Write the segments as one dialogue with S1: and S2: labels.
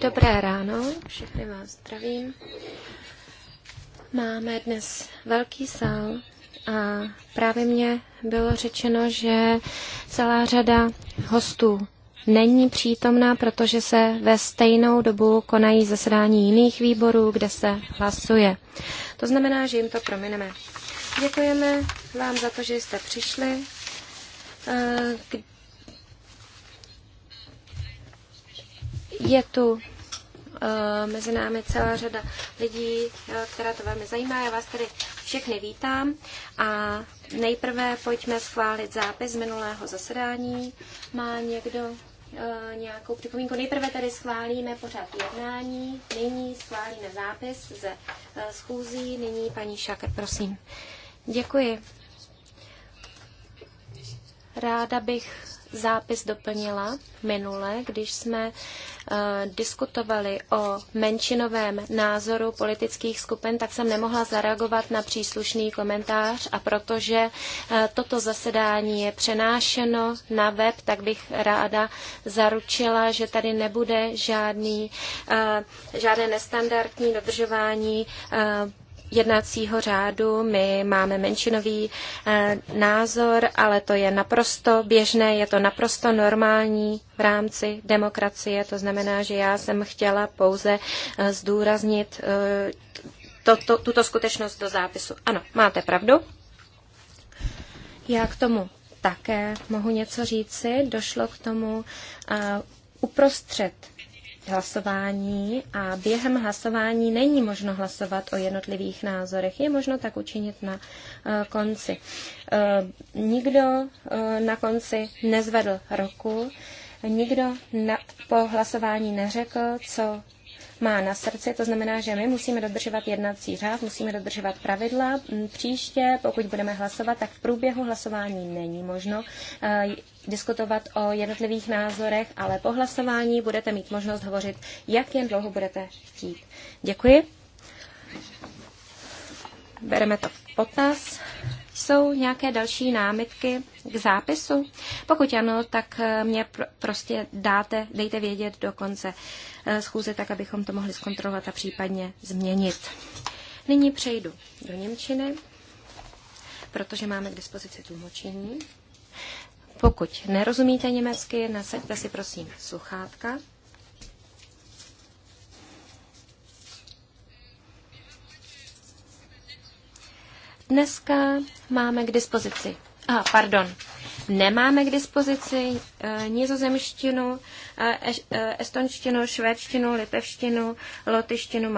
S1: Dobré ráno, všechny vás zdravím. Máme dnes velký sál a právě mě bylo řečeno, že celá řada hostů není přítomná, protože se ve stejnou dobu konají zasedání jiných výborů, kde se hlasuje. To znamená, že jim to promineme. Děkujeme vám za to, že jste přišli. Eh, Je tu eh, mezi námi celá řada lidí, eh, která to velmi zajímá. Já vás tady všechny vítám a nejprve pojďme schválit zápis minulého zasedání. Má někdo eh, nějakou připomínku? Nejprve tady schválíme pořád jednání, nyní schválíme zápis ze schůzí, nyní paní Šakr, prosím. Děkuji. Ráda bych zápis doplnila minule, když jsme eh, diskutovali o menšinovém názoru politických skupin, tak jsem nemohla zareagovat na příslušný komentář a protože eh, toto zasedání je přenášeno na web, tak bych ráda zaručila, že tady nebude žádný, eh, žádné nestandardní dodržování jednacího řádu. My máme menšinový eh, názor, ale to je naprosto běžné, je to naprosto normální v rámci demokracie. To znamená, že já jsem chtěla pouze eh, zdůraznit eh, to, to, tuto skutečnost do zápisu. Ano, máte pravdu. Já k tomu také mohu něco říci. Došlo k tomu uprostřed hlasování a během hlasování není možno hlasovat o jednotlivých názorech. Je možno tak učinit na eh, konci. Eh, nikdo eh, na konci nezvedl roku, nikdo po hlasování neřekl, co má na srdci. To znamená, že my musíme dodržovat jednací řád, musíme dodržovat pravidla. Mm, příště, pokud budeme hlasovat, tak v průběhu hlasování není možno eh, diskutovat o jednotlivých názorech, ale po hlasování budete mít možnost hovořit, jak jen dlouho budete chtít. Děkuji. Bereme to v potaz. Jsou nějaké další námitky k zápisu? Pokud ano, tak eh, mě pr- prostě dáte, dejte vědět do konce eh, schůze, tak abychom to mohli zkontrolovat a případně změnit. Nyní přejdu do Němčiny, protože máme k dispozici tlumočení. Pokud nerozumíte německy, nasaďte si prosím sluchátka. Dneska máme k dispozici, ah, pardon, nemáme k dispozici e, nizozemštinu, e, e, estonštinu, švédštinu, litevštinu, lotyštinu,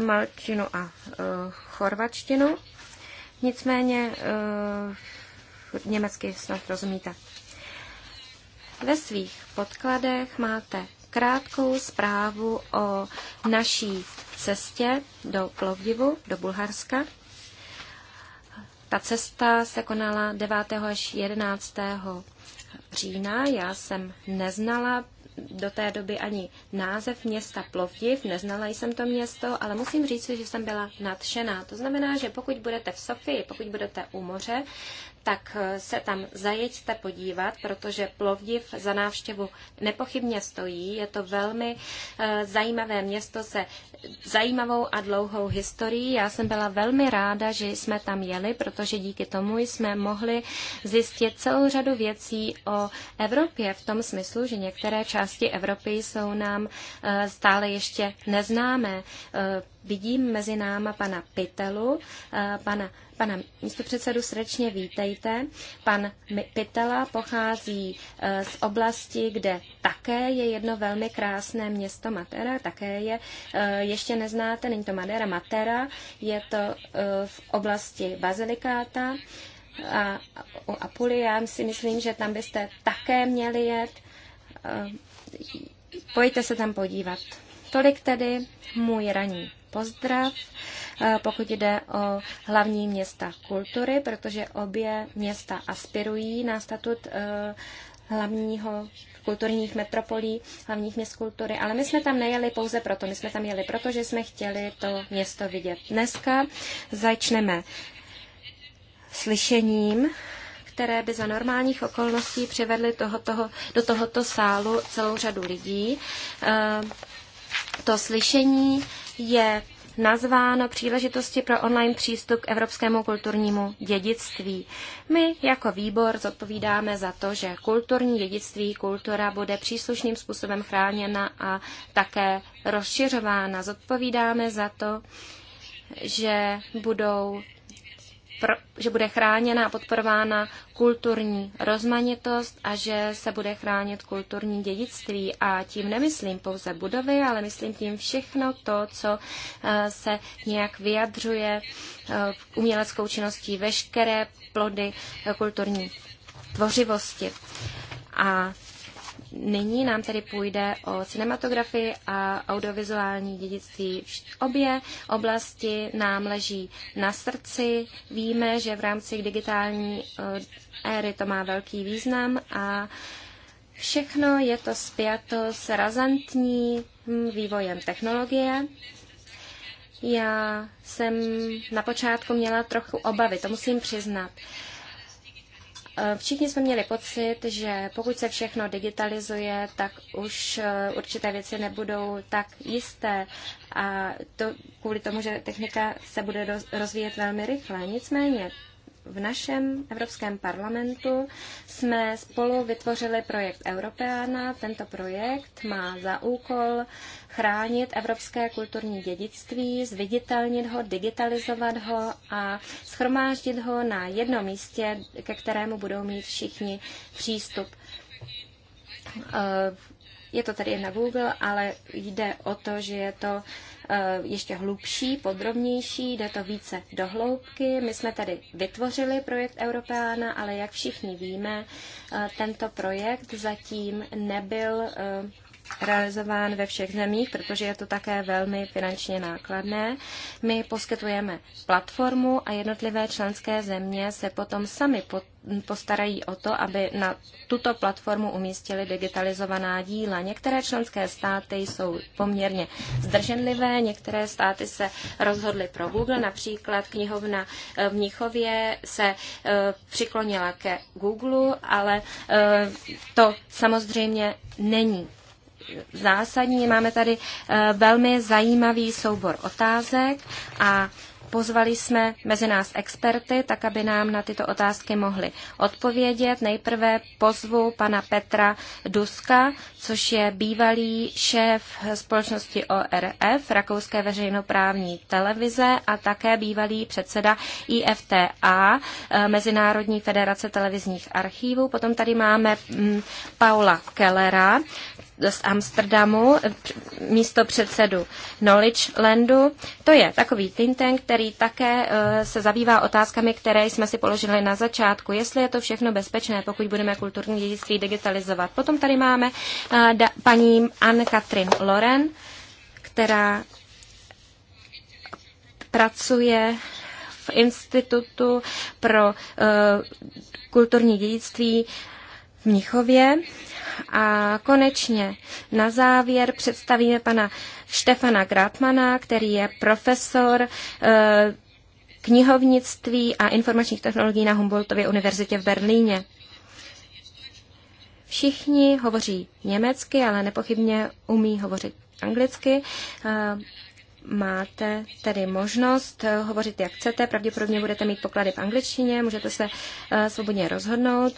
S1: malčinu a e, chorvačtinu. Nicméně e, německy snad rozumíte. Ve svých podkladech máte krátkou zprávu o naší cestě do Plovdivu, do Bulharska. Ta cesta se konala 9. až 11. října. Já jsem neznala do té doby ani název města Plovdiv, neznala jsem to město, ale musím říct, že jsem byla nadšená. To znamená, že pokud budete v Sofii, pokud budete u moře, tak eh, se tam zajeďte podívat, protože Plovdiv za návštěvu nepochybně stojí. Je to velmi eh, zajímavé město se zajímavou a dlouhou historií. Já jsem byla velmi ráda, že jsme tam jeli, protože díky tomu jsme mohli zjistit celou řadu věcí o Evropě v tom smyslu, že některé části Evropy jsou nám eh, stále ještě neznámé vidím mezi náma pana Pitelu, eh, pana, pana místopředsedu srdečně vítejte. Pan Pitela pochází eh, z oblasti, kde také je jedno velmi krásné město Matera, také je, eh, ještě neznáte, není to Madera, Matera, je to v oblasti Bazilikáta a u Apulia si myslím, že tam byste také měli jet. Pojďte se tam podívat. Tolik tedy můj raní pozdrav, eh, pokud jde o hlavní města kultury, protože obě města aspirují na statut eh, hlavního kulturních metropolí, hlavních měst kultury, ale my jsme tam nejeli pouze proto, my jsme tam jeli proto, že jsme chtěli to město vidět. Dneska začneme slyšením, které by za normálních okolností přivedly toho, do tohoto sálu celou řadu lidí. Eh, to slyšení je nazváno Příležitosti pro online přístup k evropskému kulturnímu dědictví. My jako výbor zodpovídáme za to, že kulturní dědictví, kultura bude příslušným způsobem chráněna a také rozšiřována. Zodpovídáme za to, že budou pro, že bude chráněna a podporována kulturní rozmanitost a že se bude chránit kulturní dědictví. A tím nemyslím pouze budovy, ale myslím tím všechno to, co eh, se nějak vyjadřuje eh, uměleckou činností veškeré plody kulturní tvořivosti. A Nyní nám tedy půjde o cinematografii a audiovizuální dědictví. Obě oblasti nám leží na srdci. Víme, že v rámci digitální eh, éry to má velký význam a všechno je to spjato s razantním vývojem technologie. Já jsem na počátku měla trochu obavy, to musím přiznat. Eh, všichni jsme měli pocit, že pokud se všechno digitalizuje, tak už eh, určité věci nebudou tak jisté a to kvůli tomu, že technika se bude rozvíjet velmi rychle. Nicméně v našem Evropském parlamentu jsme spolu vytvořili projekt Europeana. Tento projekt má za úkol chránit evropské kulturní dědictví, zviditelnit ho, digitalizovat ho a schromáždit ho na jednom místě, ke kterému budou mít všichni přístup je to tady na Google, ale jde o to, že je to eh, ještě hlubší, podrobnější, jde to více do hloubky. My jsme tady vytvořili projekt Europeana, ale jak všichni víme, eh, tento projekt zatím nebyl eh, realizován ve všech zemích, protože je to také velmi finančně nákladné. My poskytujeme platformu a jednotlivé členské země se potom sami postarají o to, aby na tuto platformu umístili digitalizovaná díla. Některé členské státy jsou poměrně zdrženlivé, některé státy se rozhodly pro Google, například knihovna eh, v Mnichově se eh, přiklonila ke Google, ale eh, to samozřejmě není zásadní. Máme tady eh, velmi zajímavý soubor otázek a pozvali jsme mezi nás experty, tak aby nám na tyto otázky mohli odpovědět. Nejprve pozvu pana Petra Duska, což je bývalý šéf společnosti ORF, rakouské veřejnoprávní televize a také bývalý předseda IFTA, eh, Mezinárodní federace televizních archívů. Potom tady máme mm, Paula Kellera, z Amsterdamu, místo předsedu Knowledge Landu. To je takový think tank, který také eh, se zabývá otázkami, které jsme si položili na začátku. Jestli je to všechno bezpečné, pokud budeme kulturní dědictví digitalizovat. Potom tady máme eh, paní Anne-Katrin Loren, která pracuje v Institutu pro uh, kulturní dědictví v Mnichově. A konečně na závěr představíme pana Štefana Gratmana, který je profesor eh, knihovnictví a informačních technologií na Humboldtově univerzitě v Berlíně. Všichni hovoří německy, ale nepochybně umí hovořit anglicky. Eh, máte tedy možnost eh, hovořit, jak chcete. Pravděpodobně budete mít poklady v angličtině, můžete se svobodně rozhodnout.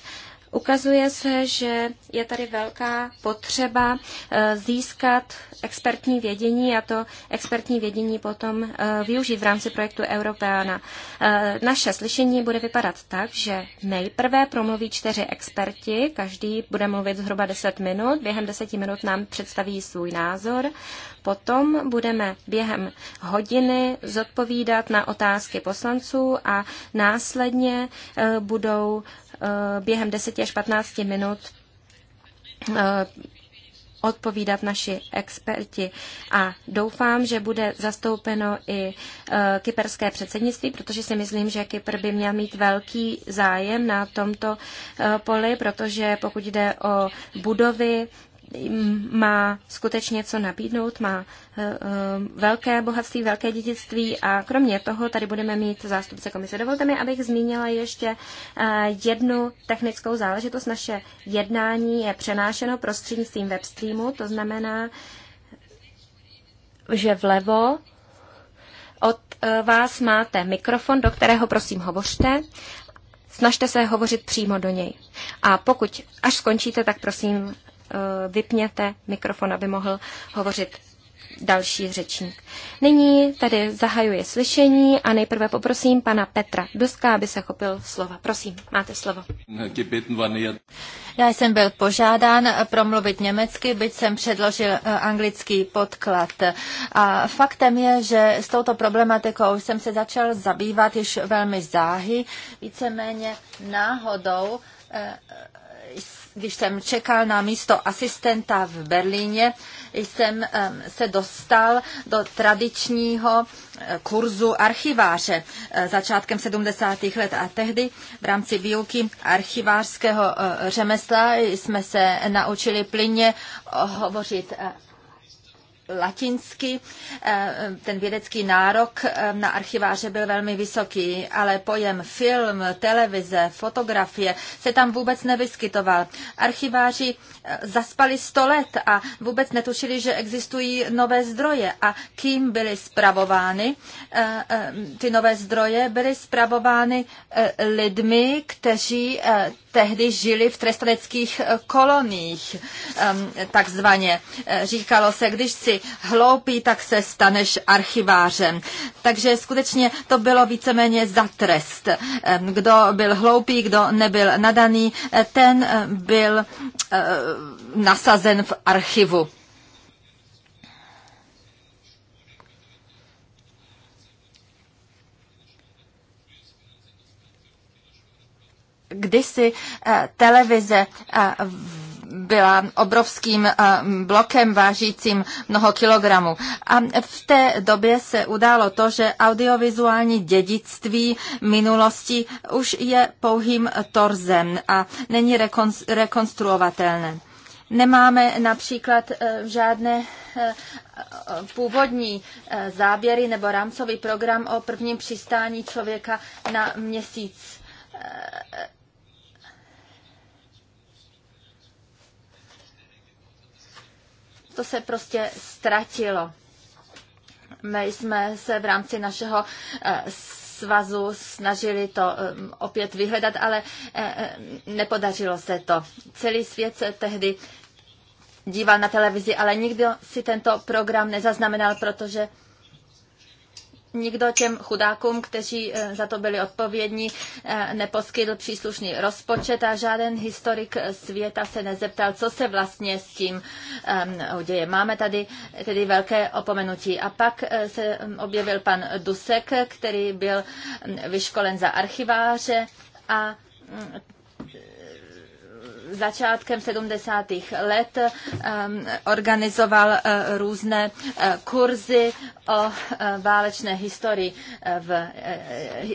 S1: Ukazuje se, že je tady velká potřeba eh, získat expertní vědění a to expertní vědění potom eh, využít v rámci projektu Europeana. Eh, naše slyšení bude vypadat tak, že nejprve promluví čtyři experti, každý bude mluvit zhruba 10 minut, během 10 minut nám představí svůj názor, potom budeme během hodiny zodpovídat na otázky poslanců a následně budou Eh, během 10 až 15 minut eh, odpovídat naši experti. A doufám, že bude zastoupeno i eh, kyperské předsednictví, protože si myslím, že Kypr by měl mít velký zájem na tomto poli, protože pokud jde o budovy, má skutečně co nabídnout, má eh, eh, velké bohatství, velké dědictví a kromě toho tady budeme mít zástupce komise. Dovolte mi, abych zmínila ještě eh, jednu technickou záležitost. Naše jednání je přenášeno prostřednictvím webstreamu, to znamená, že vlevo od vás máte mikrofon, do kterého prosím hovořte snažte se hovořit přímo do něj. A pokud až skončíte, tak prosím Eh, vypněte mikrofon, aby mohl hovořit další řečník. Nyní tady zahajuje slyšení a nejprve poprosím pana Petra Duska, aby se chopil slova. Prosím, máte slovo. Já jsem byl požádán
S2: promluvit německy, byť jsem předložil eh, anglický podklad. A faktem je, že s touto problematikou jsem se začal zabývat již velmi záhy, víceméně náhodou eh, když jsem čekal na místo asistenta v Berlíně, jsem se dostal do tradičního eh, kurzu archiváře eh, začátkem 70. let a tehdy v rámci výuky archivářského eh, řemesla jsme se naučili plyně hovořit latinsky. Eh, ten vědecký nárok eh, na archiváře byl velmi vysoký, ale pojem film, televize, fotografie se tam vůbec nevyskytoval. Archiváři eh, zaspali sto let a vůbec netušili, že existují nové zdroje. A kým byly spravovány? Ty nové zdroje byly spravovány lidmi, kteří tehdy žili v trestaneckých eh, koloniích, ehm, takzvaně. Eh, říkalo se, když si hloupý, tak se staneš archivářem. Takže skutečně to bylo víceméně za trest. Ehm, kdo byl hloupý, kdo nebyl nadaný, eh, ten byl nasazen v archivu. kdysi eh, televize eh, byla obrovským eh, blokem vážícím mnoho kilogramů. A v té době se událo to, že audiovizuální dědictví minulosti už je pouhým torzem a není rekonstruovatelné. Nemáme například žádné původní záběry nebo rámcový program o prvním přistání člověka na měsíc To se prostě ztratilo. My jsme se v rámci našeho eh, svazu snažili to eh, opět vyhledat, ale eh, nepodařilo se to. Celý svět se tehdy díval na televizi, ale nikdo si tento program nezaznamenal, protože nikdo těm chudákům, kteří eh, za to byli odpovědní, eh, neposkytl příslušný rozpočet a žádný historik světa se nezeptal, co se vlastně s tím ehm, děje. Máme tady tedy velké opomenutí. A pak eh, se ehm, objevil pan Dusek, který byl ehm, vyškolen za archiváře a mm, začátkem 70. let um, organizoval uh, různé uh, kurzy o uh, válečné historii v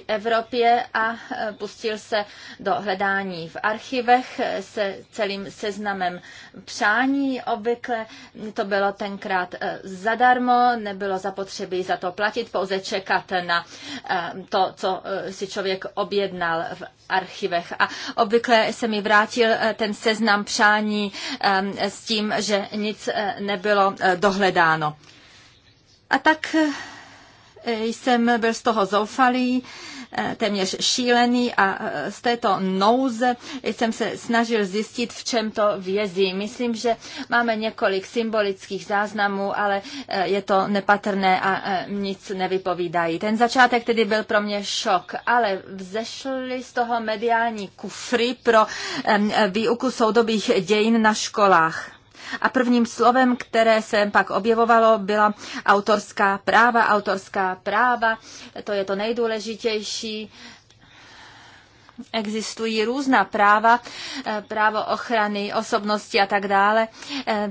S2: Evropě a pustil se do hledání v archivech se celým seznamem přání. Obvykle to bylo tenkrát zadarmo, nebylo zapotřebí za to platit, pouze čekat na to, co si člověk objednal v archivech. A obvykle se mi vrátil ten seznam přání s tím, že nic eh, nebylo eh, dohledáno. A tak eh, jsem byl z toho zoufalý, Eh, téměř šílený a eh, z této nouze jsem se snažil zjistit, v čem to vězí. Myslím, že máme několik symbolických záznamů, ale eh, je to nepatrné a nic nevypovídají. Ten začátek tedy byl pro mě šok, ale vzešly z toho mediální kufry pro výuku soudobých dějin na školách. A prvním slovem, které se pak objevovalo, byla autorská práva. Autorská práva, to je to nejdůležitější existují různá práva, eh, právo ochrany osobnosti a tak dále. Eh,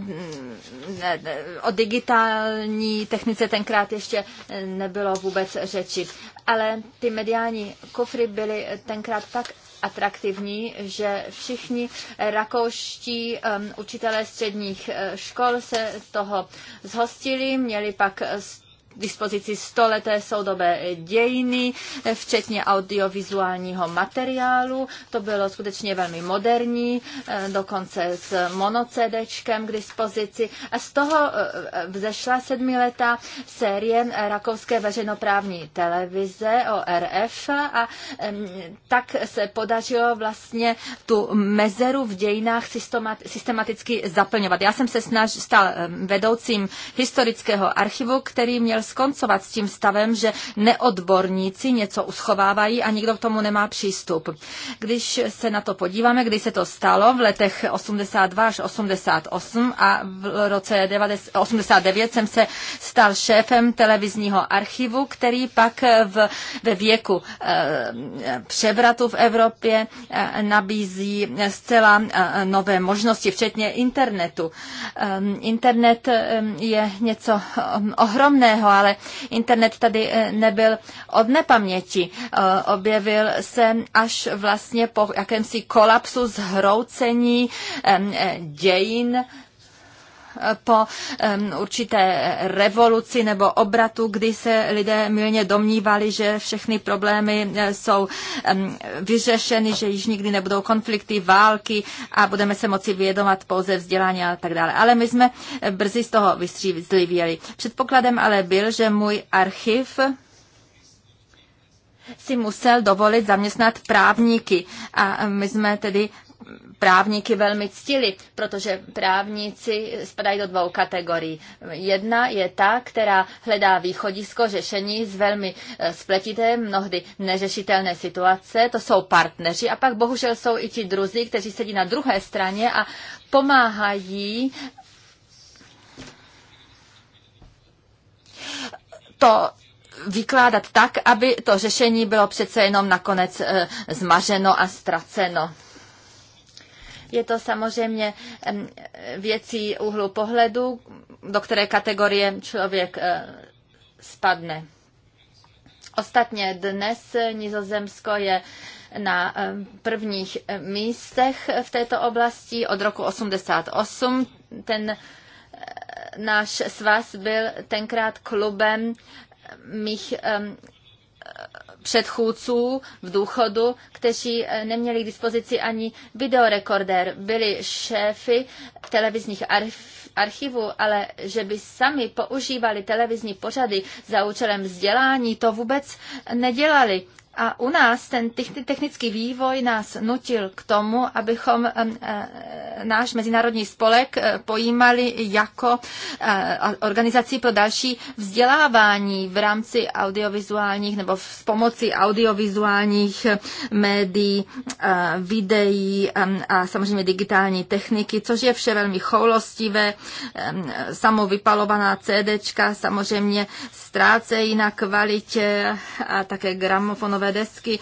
S2: o digitální technice tenkrát ještě eh, nebylo vůbec řeči. Ale ty mediální kufry byly tenkrát tak atraktivní, že všichni rakouští um, učitelé středních uh, škol se toho zhostili, měli pak dispozici stoleté soudobé dějiny, včetně audiovizuálního materiálu. To bylo skutečně velmi moderní, eh, dokonce s monocedečkem k dispozici. A z toho eh, vzešla sedmiletá série rakouské veřejnoprávní televize ORF a tak se podařilo vlastně tu mezeru v dějinách systematicky zaplňovat. Já jsem se snaž, stal vedoucím historického archivu, který měl skoncovat s tím stavem, že neodborníci něco uschovávají a nikdo k tomu nemá přístup. Když se na to podíváme, když se to stalo v letech 82 až 88 a v roce 89 jsem se stal šéfem televizního archivu, který pak v, ve věku eh, převratu v Evropě eh, nabízí zcela eh, nové možnosti, včetně internetu. Ehm, internet ehm, je něco ehm, ohromného ale internet tady eh, nebyl od nepaměti. Eh, objevil se až vlastně po jakémsi kolapsu zhroucení eh, dějin po určité revoluci nebo obratu, kdy se lidé milně domnívali, že všechny problémy eh, jsou vyřešeny, že již nikdy nebudou konflikty, války a budeme se moci vědomat pouze vzdělání a tak dále. Ale my jsme brzy z toho vystřízlivěli. Předpokladem ale byl, že můj archiv si musel dovolit zaměstnat právníky. A my jsme tedy právníky velmi ctili, protože právníci spadají do dvou kategorií. Jedna je ta, která hledá východisko řešení z velmi eh, spletité, mnohdy neřešitelné situace, to jsou partneři a pak bohužel jsou i ti druzí, kteří sedí na druhé straně a pomáhají to vykládat tak, aby to řešení bylo přece jenom nakonec eh, zmařeno a ztraceno. Je to samozřejmě věcí úhlu pohledu, do které kategorie člověk eh, spadne. Ostatně dnes Nizozemsko je na prvních místech v této oblasti od roku 88. Ten eh, náš svaz byl tenkrát klubem mých předchůdců v důchodu, kteří eh, neměli k dispozici ani videorekordér. Byli šéfy televizních archivů, ale že by sami používali televizní pořady za účelem vzdělání, to vůbec nedělali. A u nás ten technický vývoj nás nutil k tomu, abychom e, náš mezinárodní spolek e, pojímali jako e, organizaci pro další vzdělávání v rámci audiovizuálních nebo s pomocí audiovizuálních médií, videí a samozřejmě digitální techniky, což je vše velmi choulostivé. Samovypalovaná CDčka samozřejmě ztrácejí na kvalitě a také gramofonové desky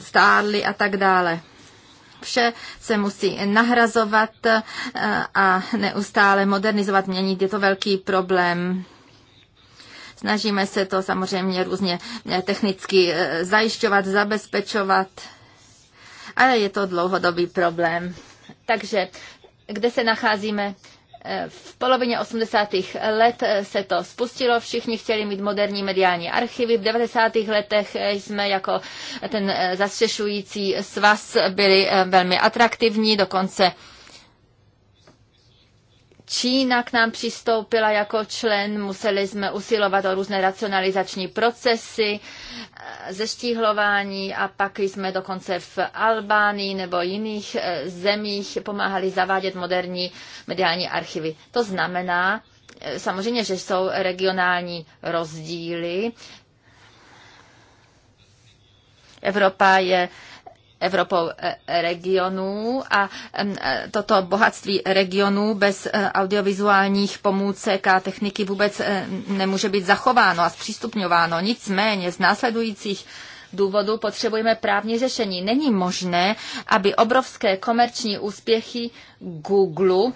S2: stárly a tak dále vše se musí nahrazovat eh, a neustále modernizovat, měnit. Je to velký problém. Snažíme se to samozřejmě různě eh, technicky eh, zajišťovat, zabezpečovat, ale je to dlouhodobý problém. Takže kde se nacházíme v polovině 80. let se to spustilo, všichni chtěli mít moderní mediální archivy. V 90. letech jsme jako ten zastřešující svaz byli eh, velmi atraktivní, dokonce Čína k nám přistoupila jako člen, museli jsme usilovat o různé racionalizační procesy, e, zeštíhlování a pak jsme dokonce v Albánii nebo jiných e, zemích pomáhali zavádět moderní mediální archivy. To znamená, e, samozřejmě, že jsou regionální rozdíly. Evropa je Evropou eh, regionů a eh, toto bohatství regionů bez eh, audiovizuálních pomůcek a techniky vůbec nemůže být zachováno a zpřístupňováno. Nicméně z následujících důvodů potřebujeme právní řešení. Není možné, aby obrovské komerční úspěchy Google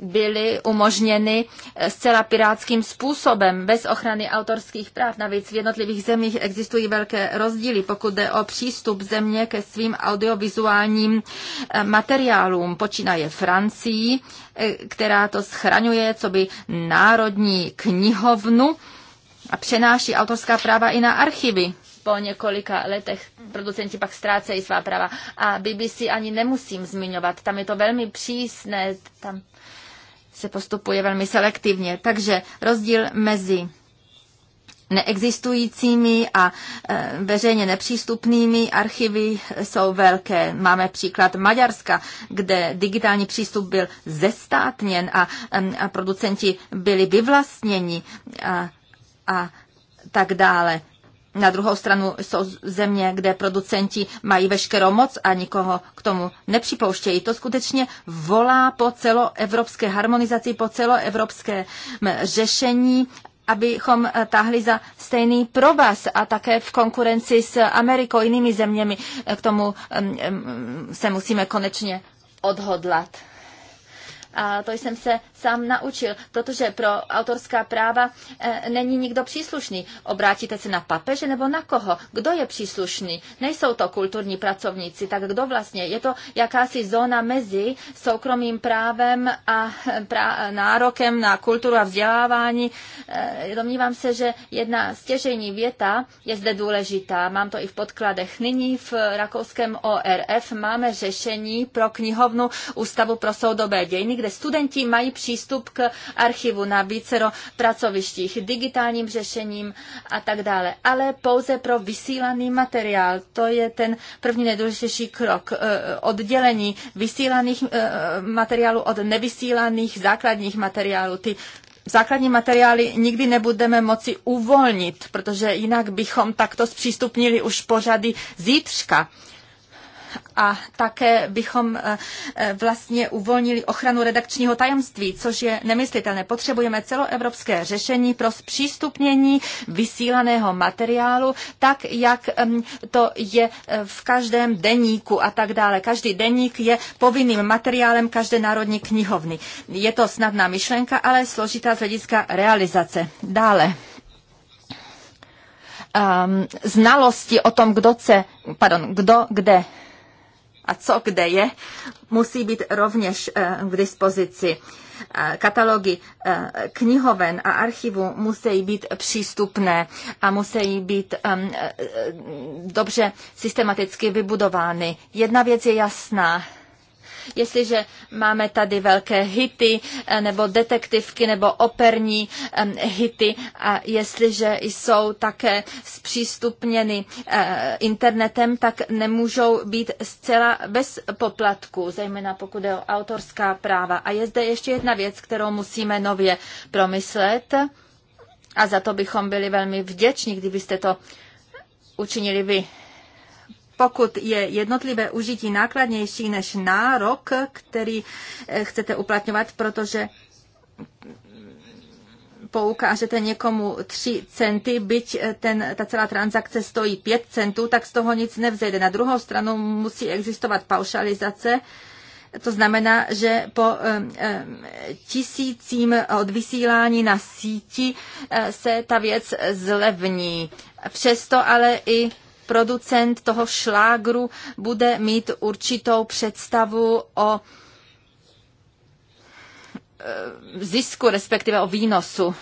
S2: byly umožněny eh, zcela pirátským způsobem, bez ochrany autorských práv. Navíc v jednotlivých zemích existují velké rozdíly, pokud jde o přístup země ke svým audiovizuálním eh, materiálům. Počínaje Francii, eh, která to schraňuje, co by národní knihovnu a přenáší autorská práva i na archivy po několika letech producenti pak ztrácejí svá práva. A BBC ani nemusím zmiňovat, tam je to velmi přísné, tam se postupuje velmi selektivně. Takže rozdíl mezi neexistujícími a e, veřejně nepřístupnými archivy jsou velké. Máme příklad Maďarska, kde digitální přístup byl zestátněn a, a producenti byli vyvlastněni a, a tak dále. Na druhou stranu jsou země, kde producenti mají veškerou moc a nikoho k tomu nepřipouštějí. To skutečně volá po celoevropské harmonizaci, po celoevropské řešení abychom tahli za stejný provaz a také v konkurenci s Amerikou, jinými zeměmi. K tomu se musíme konečně odhodlat. A to jsem se sám naučil, protože pro autorská práva eh, není nikdo příslušný. Obrátíte se na papeže nebo na koho? Kdo je příslušný? Nejsou to kulturní pracovníci, tak kdo vlastně? Je to jakási zóna mezi soukromým právem a eh, pra- nárokem na kulturu a vzdělávání. Eh, domnívám se, že jedna stěžení věta je zde důležitá. Mám to i v podkladech. Nyní v rakouském ORF máme řešení pro knihovnu Ústavu pro soudobé dějiny, kde studenti mají příležitost přístup k archivu na vícero pracovištích, digitálním řešením a tak dále. Ale pouze pro vysílaný materiál. To je ten první nejdůležitější krok. Eh, oddělení vysílaných eh, materiálů od nevysílaných základních materiálů. Ty základní materiály nikdy nebudeme moci uvolnit, protože jinak bychom takto zpřístupnili už pořady zítřka a také bychom eh, eh, vlastně uvolnili ochranu redakčního tajemství, což je nemyslitelné. Potřebujeme celoevropské řešení pro zpřístupnění vysílaného materiálu, tak jak to je eh, v každém deníku a tak dále. Každý deník je povinným materiálem každé národní knihovny. Je to snadná myšlenka, ale složitá z hlediska realizace. Dále um, znalosti o tom, kdo, se, pardon, kdo kde a co kde je, musí být rovněž eh, k dispozici. Eh, katalogy eh, knihoven a archivu musí být přístupné a musí být dobře systematicky vybudovány. Jedna věc je jasná. Jestliže máme tady velké hity, eh, nebo detektivky, nebo operní hity, a jestliže jsou také zpřístupněny eh, internetem, tak nemůžou být zcela bez poplatku, zejména pokud je o autorská práva. A je zde ještě jedna věc, kterou musíme nově promyslet a za to bychom byli velmi vděční, kdybyste to učinili vy pokud je jednotlivé užití nákladnější než nárok, který eh, chcete uplatňovat, protože poukážete někomu 3 centy, byť eh, ten, ta celá transakce stojí 5 centů, tak z toho nic nevzejde. Na druhou stranu musí existovat paušalizace, to znamená, že po eh, tisícím od vysílání na síti se ta věc zlevní. Přesto ale i producent toho šlágru bude mít určitou představu o e, zisku, respektive o výnosu.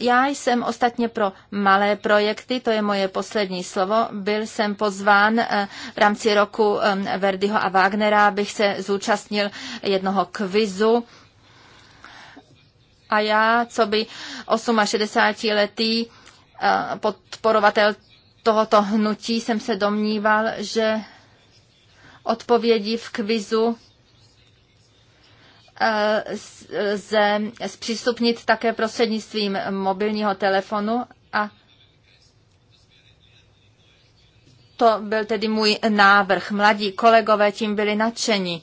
S2: Já jsem ostatně pro malé projekty, to je moje poslední slovo. Byl jsem pozván e, v rámci roku e, Verdiho a Wagnera, abych se zúčastnil jednoho kvizu. A já, co by 68 letý podporovatel tohoto hnutí jsem se domníval, že odpovědi v kvizu eh, lze zpřístupnit také prostřednictvím mobilního telefonu a to byl tedy můj návrh. Mladí kolegové tím byli nadšeni.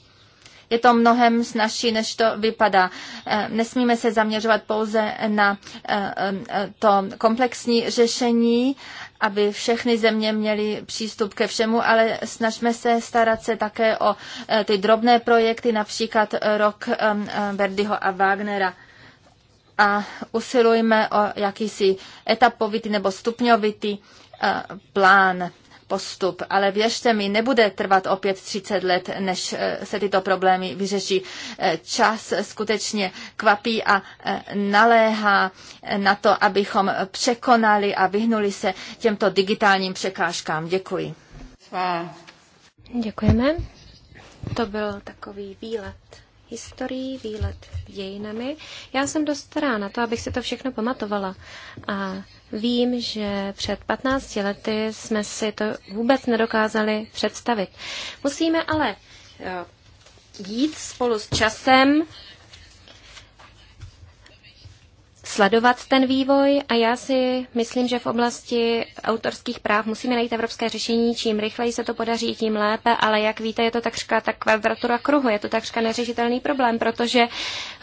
S2: Je to mnohem snažší, než to vypadá. Eh, nesmíme se zaměřovat pouze na eh, to komplexní řešení, aby všechny země měly přístup ke všemu, ale snažíme se starat se také o eh, ty drobné projekty, například eh, rok eh, Verdiho a Wagnera a usilujeme o jakýsi etapovitý nebo stupňovitý plán postup. Ale věřte mi, nebude trvat opět 30 let, než eh, se tyto problémy vyřeší. Eh, čas skutečně kvapí a eh, naléhá na to, abychom překonali a vyhnuli se těmto digitálním překážkám. Děkuji. Děkujeme.
S1: To byl takový výlet historií, výlet dějinami. Já jsem dost stará na to, abych si to všechno pamatovala. A Vím, že před 15 lety jsme si to vůbec nedokázali představit. Musíme ale eh, jít spolu s časem, sledovat ten vývoj a já si myslím, že v oblasti autorských práv musíme najít evropské řešení. Čím rychleji se to podaří, tím lépe, ale jak víte, je to takřka ta kvadratura kruhu, je to takřka neřešitelný problém, protože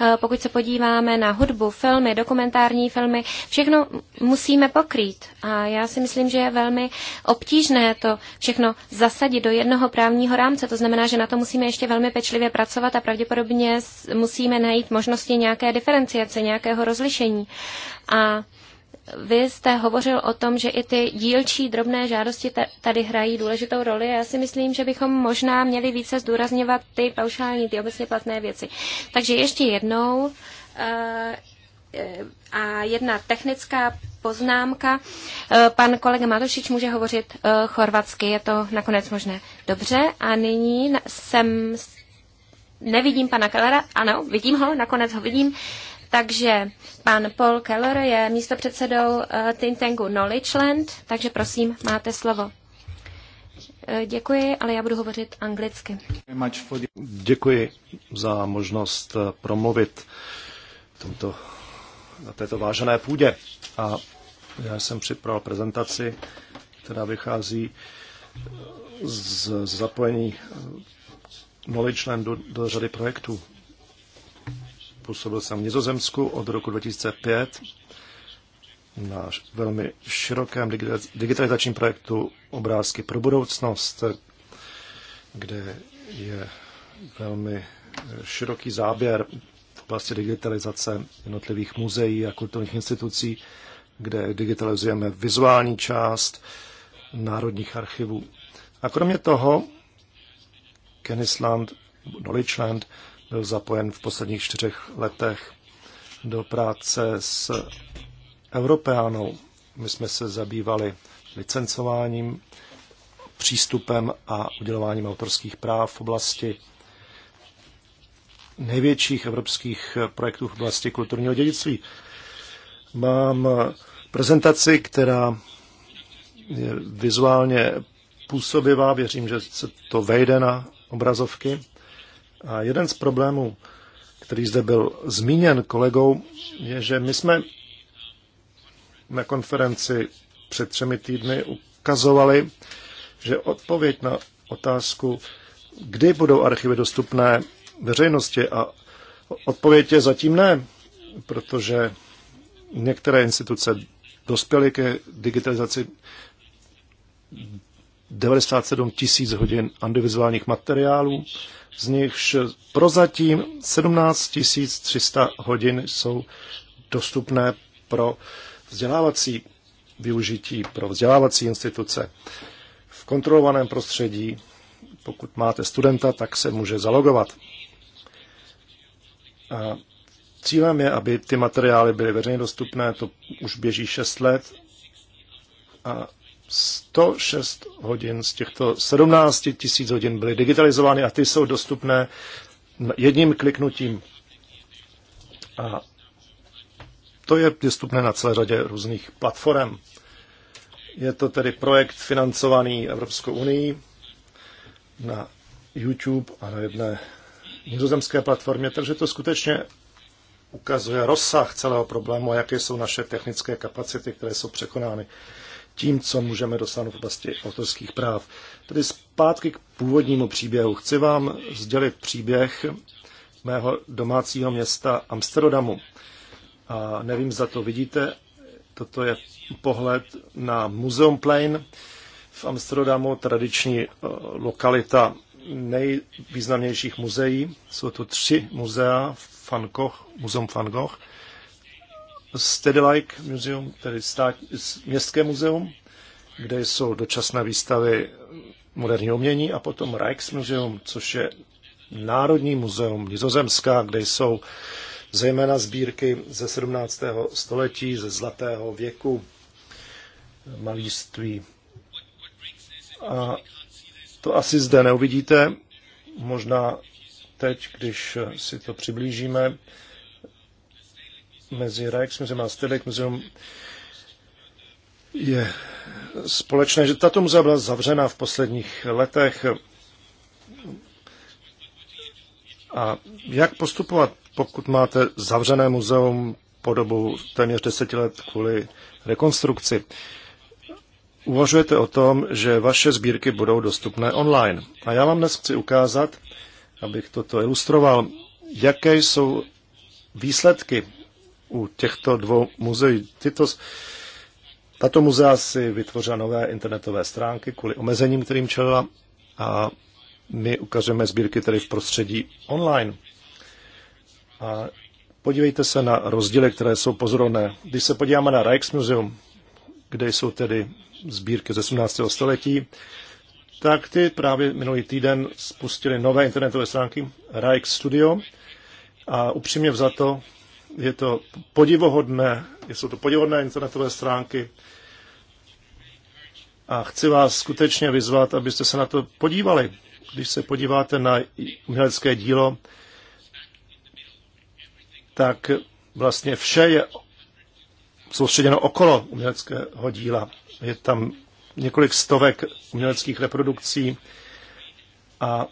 S1: eh, pokud se podíváme na hudbu, filmy, dokumentární filmy, všechno musíme pokrýt. A já si myslím, že je velmi obtížné to všechno zasadit do jednoho právního rámce. To znamená, že na to musíme ještě velmi pečlivě pracovat a pravděpodobně musíme najít možnosti nějaké diferenciace, nějakého rozlišení řízení. A vy jste hovořil o tom, že i ty dílčí drobné žádosti tady hrají důležitou roli. Já si myslím, že bychom možná měli více zdůrazňovat ty paušální, ty obecně platné věci. Takže ještě jednou eh, a jedna technická poznámka. Eh, pan kolega Matošič může hovořit eh, chorvatsky, je to nakonec možné. Dobře, a nyní jsem Nevidím pana Kalera, ano, vidím ho, nakonec ho vidím. Takže pan Paul Keller je místopředsedou uh, think tanku Knowledge Land, takže prosím, máte slovo. Eh, děkuji, ale já budu hovořit anglicky.
S3: Děkuji za možnost eh, promluvit tomto, na této vážené půdě. A já jsem připravil prezentaci, která vychází z zapojení Knowledge Landu do řady projektů. Působil jsem v Nizozemsku od roku 2005 na velmi širokém digitalizačním projektu Obrázky pro budoucnost, kde je velmi široký záběr v oblasti digitalizace jednotlivých muzeí a kulturních institucí, kde digitalizujeme vizuální část národních archivů. A kromě toho Kennisland, Land byl zapojen v posledních čtyřech letech do práce s Europeanou. My jsme se zabývali licencováním, přístupem a udělováním autorských práv v oblasti největších evropských projektů v oblasti kulturního dědictví. Mám prezentaci, která je vizuálně působivá, věřím, že se to vejde na obrazovky. A jeden z problémů, který zde byl zmíněn kolegou, je, že my jsme na konferenci před třemi týdny ukazovali, že odpověď na otázku, kdy budou archivy dostupné veřejnosti a odpověď je zatím ne, protože některé instituce dospěly ke digitalizaci 97 tisíc hodin audiovizuálních materiálů, z nichž prozatím 17 300 hodin jsou dostupné pro vzdělávací využití, pro vzdělávací instituce. V kontrolovaném prostředí, pokud máte studenta, tak se může zalogovat. A cílem je, aby ty materiály byly veřejně dostupné, to už běží 6 let a 106 hodin z těchto 17 tisíc hodin byly digitalizovány a ty jsou dostupné jedním kliknutím. A to je dostupné na celé řadě různých platform. Je to tedy projekt financovaný Evropskou unii na YouTube a na jedné nizozemské platformě, takže to skutečně ukazuje rozsah celého problému a jaké jsou naše technické kapacity, které jsou překonány tím, co můžeme dosáhnout v oblasti autorských práv. Tedy zpátky k původnímu příběhu. Chci vám sdělit příběh mého domácího města Amsterdamu. A nevím, za to vidíte, toto je pohled na Plain v Amsterdamu, tradiční eh, lokalita nejvýznamnějších muzeí. Jsou to tři muzea, Van Gogh, Muzeum Van Gogh, Stedelijk Museum, tedy stát, městské muzeum, kde jsou dočasné výstavy moderního umění a potom Rijksmuseum, což je Národní muzeum Nizozemská, kde jsou zejména sbírky ze 17. století, ze zlatého věku, malíství. A to asi zde neuvidíte, možná teď, když si to přiblížíme, mezi Rijksmuseum a Stedelijk je společné, že tato muzea byla zavřena v posledních letech. A jak postupovat, pokud máte zavřené muzeum po dobu téměř deseti let kvůli rekonstrukci? Uvažujete o tom, že vaše sbírky budou dostupné online. A já vám dnes chci ukázat, abych toto ilustroval, jaké jsou výsledky u těchto dvou muzeí. Tyto, tato muzea si vytvořila nové internetové stránky kvůli omezením, kterým čelila a my ukážeme sbírky tedy v prostředí online. A podívejte se na rozdíly, které jsou pozorovné. Když se podíváme na Rijksmuseum, kde jsou tedy sbírky ze 17. století, tak ty právě minulý týden spustili nové internetové stránky Rijks Studio a upřímně vzato je to podivohodné, jsou to podivohodné internetové stránky. A chci vás skutečně vyzvat, abyste se na to podívali. Když se podíváte na umělecké dílo, tak vlastně vše je soustředěno okolo uměleckého díla. Je tam několik stovek uměleckých reprodukcí a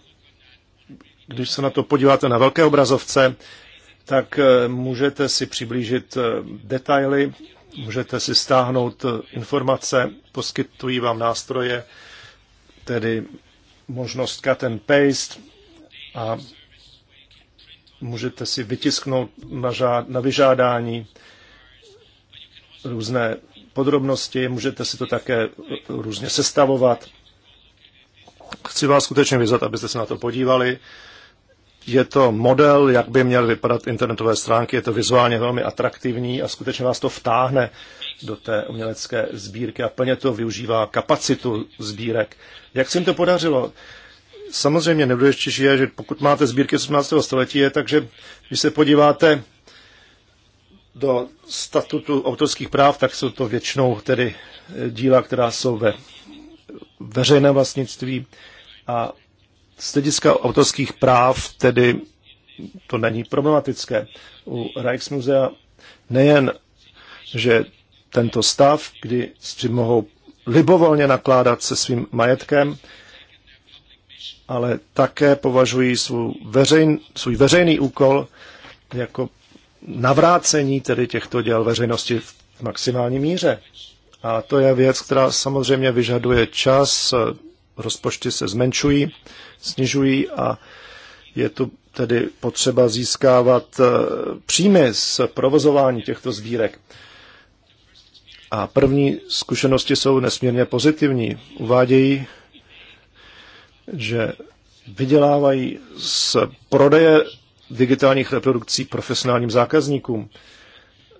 S3: když se na to podíváte na velké obrazovce, tak eh, můžete si přiblížit eh, detaily, můžete si stáhnout eh, informace, poskytují vám nástroje, tedy možnost cut and paste a můžete si vytisknout na, žád, na vyžádání různé podrobnosti, můžete si to také různě sestavovat. Chci vás skutečně vyzvat, abyste se na to podívali je to model, jak by měly vypadat internetové stránky, je to vizuálně velmi atraktivní a skutečně vás to vtáhne do té umělecké sbírky a plně to využívá kapacitu sbírek. Jak se jim to podařilo? Samozřejmě nejdůležitější je, že pokud máte sbírky 18. století, je takže když se podíváte do statutu autorských práv, tak jsou to většinou tedy díla, která jsou ve veřejném vlastnictví a z hlediska autorských práv tedy to není problematické. U Rijksmuzea nejen, že tento stav, kdy si mohou libovolně nakládat se svým majetkem, ale také považují svůj, veřejn, svůj veřejný úkol jako navrácení tedy těchto děl veřejnosti v maximální míře. A to je věc, která samozřejmě vyžaduje čas, rozpočty se zmenšují, snižují a je tu tedy potřeba získávat eh, příjmy z provozování těchto sbírek. A první zkušenosti jsou nesmírně pozitivní. Uvádějí, že vydělávají z prodeje digitálních reprodukcí profesionálním zákazníkům.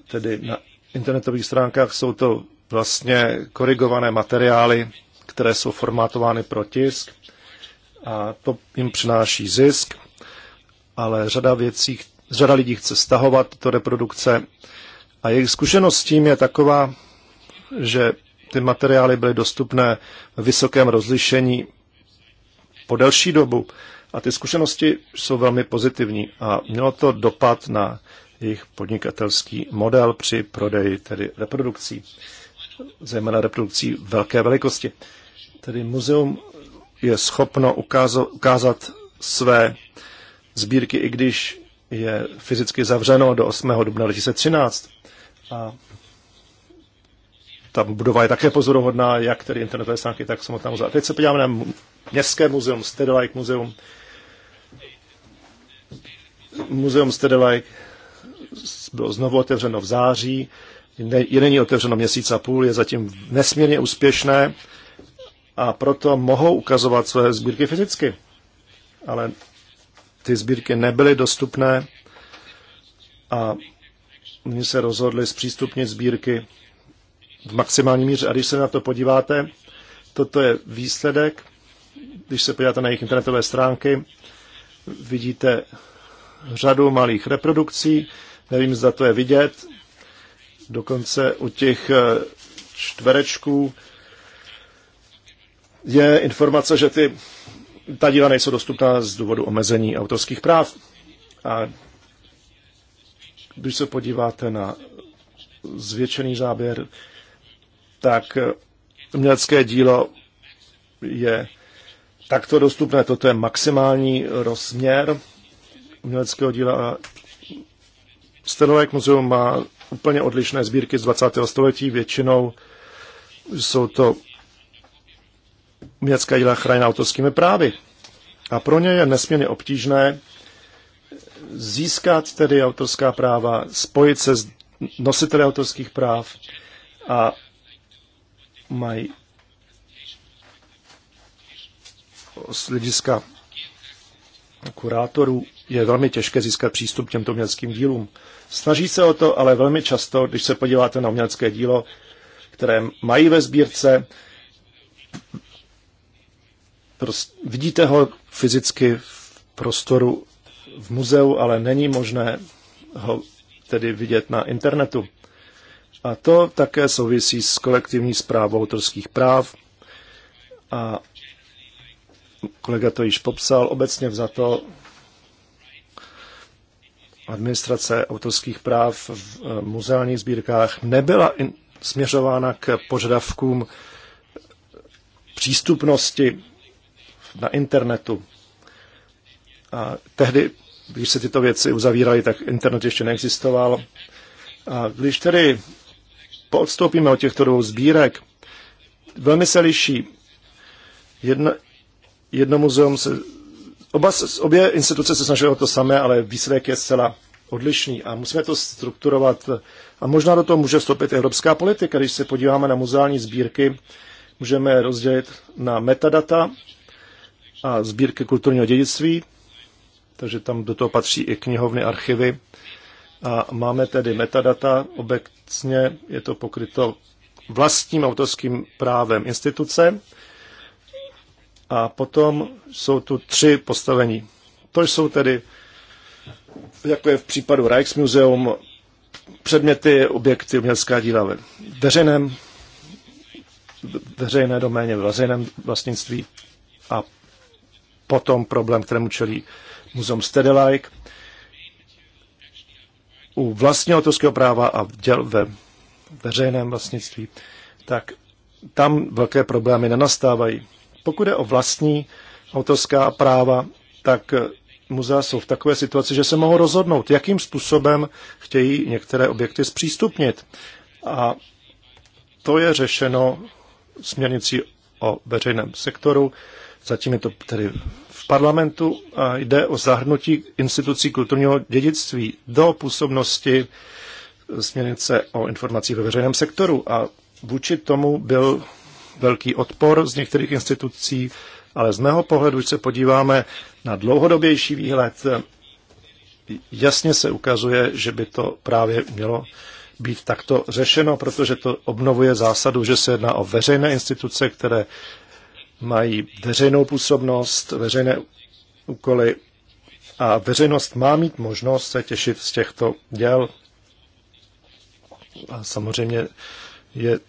S3: Tedy na internetových stránkách jsou to vlastně korigované materiály které jsou formátovány pro tisk a to jim přináší zisk, ale řada věcí, řada lidí chce stahovat tyto reprodukce a jejich zkušenost s tím je taková, že ty materiály byly dostupné v vysokém rozlišení po delší dobu a ty zkušenosti jsou velmi pozitivní a mělo to dopad na jejich podnikatelský model při prodeji tedy reprodukcí zejména reprodukcí velké velikosti. Tedy muzeum je schopno ukázat, své sbírky, i když je fyzicky zavřeno do 8. dubna 2013. A ta budova je také pozoruhodná, jak tedy internetové stránky, tak samotná muzea. teď se podíváme na Městské muzeum, Stedelike muzeum. Muzeum Stedelike bylo znovu otevřeno v září ne, je není otevřeno měsíc a půl, je zatím nesmírně úspěšné a proto mohou ukazovat své sbírky fyzicky. Ale ty sbírky nebyly dostupné a oni se rozhodli zpřístupnit sbírky v maximální míře. A když se na to podíváte, toto je výsledek. Když se podíváte na jejich internetové stránky, vidíte řadu malých reprodukcí. Nevím, zda to je vidět, Dokonce u těch eh, čtverečků je informace, že ty, ta díla nejsou dostupná z důvodu omezení autorských práv. A když se podíváte na zvětšený záběr, tak eh, umělecké dílo je takto dostupné. Toto je maximální rozměr uměleckého díla. Stenové muzeum má úplně odlišné sbírky z 20. století. Většinou jsou to městská díla chráněná autorskými právy. A pro ně je nesmírně obtížné získat tedy autorská práva, spojit se s nositeli autorských práv a mají z hlediska kurátorů je velmi těžké získat přístup k těmto uměleckým dílům. Snaží se o to, ale velmi často, když se podíváte na umělecké dílo, které mají ve sbírce, prost, vidíte ho fyzicky v prostoru v muzeu, ale není možné ho tedy vidět na internetu. A to také souvisí s kolektivní zprávou autorských práv. A kolega to již popsal, obecně vzato administrace autorských práv v eh, muzeálních sbírkách nebyla in, směřována k požadavkům přístupnosti na internetu. A tehdy, když se tyto věci uzavíraly, tak internet ještě neexistoval. A když tedy podstoupíme od těchto dvou sbírek, velmi se liší. Jedno, jedno muzeum se Oba, obě instituce se snažily o to samé, ale výsledek je zcela odlišný a musíme to strukturovat. A možná do toho může vstoupit evropská politika. Když se podíváme na muzeální sbírky, můžeme rozdělit na metadata a sbírky kulturního dědictví, takže tam do toho patří i knihovny, archivy. A máme tedy metadata, obecně je to pokryto vlastním autorským právem instituce a potom jsou tu tři postavení. To jsou tedy, jako je v případu Rijksmuseum, předměty, objekty, umělecká díla ve veřejném, veřejné doméně, ve veřejném vlastnictví a potom problém, kterému čelí muzeum Stedelijk u vlastního autorského práva a děl ve veřejném vlastnictví, tak tam velké problémy nenastávají. Pokud je o vlastní autorská práva, tak eh, muzea jsou v takové situaci, že se mohou rozhodnout, jakým způsobem chtějí některé objekty zpřístupnit. A to je řešeno směrnicí o veřejném sektoru. Zatím je to tedy v parlamentu a jde o zahrnutí institucí kulturního dědictví do působnosti eh, směrnice o informacích ve veřejném sektoru. A vůči tomu byl velký odpor z některých institucí, ale z mého pohledu, když se podíváme na dlouhodobější výhled, jasně se ukazuje, že by to právě mělo být takto řešeno, protože to obnovuje zásadu, že se jedná o veřejné instituce, které mají veřejnou působnost, veřejné úkoly a veřejnost má mít možnost se těšit z těchto děl. A samozřejmě je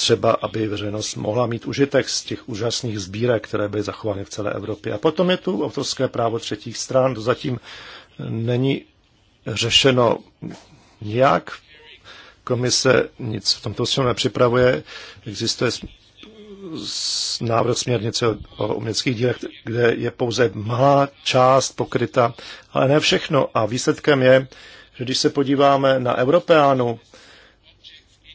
S3: třeba, aby veřejnost mohla mít užitek z těch úžasných sbírek, které byly zachovány v celé Evropě. A potom je tu autorské právo třetích stran, to zatím není řešeno nijak. Komise nic v tomto směru nepřipravuje. Existuje návrh směrnice o uměleckých dílech, kde je pouze malá část pokryta, ale ne všechno. A výsledkem je, že když se podíváme na Europeánu,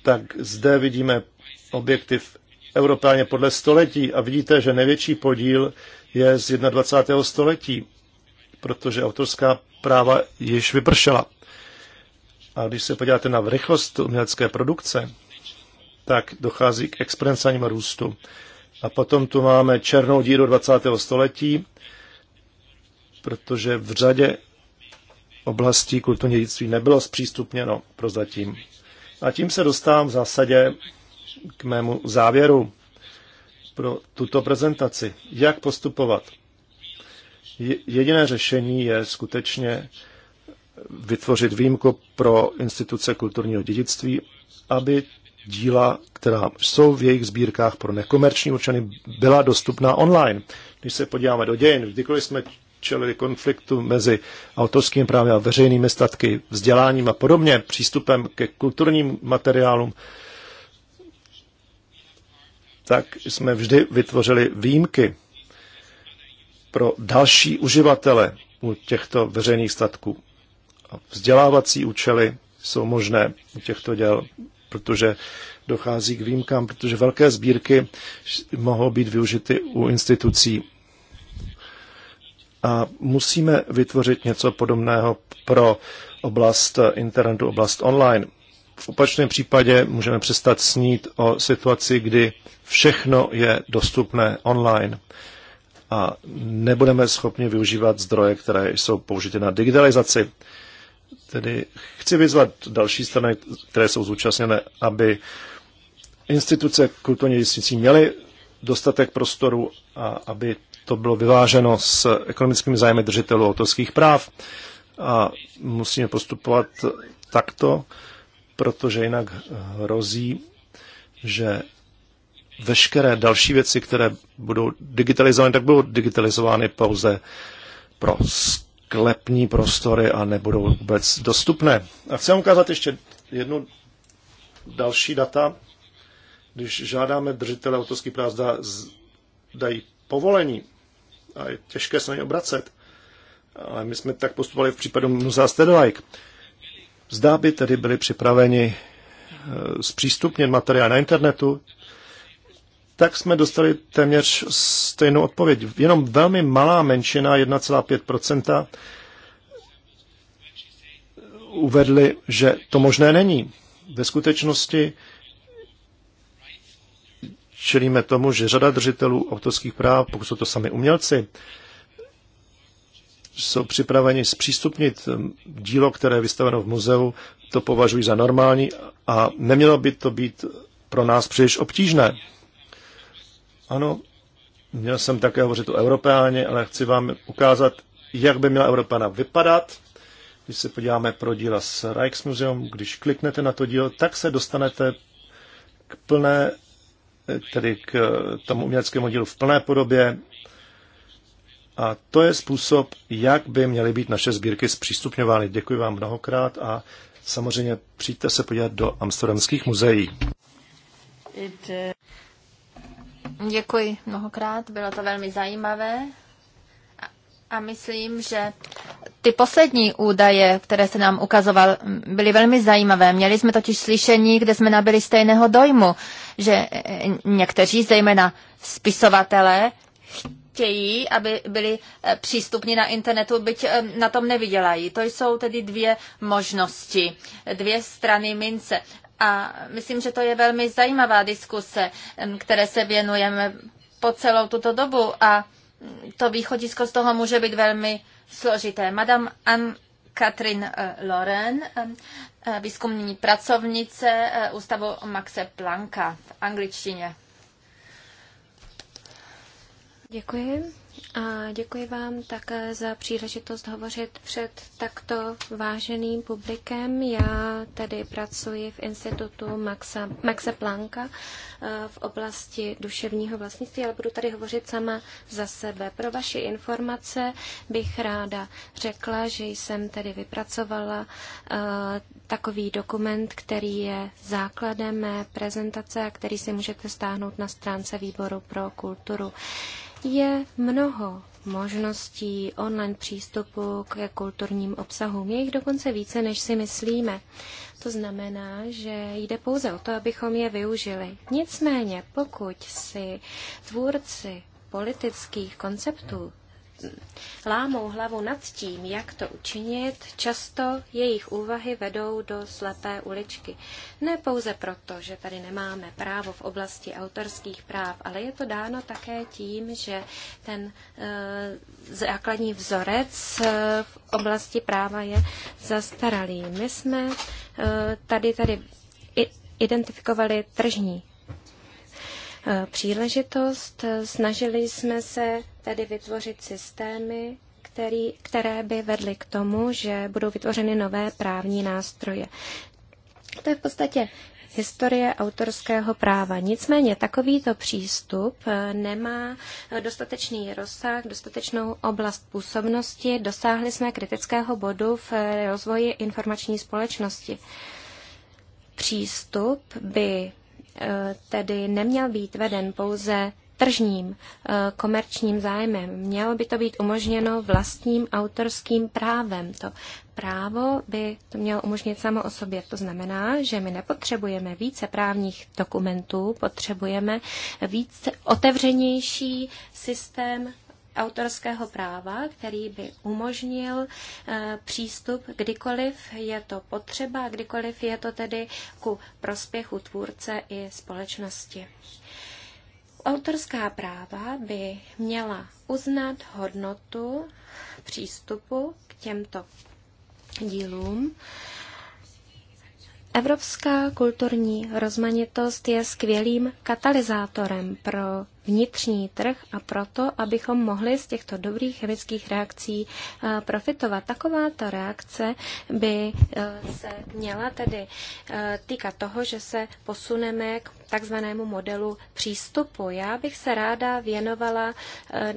S3: tak zde vidíme Objektiv Evropáně podle století a vidíte, že největší podíl je z 21. století, protože autorská práva již vypršela. A když se podíváte na rychlost umělecké produkce, tak dochází k exponenciálnímu růstu. A potom tu máme černou díru 20. století, protože v řadě oblastí kulturní dědictví nebylo zpřístupněno prozatím. A tím se dostávám v zásadě k mému závěru pro tuto prezentaci. Jak postupovat? Jediné řešení je skutečně vytvořit výjimku pro instituce kulturního dědictví, aby díla, která jsou v jejich sbírkách pro nekomerční občany, byla dostupná online. Když se podíváme do dějin, kdykoliv jsme čelili konfliktu mezi autorským právem a veřejnými statky, vzděláním a podobně, přístupem ke kulturním materiálům, tak jsme vždy vytvořili výjimky pro další uživatele u těchto veřejných statků. Vzdělávací účely jsou možné u těchto děl, protože dochází k výjimkám, protože velké sbírky mohou být využity u institucí. A musíme vytvořit něco podobného pro oblast internetu, oblast online. V opačném případě můžeme přestat snít o situaci, kdy všechno je dostupné online a nebudeme schopni využívat zdroje, které jsou použity na digitalizaci. Tedy chci vyzvat další strany, které jsou zúčastněné, aby instituce kulturně dědictví měly dostatek prostoru a aby to bylo vyváženo s ekonomickými zájmy držitelů autorských práv. A musíme postupovat takto protože jinak hrozí, že veškeré další věci, které budou digitalizovány, tak budou digitalizovány pouze pro sklepní prostory a nebudou vůbec dostupné. A chci vám ukázat ještě jednu další data. Když žádáme držitele autorský práv, zda dají povolení a je těžké se na ně obracet. Ale my jsme tak postupovali v případu Muzea Stedlike. Zdá by tedy byli připraveni eh, zpřístupnit materiál na internetu, tak jsme dostali téměř stejnou odpověď. Jenom velmi malá menšina, 1,5%, uvedli, že to možné není. Ve skutečnosti čelíme tomu, že řada držitelů autorských práv, pokud jsou to sami umělci, jsou připraveni zpřístupnit eh, dílo, které je vystaveno v muzeu, to považuji za normální a nemělo by to být pro nás příliš obtížné. Ano, měl jsem také hovořit o Europeáně, ale chci vám ukázat, jak by měla Europeana vypadat. Když se podíváme pro díla s Rijksmuseum, když kliknete na to dílo, tak se dostanete k plné, eh, tedy k eh, tomu uměleckému dílu v plné podobě a to je způsob, jak by měly být naše sbírky zpřístupňovány. Děkuji vám mnohokrát a samozřejmě přijďte se podívat do amsterdamských muzeí.
S2: Děkuji mnohokrát, bylo to velmi zajímavé. A myslím, že ty poslední údaje, které se nám ukazoval, byly velmi zajímavé. Měli jsme totiž slyšení, kde jsme nabili stejného dojmu, že někteří, zejména spisovatelé, chtějí, aby byli eh, přístupní na internetu, byť eh, na tom nevydělají. To jsou tedy dvě možnosti, dvě strany mince. A myslím, že to je velmi zajímavá diskuse, které se věnujeme po celou tuto dobu a mm, to východisko z toho může být velmi složité. Madame Anne Katrin eh, Loren, výzkumní pracovnice Ústavu Maxe Planka v angličtině.
S1: Děkuji. A děkuji vám také za příležitost hovořit před takto váženým publikem. Já tady pracuji v institutu Maxa, Maxa Planka eh, v oblasti duševního vlastnictví, ale budu tady hovořit sama za sebe. Pro vaši informace bych ráda řekla, že jsem tedy vypracovala eh, takový dokument, který je základem mé prezentace a který si můžete stáhnout na stránce výboru pro kulturu je mnoho možností online přístupu k kulturním obsahům. Je jich dokonce více, než si myslíme. To znamená, že jde pouze o to, abychom je využili. Nicméně, pokud si tvůrci politických konceptů lámou hlavu nad tím, jak to učinit, často jejich úvahy vedou do slepé uličky. Ne pouze proto, že tady nemáme právo v oblasti autorských práv, ale je to dáno také tím, že ten e, základní vzorec e, v oblasti práva je zastaralý. My jsme e, tady, tady identifikovali tržní příležitost, snažili jsme se tedy vytvořit systémy, který, které by vedly k tomu, že budou vytvořeny nové právní nástroje. To je v podstatě historie autorského práva. Nicméně takovýto přístup eh, nemá eh, dostatečný rozsah, dostatečnou oblast působnosti. Dosáhli jsme kritického bodu v eh, rozvoji informační společnosti. Přístup by tedy neměl být veden pouze tržním eh, komerčním zájmem. Mělo by to být umožněno vlastním autorským právem. To právo by to mělo umožnit samo o sobě. To znamená, že my nepotřebujeme více právních dokumentů, potřebujeme více otevřenější systém autorského práva, který by umožnil eh, přístup kdykoliv je to potřeba, kdykoliv je to tedy ku prospěchu tvůrce i společnosti. Autorská práva by měla uznat hodnotu přístupu k těmto dílům Evropská kulturní rozmanitost je skvělým katalyzátorem pro vnitřní trh a proto, abychom mohli z těchto dobrých chemických reakcí eh, profitovat. Takováto reakce by eh, se měla tedy eh, týkat toho, že se posuneme k takzvanému modelu přístupu. Já bych se ráda věnovala,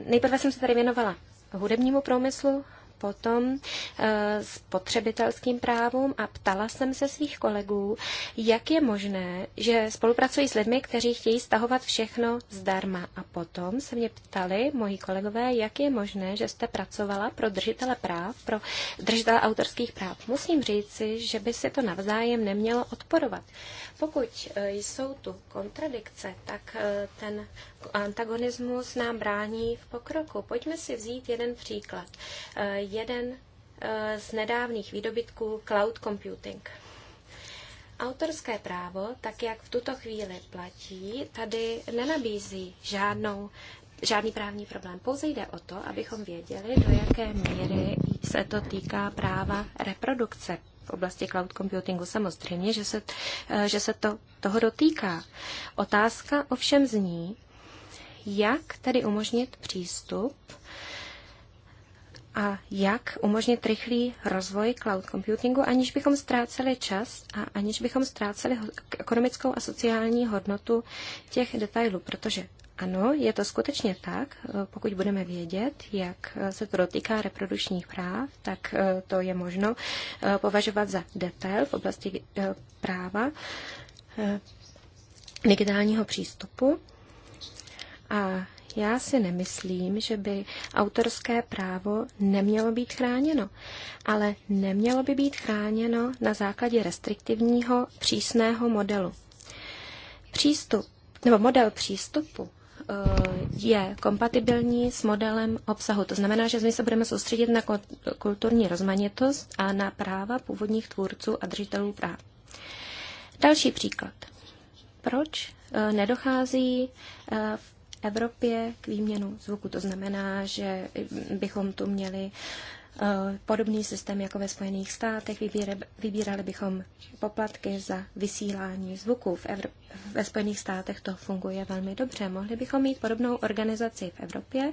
S1: nejprve jsem se tady věnovala hudebnímu průmyslu, potom eh, s potřebitelským právům a ptala jsem se svých kolegů, jak je možné, že spolupracují s lidmi, kteří chtějí stahovat všechno zdarma. A potom se mě ptali moji kolegové, jak je možné, že jste pracovala pro držitele práv, pro držitele autorských práv. Musím říci, že by se to navzájem nemělo odporovat. Pokud eh, jsou tu kontradikce, tak eh, ten antagonismus nám brání v pokroku. Pojďme si vzít jeden příklad. Eh, jeden eh, z nedávných výdobytků cloud computing. Autorské právo, tak jak v tuto chvíli platí, tady nenabízí žádnou, žádný právní problém. Pouze jde o to, abychom věděli, do jaké míry se to týká práva reprodukce v oblasti cloud computingu. Samozřejmě, že se, eh, že se to toho dotýká. Otázka ovšem zní, jak tedy umožnit přístup a jak umožnit rychlý rozvoj cloud computingu, aniž bychom ztráceli čas a aniž bychom ztráceli ekonomickou a sociální hodnotu těch detailů, protože ano, je to skutečně tak. Eh, pokud budeme vědět, jak eh, se to dotýká reprodukčních práv, tak eh, to je možno považovat za detail v oblasti práva digitálního přístupu. A já si nemyslím, že by autorské právo nemělo být chráněno, ale nemělo by být chráněno na základě restriktivního přísného modelu. Přístup, nebo model přístupu eh, je kompatibilní s modelem obsahu. To znamená, že my se budeme soustředit na kulturní rozmanitost a na práva původních tvůrců a držitelů práv. Další příklad. Proč eh, nedochází v eh, Evropě k výměnu zvuku. To znamená, že bychom tu měli eh, podobný systém jako ve Spojených státech. Vybírali bychom poplatky za vysílání zvuku. V Evro- ve Spojených státech to funguje velmi dobře. Mohli bychom mít podobnou organizaci v Evropě,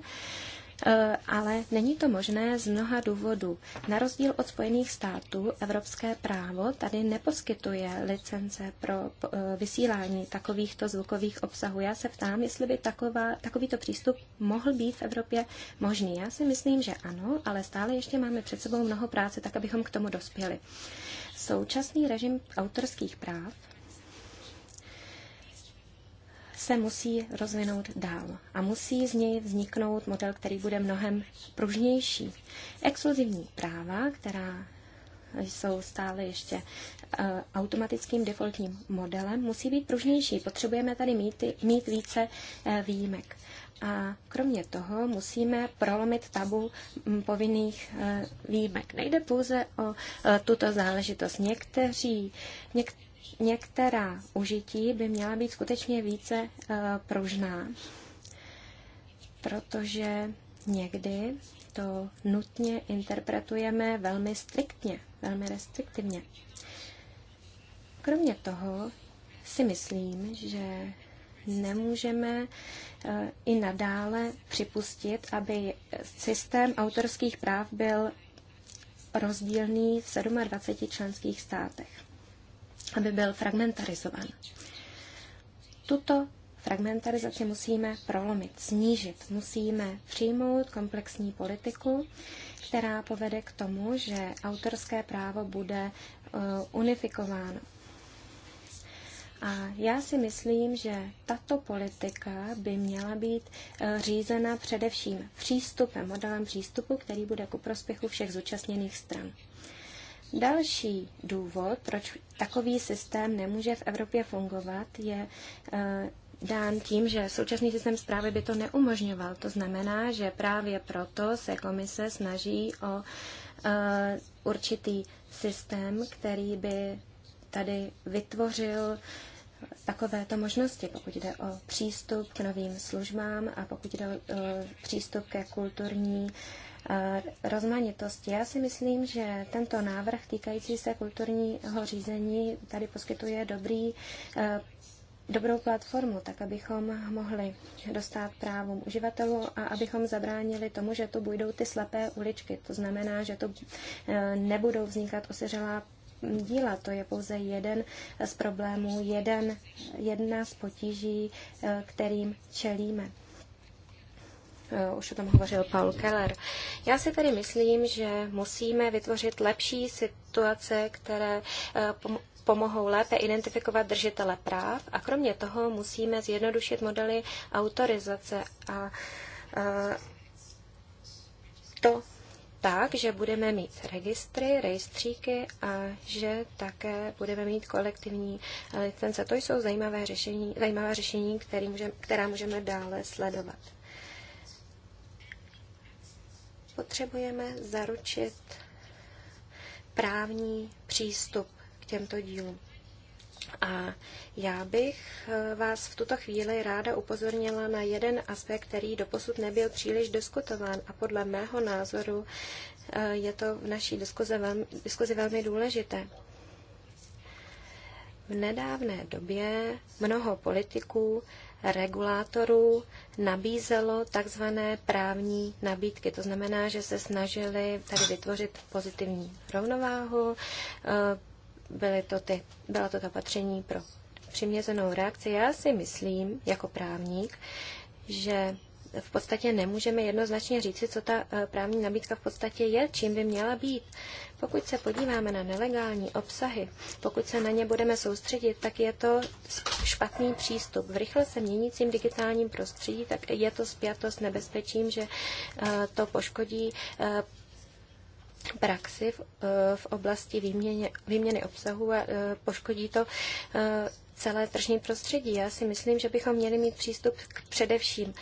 S1: Eh, ale není to možné z mnoha důvodů. Na rozdíl od Spojených států, evropské právo tady neposkytuje licence pro eh, vysílání takovýchto zvukových obsahů. Já se ptám, jestli by taková, takovýto přístup mohl být v Evropě možný. Já si myslím, že ano, ale stále ještě máme před sebou mnoho práce, tak abychom k tomu dospěli. Současný režim autorských práv se musí rozvinout dál a musí z něj vzniknout model, který bude mnohem pružnější. Exkluzivní práva, která jsou stále ještě eh, automatickým defaultním modelem, musí být pružnější. Potřebujeme tady mít, mít více eh, výjimek. A kromě toho musíme prolomit tabu mm, povinných eh, výjimek. Nejde pouze o tuto záležitost. Někteří, něk, některá užití by měla být skutečně více eh, pružná, protože někdy to nutně interpretujeme velmi striktně, velmi restriktivně. Kromě toho si myslím, že nemůžeme eh, i nadále připustit, aby systém autorských práv byl rozdílný v 27 členských státech aby byl fragmentarizován. Tuto fragmentarizaci musíme prolomit, snížit. Musíme přijmout komplexní politiku, která povede k tomu, že autorské právo bude eh, unifikováno. A já si myslím, že tato politika by měla být eh, řízena především přístupem, modelem přístupu, který bude ku prospěchu všech zúčastněných stran. Další důvod, proč takový systém nemůže v Evropě fungovat, je eh, dán tím, že současný systém zprávy by to neumožňoval. To znamená, že právě proto se komise snaží o eh, určitý systém, který by tady vytvořil takovéto možnosti, pokud jde o přístup k novým službám a pokud jde o eh, přístup ke kulturní rozmanitosti. Já si myslím, že tento návrh týkající se kulturního řízení tady poskytuje dobrý eh, dobrou platformu, tak abychom mohli dostat právům uživatelů a abychom zabránili tomu, že tu budou ty slepé uličky. To znamená, že tu eh, nebudou vznikat osiřelá díla. To je pouze jeden z problémů, jeden, jedna z potíží, eh, kterým čelíme. Eh, už o tom hovořil Paul Keller. Já si tedy myslím, že musíme vytvořit lepší situace, které eh, pomohou lépe identifikovat držitele práv a kromě toho musíme zjednodušit modely autorizace a eh, to tak, že budeme mít registry, rejstříky a že také budeme mít kolektivní licence. To jsou zajímavé řešení, zajímavé řešení které můžeme, která můžeme dále sledovat. Potřebujeme zaručit právní přístup k těmto dílům. A já bych eh, vás v tuto chvíli ráda upozornila na jeden aspekt, který doposud nebyl příliš diskutován a podle mého názoru eh, je to v naší diskuzi velmi, diskuzi velmi důležité. V nedávné době mnoho politiků, regulátorů nabízelo takzvané právní nabídky. To znamená, že se snažili tady vytvořit pozitivní rovnováhu. Eh, byly to ty, byla to ta patření pro přiměřenou reakci. Já si myslím, jako právník, že v podstatě nemůžeme jednoznačně říci, co ta eh, právní nabídka v podstatě je, čím by měla být. Pokud se podíváme na nelegální obsahy, pokud se na ně budeme soustředit, tak je to špatný přístup. V rychle se měnícím digitálním prostředí, tak je to spjato s nebezpečím, že eh, to poškodí eh, praxi v, oblasti výměně, výměny obsahu a poškodí to celé tržní prostředí. Já si myslím, že bychom měli mít přístup k především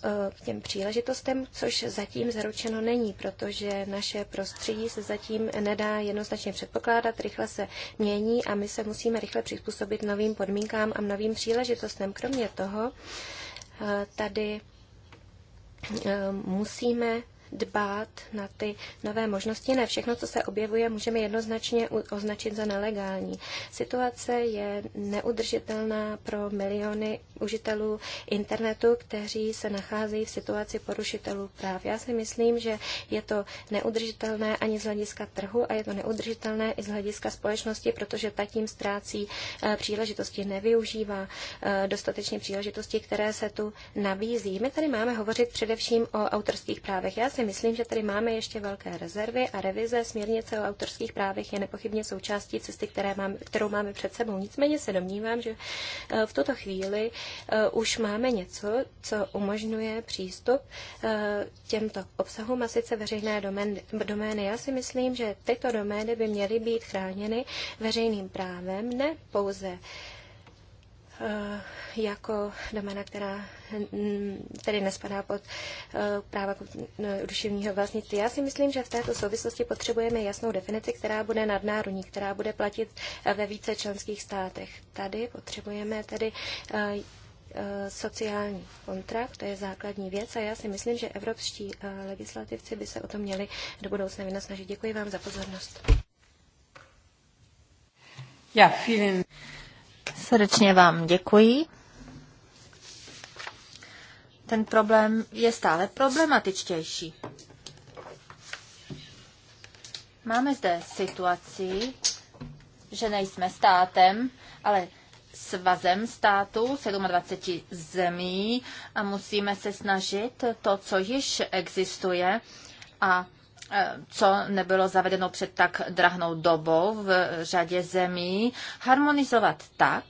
S1: k eh, těm příležitostem, což zatím zaručeno není, protože naše prostředí se zatím nedá jednoznačně předpokládat, rychle se mění a my se musíme rychle přizpůsobit novým podmínkám a novým příležitostem. Kromě toho eh, tady eh, musíme dbát na ty nové možnosti. Ne všechno, co se objevuje, můžeme jednoznačně označit za nelegální. Situace je neudržitelná pro miliony užitelů internetu, kteří se nacházejí v situaci porušitelů práv. Já si myslím, že je to neudržitelné ani z hlediska trhu a je to neudržitelné i z hlediska společnosti, protože ta tím ztrácí eh, příležitosti, nevyužívá eh, dostatečně příležitosti, které se tu nabízí. My tady máme hovořit především o autorských právech. Já si myslím, že tady máme ještě velké rezervy a revize směrnice o autorských právech je nepochybně součástí cesty, které máme, kterou máme před sebou. Nicméně se domnívám, že eh, v tuto chvíli eh, už máme něco, co umožňuje přístup eh, těmto obsahům a sice veřejné domény. domény. Já si myslím, že tyto domény by měly být chráněny veřejným právem, ne pouze Eh, jako domena, která tedy nespadá pod eh, práva eh, duševního vlastnictví. Já si myslím, že v této souvislosti potřebujeme jasnou definici, která bude nadnárodní, která bude platit ve více členských státech. Tady potřebujeme tedy sociální kontrakt, to je základní věc a já si myslím, že evropští legislativci by se o to měli do budoucna vynasnažit. Děkuji vám za pozornost.
S2: Ja, vielen Srdečně vám děkuji. Ten problém je stále problematičtější. Máme zde situaci, že nejsme státem, ale svazem států 27 zemí a musíme se snažit to, co již existuje a Eh, co nebylo zavedeno před tak drahnou dobou v řadě zemí, harmonizovat tak,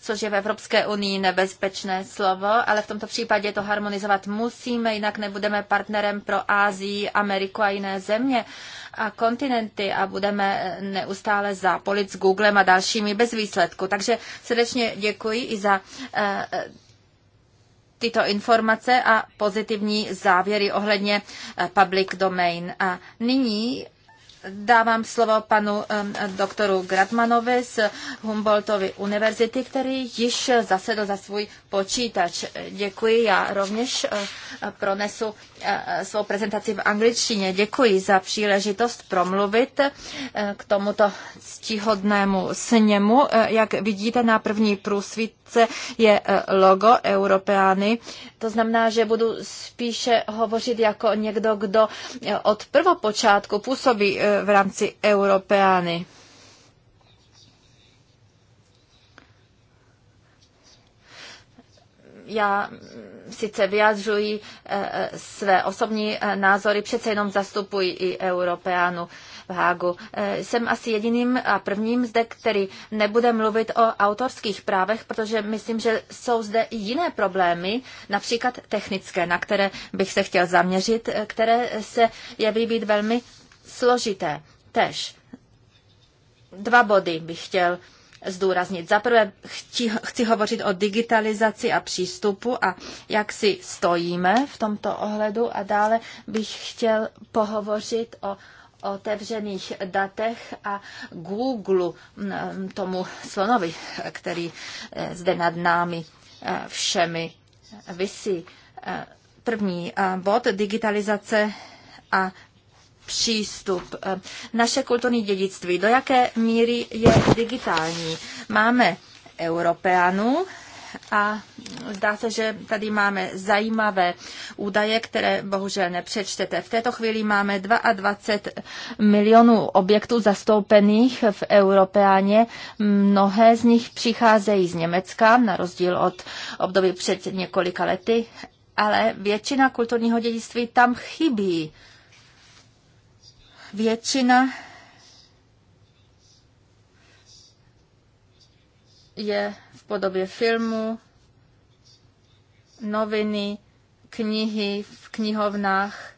S2: což je v Evropské unii nebezpečné slovo, ale v tomto případě to harmonizovat musíme, jinak nebudeme partnerem pro Ázii, Ameriku a jiné země a kontinenty a budeme neustále zápolit s Googlem a dalšími bez výsledku. Takže srdečně děkuji i za eh, tyto informace a pozitivní závěry ohledně eh, public domain. A nyní dávám slovo panu doktoru Gradmanovi z Humboldtovy univerzity, který již zasedl za svůj počítač. Děkuji, já rovněž eh, pronesu eh, svou prezentaci v angličtině. Děkuji za příležitost promluvit eh, k tomuto ctihodnému sněmu. Jak vidíte na první průsvitce je logo Europeány. To znamená, že budu spíše hovořit jako někdo, kdo od prvopočátku působí v rámci Europeány. Já sice vyjadřuji eh, své osobní eh, názory, přece jenom zastupuji i Europeánu v Hágu. Eh, jsem asi jediným a prvním zde, který nebude mluvit o autorských právech, protože myslím, že jsou zde i jiné problémy, například technické, na které bych se chtěl zaměřit, které se jeví být velmi složité. Tež dva body bych chtěl zdůraznit. Za prvé chci, chci hovořit o digitalizaci a přístupu a jak si stojíme v tomto ohledu a dále bych chtěl pohovořit o otevřených datech a Google, tomu slonovi, který e, zde nad námi e, všemi visí e, První bod digitalizace a přístup. Naše kulturní dědictví, do jaké míry je digitální? Máme Europeanu, a zdá se, že tady máme zajímavé údaje, které bohužel nepřečtete. V této chvíli máme 22 milionů objektů zastoupených v Europeáně. Mnohé z nich přicházejí z Německa, na rozdíl od období před několika lety, ale většina kulturního dědictví tam chybí většina je v podobě filmu, noviny, knihy v knihovnách,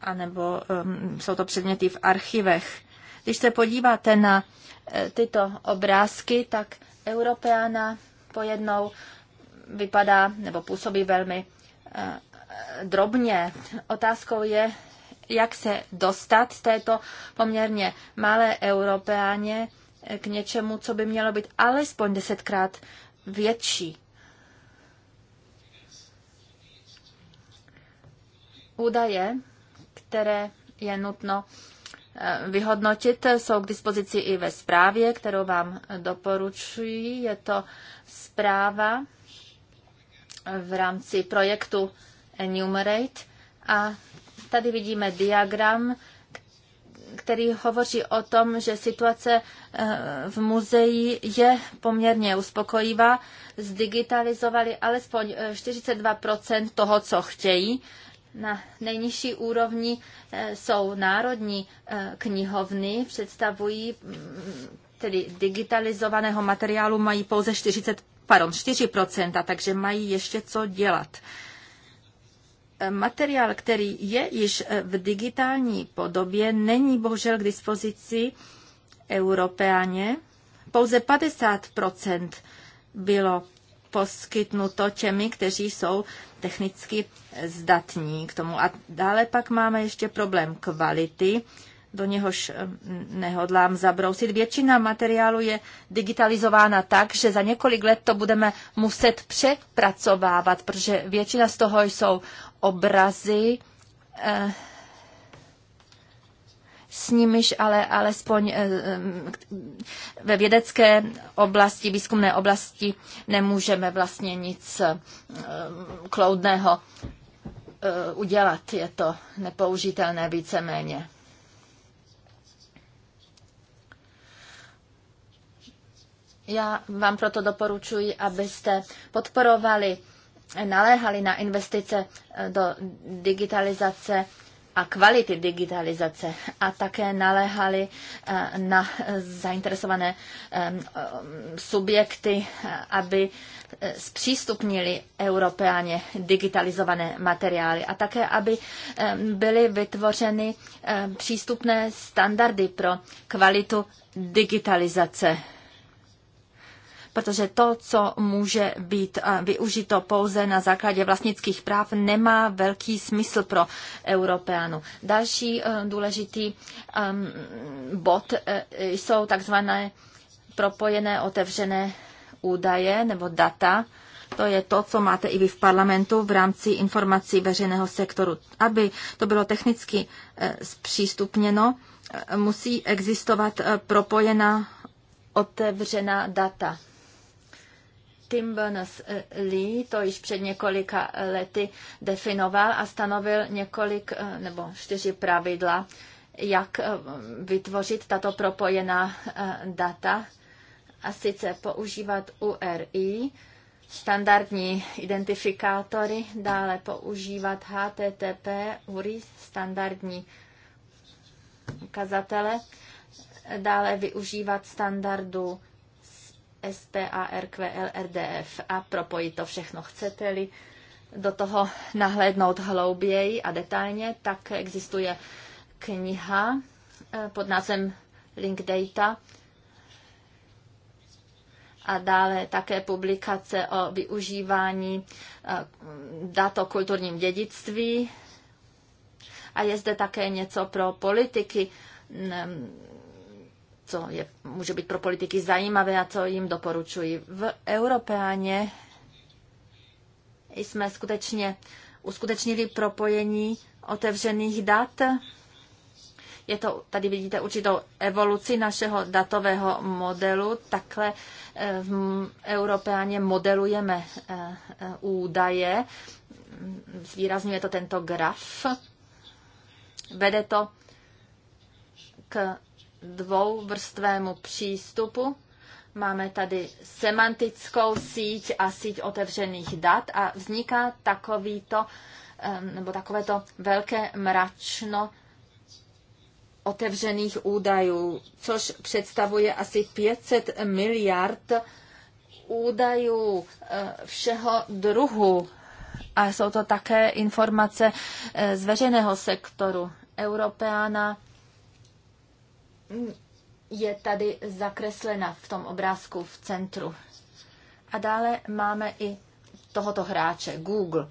S2: anebo um, jsou to předměty v archivech. Když se podíváte na e, tyto obrázky, tak Europeana pojednou vypadá nebo působí velmi e, drobně. Otázkou je, jak se dostat z této poměrně malé Europeáně k něčemu, co by mělo být alespoň desetkrát větší. Údaje, které je nutno eh, vyhodnotit, jsou k dispozici i ve zprávě, kterou vám doporučuji. Je to zpráva v rámci projektu Enumerate a Tady vidíme diagram, který hovoří o tom, že situace eh, v muzeí je poměrně uspokojivá. Zdigitalizovali alespoň 42 eh, toho, co chtějí. Na nejnižší úrovni eh, jsou národní knihovny, představují mm, tedy digitalizovaného materiálu mají pouze 40, pardon, 4%, takže mají ještě co dělat materiál, který je již eh, v digitální podobě, není bohužel k dispozici Europeáně. Pouze 50 bylo poskytnuto těmi, kteří jsou technicky zdatní k tomu. A dále pak máme ještě problém kvality do něhož eh, nehodlám zabrousit. Většina materiálu je digitalizována tak, že za několik let to budeme muset přepracovávat, protože většina z toho jsou obrazy, eh, s nimiž ale alespoň eh, ve vědecké oblasti, výzkumné oblasti nemůžeme vlastně nic kloudného udělat. Je to nepoužitelné víceméně. Já vám proto doporučuji, abyste podporovali, naléhali na investice e, do digitalizace a kvality digitalizace a také naléhali e, na zainteresované e, subjekty, aby zpřístupnili Europeáně digitalizované materiály a také, aby byly vytvořeny přístupné standardy pro kvalitu digitalizace protože to, co může být eh, využito pouze na základě vlastnických práv, nemá velký smysl pro Europeanu. Další eh, důležitý ehm, bod eh, jsou takzvané propojené otevřené údaje nebo data. To je to, co máte i vy v parlamentu v rámci informací veřejného sektoru. Aby to bylo technicky zpřístupněno, musí existovat propojená otevřená data. Tim Berners-Lee to již před několika lety definoval a stanovil několik eh, nebo čtyři pravidla, jak eh, vytvořit tato propojená eh, data a sice používat URI, standardní identifikátory, dále používat HTTP, URI, standardní ukazatele, dále využívat standardu SPARQLRDF a propojit to všechno. Chcete-li do toho nahlédnout hlouběji a detailně, tak existuje kniha eh, pod názvem Link Data a dále také publikace o využívání eh, dat o kulturním dědictví. A je zde také něco pro politiky mm, co je, může být pro politiky zajímavé a co jim doporučuji. V Europeáně jsme skutečně uskutečnili propojení otevřených dat. Je to, tady vidíte určitou evoluci našeho datového modelu. Takhle eh, v Europeáně modelujeme eh, údaje. Zvýrazňuje to tento graf. Vede to k dvouvrstvému přístupu. Máme tady semantickou síť a síť otevřených dat a vzniká takovýto, nebo takovéto velké mračno otevřených údajů, což představuje asi 500 miliard údajů eh, všeho druhu. A jsou to také informace eh, z veřejného sektoru. Europeana je tady zakreslena v tom obrázku v centru. A dále máme i tohoto hráče, Google.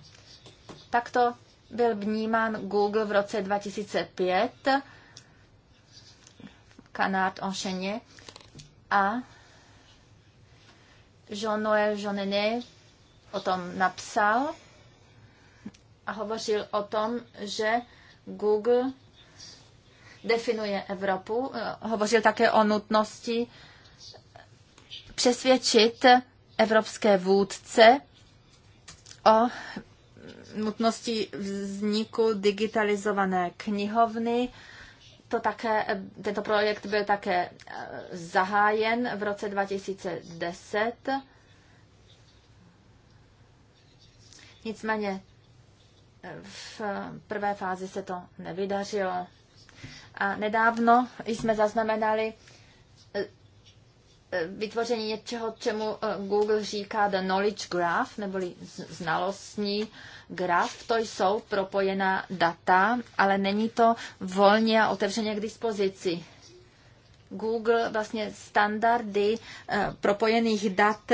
S2: Takto byl vnímán Google v roce 2005, Canard Enchaîné a Jean-Noël Jeannenet o tom napsal a hovořil o tom, že Google definuje Evropu. Eh, hovořil také o nutnosti přesvědčit evropské vůdce o nutnosti vzniku digitalizované knihovny. To také, eh, tento projekt byl také eh, zahájen v roce 2010. Nicméně v prvé fázi se to nevydařilo. A nedávno jsme zaznamenali eh, eh, vytvoření něčeho, čemu eh, Google říká the knowledge graph, neboli znalostní graf. To jsou propojená data, ale není to volně a otevřeně k dispozici. Google vlastně standardy propojených dat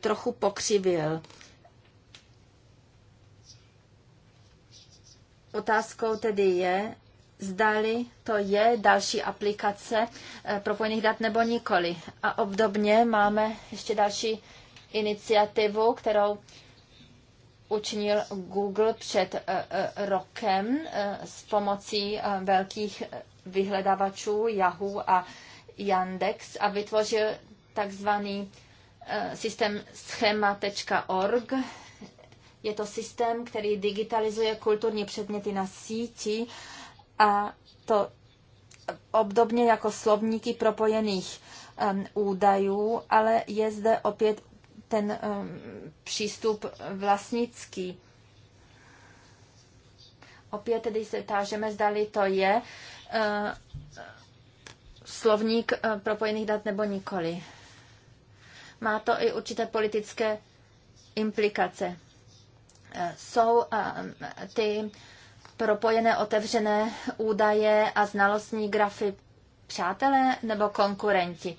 S2: trochu pokřivil. Otázkou tedy je, zdali to je další aplikace eh, propojených dat nebo nikoli. A obdobně máme ještě další iniciativu, kterou učinil Google před eh, eh, rokem s pomocí velkých vyhledavačů Yahoo a Yandex a vytvořil takzvaný systém schema.org. Je to systém, který digitalizuje kulturní předměty na síti a to obdobně jako slovníky propojených um, údajů, ale je zde opět ten um, přístup vlastnický. Opět tedy se tážeme, zdali to je uh, slovník uh, propojených dat nebo nikoli. Má to i určité politické implikace. Uh, jsou uh, ty uh, propojené otevřené údaje a znalostní grafy přátelé nebo konkurenti.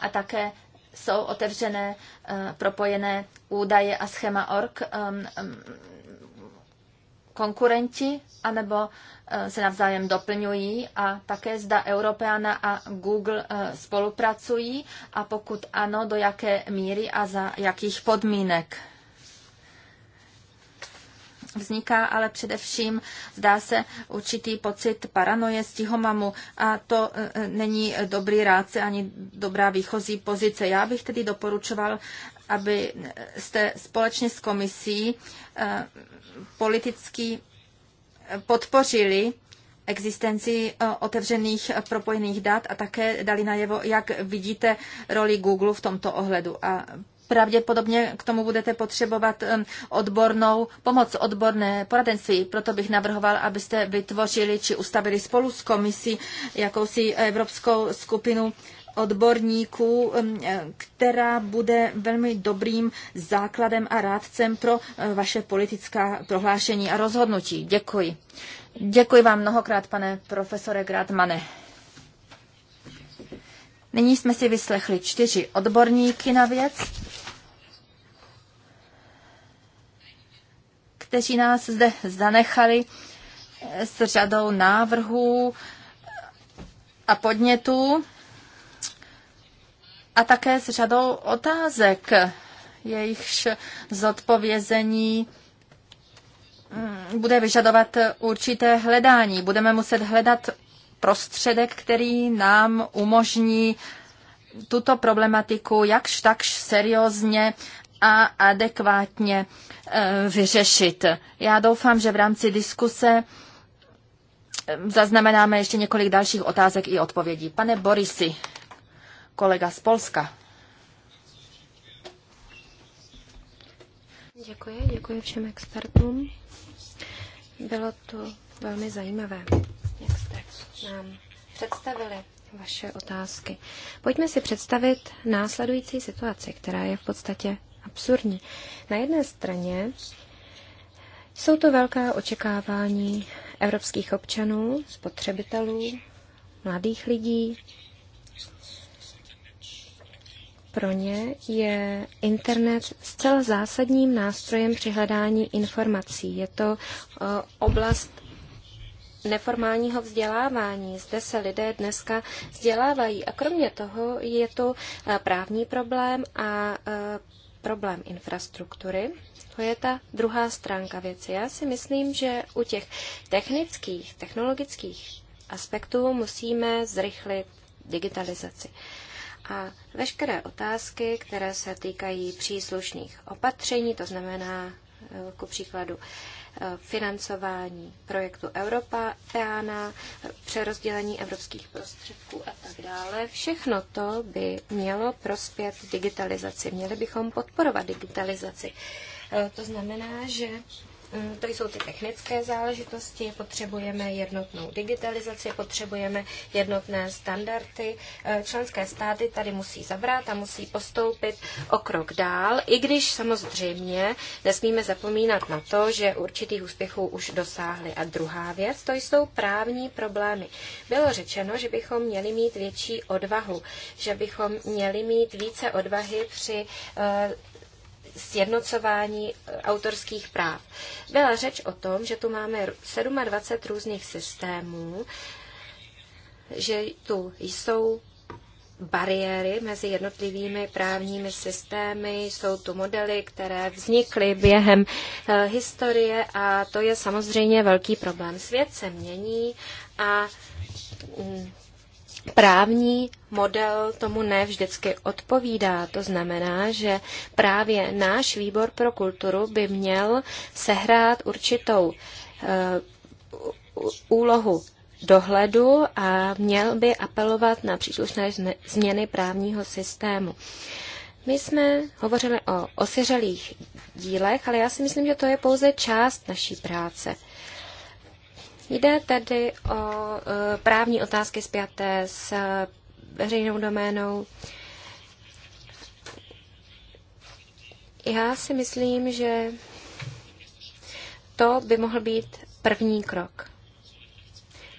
S2: A také jsou otevřené eh, propojené údaje a org eh, mm, konkurenti, anebo eh, se navzájem doplňují a také zda Europeana a Google spolupracují a pokud ano, do jaké míry a za jakých podmínek. Vzniká ale především, zdá se, určitý pocit paranoje z mamu a to e, e, není dobrý rádce ani dobrá výchozí pozice. Já bych tedy doporučoval, aby jste společně s komisí e, politicky podpořili existenci otevřených propojených dat a také dali najevo, jak vidíte roli Google v tomto ohledu. A pravděpodobně k tomu budete potřebovat odbornou pomoc, odborné poradenství. Proto bych navrhoval, abyste vytvořili či ustavili spolu s komisí jakousi evropskou skupinu odborníků, e, která bude velmi dobrým základem a rádcem pro e, vaše politická prohlášení a rozhodnutí. Děkuji. Děkuji vám mnohokrát, pane profesore Gratmane. Nyní jsme si vyslechli čtyři odborníky na věc, kteří nás zde zanechali s řadou návrhů a podnětů a také s řadou otázek, jejichž zodpovězení mm, bude vyžadovat určité hledání. Budeme muset hledat prostředek, který nám umožní tuto problematiku jakž takž seriózně a adekvátně e, vyřešit. Já doufám, že v rámci diskuse e, zaznamenáme ještě několik dalších otázek i odpovědí. Pane Borisi, kolega z Polska.
S1: Děkuji, děkuji všem expertům. Bylo to velmi zajímavé nám představili vaše otázky. Pojďme si představit následující situaci, která je v podstatě absurdní. Na jedné straně jsou to velká očekávání evropských občanů, spotřebitelů, mladých lidí. Pro ně je internet zcela zásadním nástrojem při hledání informací. Je to eh, oblast neformálního vzdělávání. Zde se lidé dneska vzdělávají a kromě toho je tu eh, právní problém a eh, problém infrastruktury. To je ta druhá stránka věci. Já si myslím, že u těch technických, technologických aspektů musíme zrychlit digitalizaci. A veškeré otázky, které se týkají příslušných opatření, to znamená eh, ku příkladu financování projektu Europa, přerozdělení evropských prostředků a tak dále. Všechno to by mělo prospět digitalizaci. Měli bychom podporovat digitalizaci. E, to znamená, že Mm, to jsou ty technické záležitosti, potřebujeme jednotnou digitalizaci, potřebujeme jednotné standardy. Eh, členské státy tady musí zabrat a musí postoupit o krok dál, i když samozřejmě nesmíme zapomínat na to, že určitých úspěchů už dosáhly. A druhá věc, to jsou právní problémy. Bylo řečeno, že bychom měli mít větší odvahu, že bychom měli mít více odvahy při eh, sjednocování eh, autorských práv. Byla řeč o tom, že tu máme 27 různých systémů, že tu jsou bariéry mezi jednotlivými právními systémy, jsou tu modely, které vznikly během eh, historie a to je samozřejmě velký problém. Svět se mění a mm, právní model tomu ne vždycky odpovídá. To znamená, že právě náš výbor pro kulturu by měl sehrát určitou uh, úlohu dohledu a měl by apelovat na příslušné změny právního systému. My jsme hovořili o osiřelých dílech, ale já si myslím, že to je pouze část naší práce. Jde tedy o e, právní otázky zpěté s veřejnou doménou. Já si myslím, že to by mohl být první krok.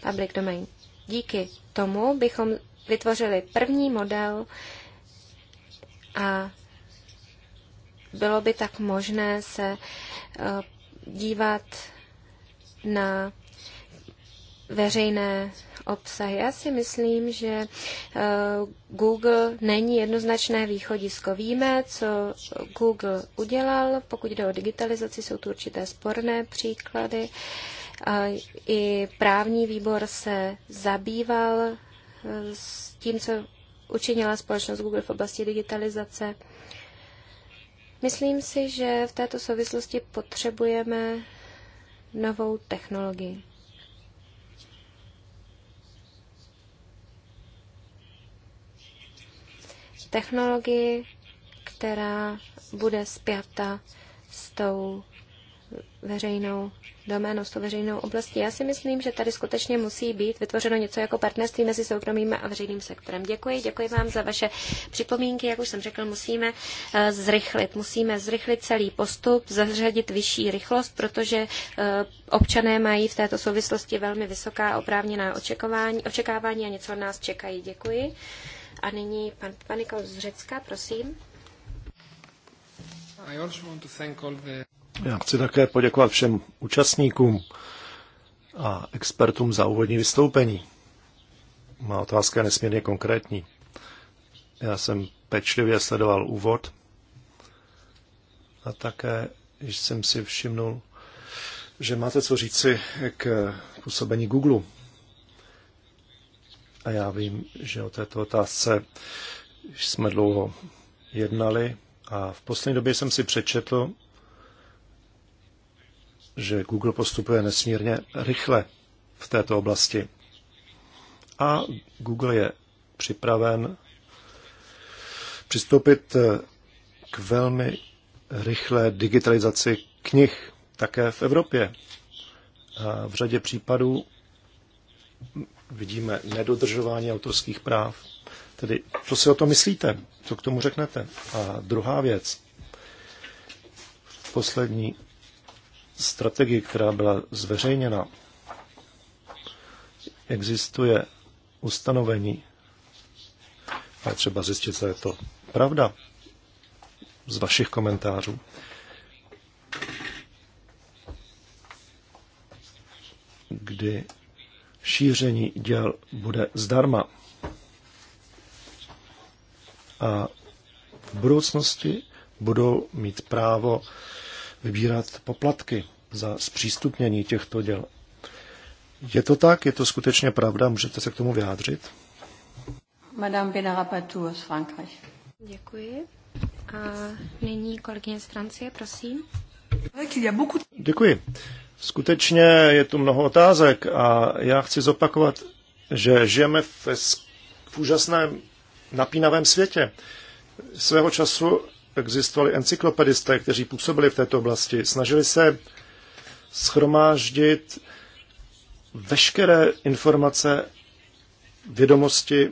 S1: Public domain. Díky tomu bychom vytvořili první model a bylo by tak možné se e, dívat na veřejné obsahy. Já si myslím, že eh, Google není jednoznačné východisko. Víme, co Google udělal. Pokud jde o digitalizaci, jsou tu určité sporné příklady. I právní výbor se zabýval eh, s tím, co učinila společnost Google v oblasti digitalizace. Myslím si, že v této souvislosti potřebujeme novou technologii. technologii, která bude spjata s tou veřejnou doménou, s tou veřejnou oblastí. Já si myslím, že tady skutečně musí být vytvořeno něco jako partnerství mezi soukromým a veřejným sektorem. Děkuji, děkuji vám za vaše připomínky. Jak už jsem řekl, musíme eh, zrychlit. Musíme zrychlit celý postup, zařadit vyšší rychlost, protože eh, občané mají v této souvislosti velmi vysoká oprávněná očekávání a něco od nás čekají. Děkuji. A nyní pan Panikol z Řecka, prosím.
S3: Já chci také poděkovat všem účastníkům a expertům za úvodní vystoupení. Má otázka je nesmírně konkrétní. Já jsem pečlivě sledoval úvod a také jsem si všimnul, že máte co říci k působení Google a já vím, že o této otázce jsme dlouho jednali a v poslední době jsem si přečetl, že Google postupuje nesmírně rychle v této oblasti. A Google je připraven přistoupit eh, k velmi rychlé digitalizaci knih také v Evropě. A v řadě případů vidíme nedodržování autorských práv. Tedy, co si o to myslíte? Co k tomu řeknete? A druhá věc. poslední strategii, která byla zveřejněna, existuje ustanovení, a je třeba zjistit, co je to pravda z vašich komentářů. Kdy šíření děl bude zdarma. A v budoucnosti budou mít právo vybírat poplatky za zpřístupnění těchto děl. Je to tak? Je to skutečně pravda? Můžete se k tomu vyjádřit?
S1: Madame Benarabatou z Frankreich. Děkuji. A nyní kolegyně z Francie, prosím.
S3: Děkuji. Skutečně je tu mnoho otázek a já chci zopakovat, že žijeme v, v úžasném napínavém světě. Svého času existovali encyklopedisté, kteří působili v této oblasti. Snažili se schromáždit veškeré informace, vědomosti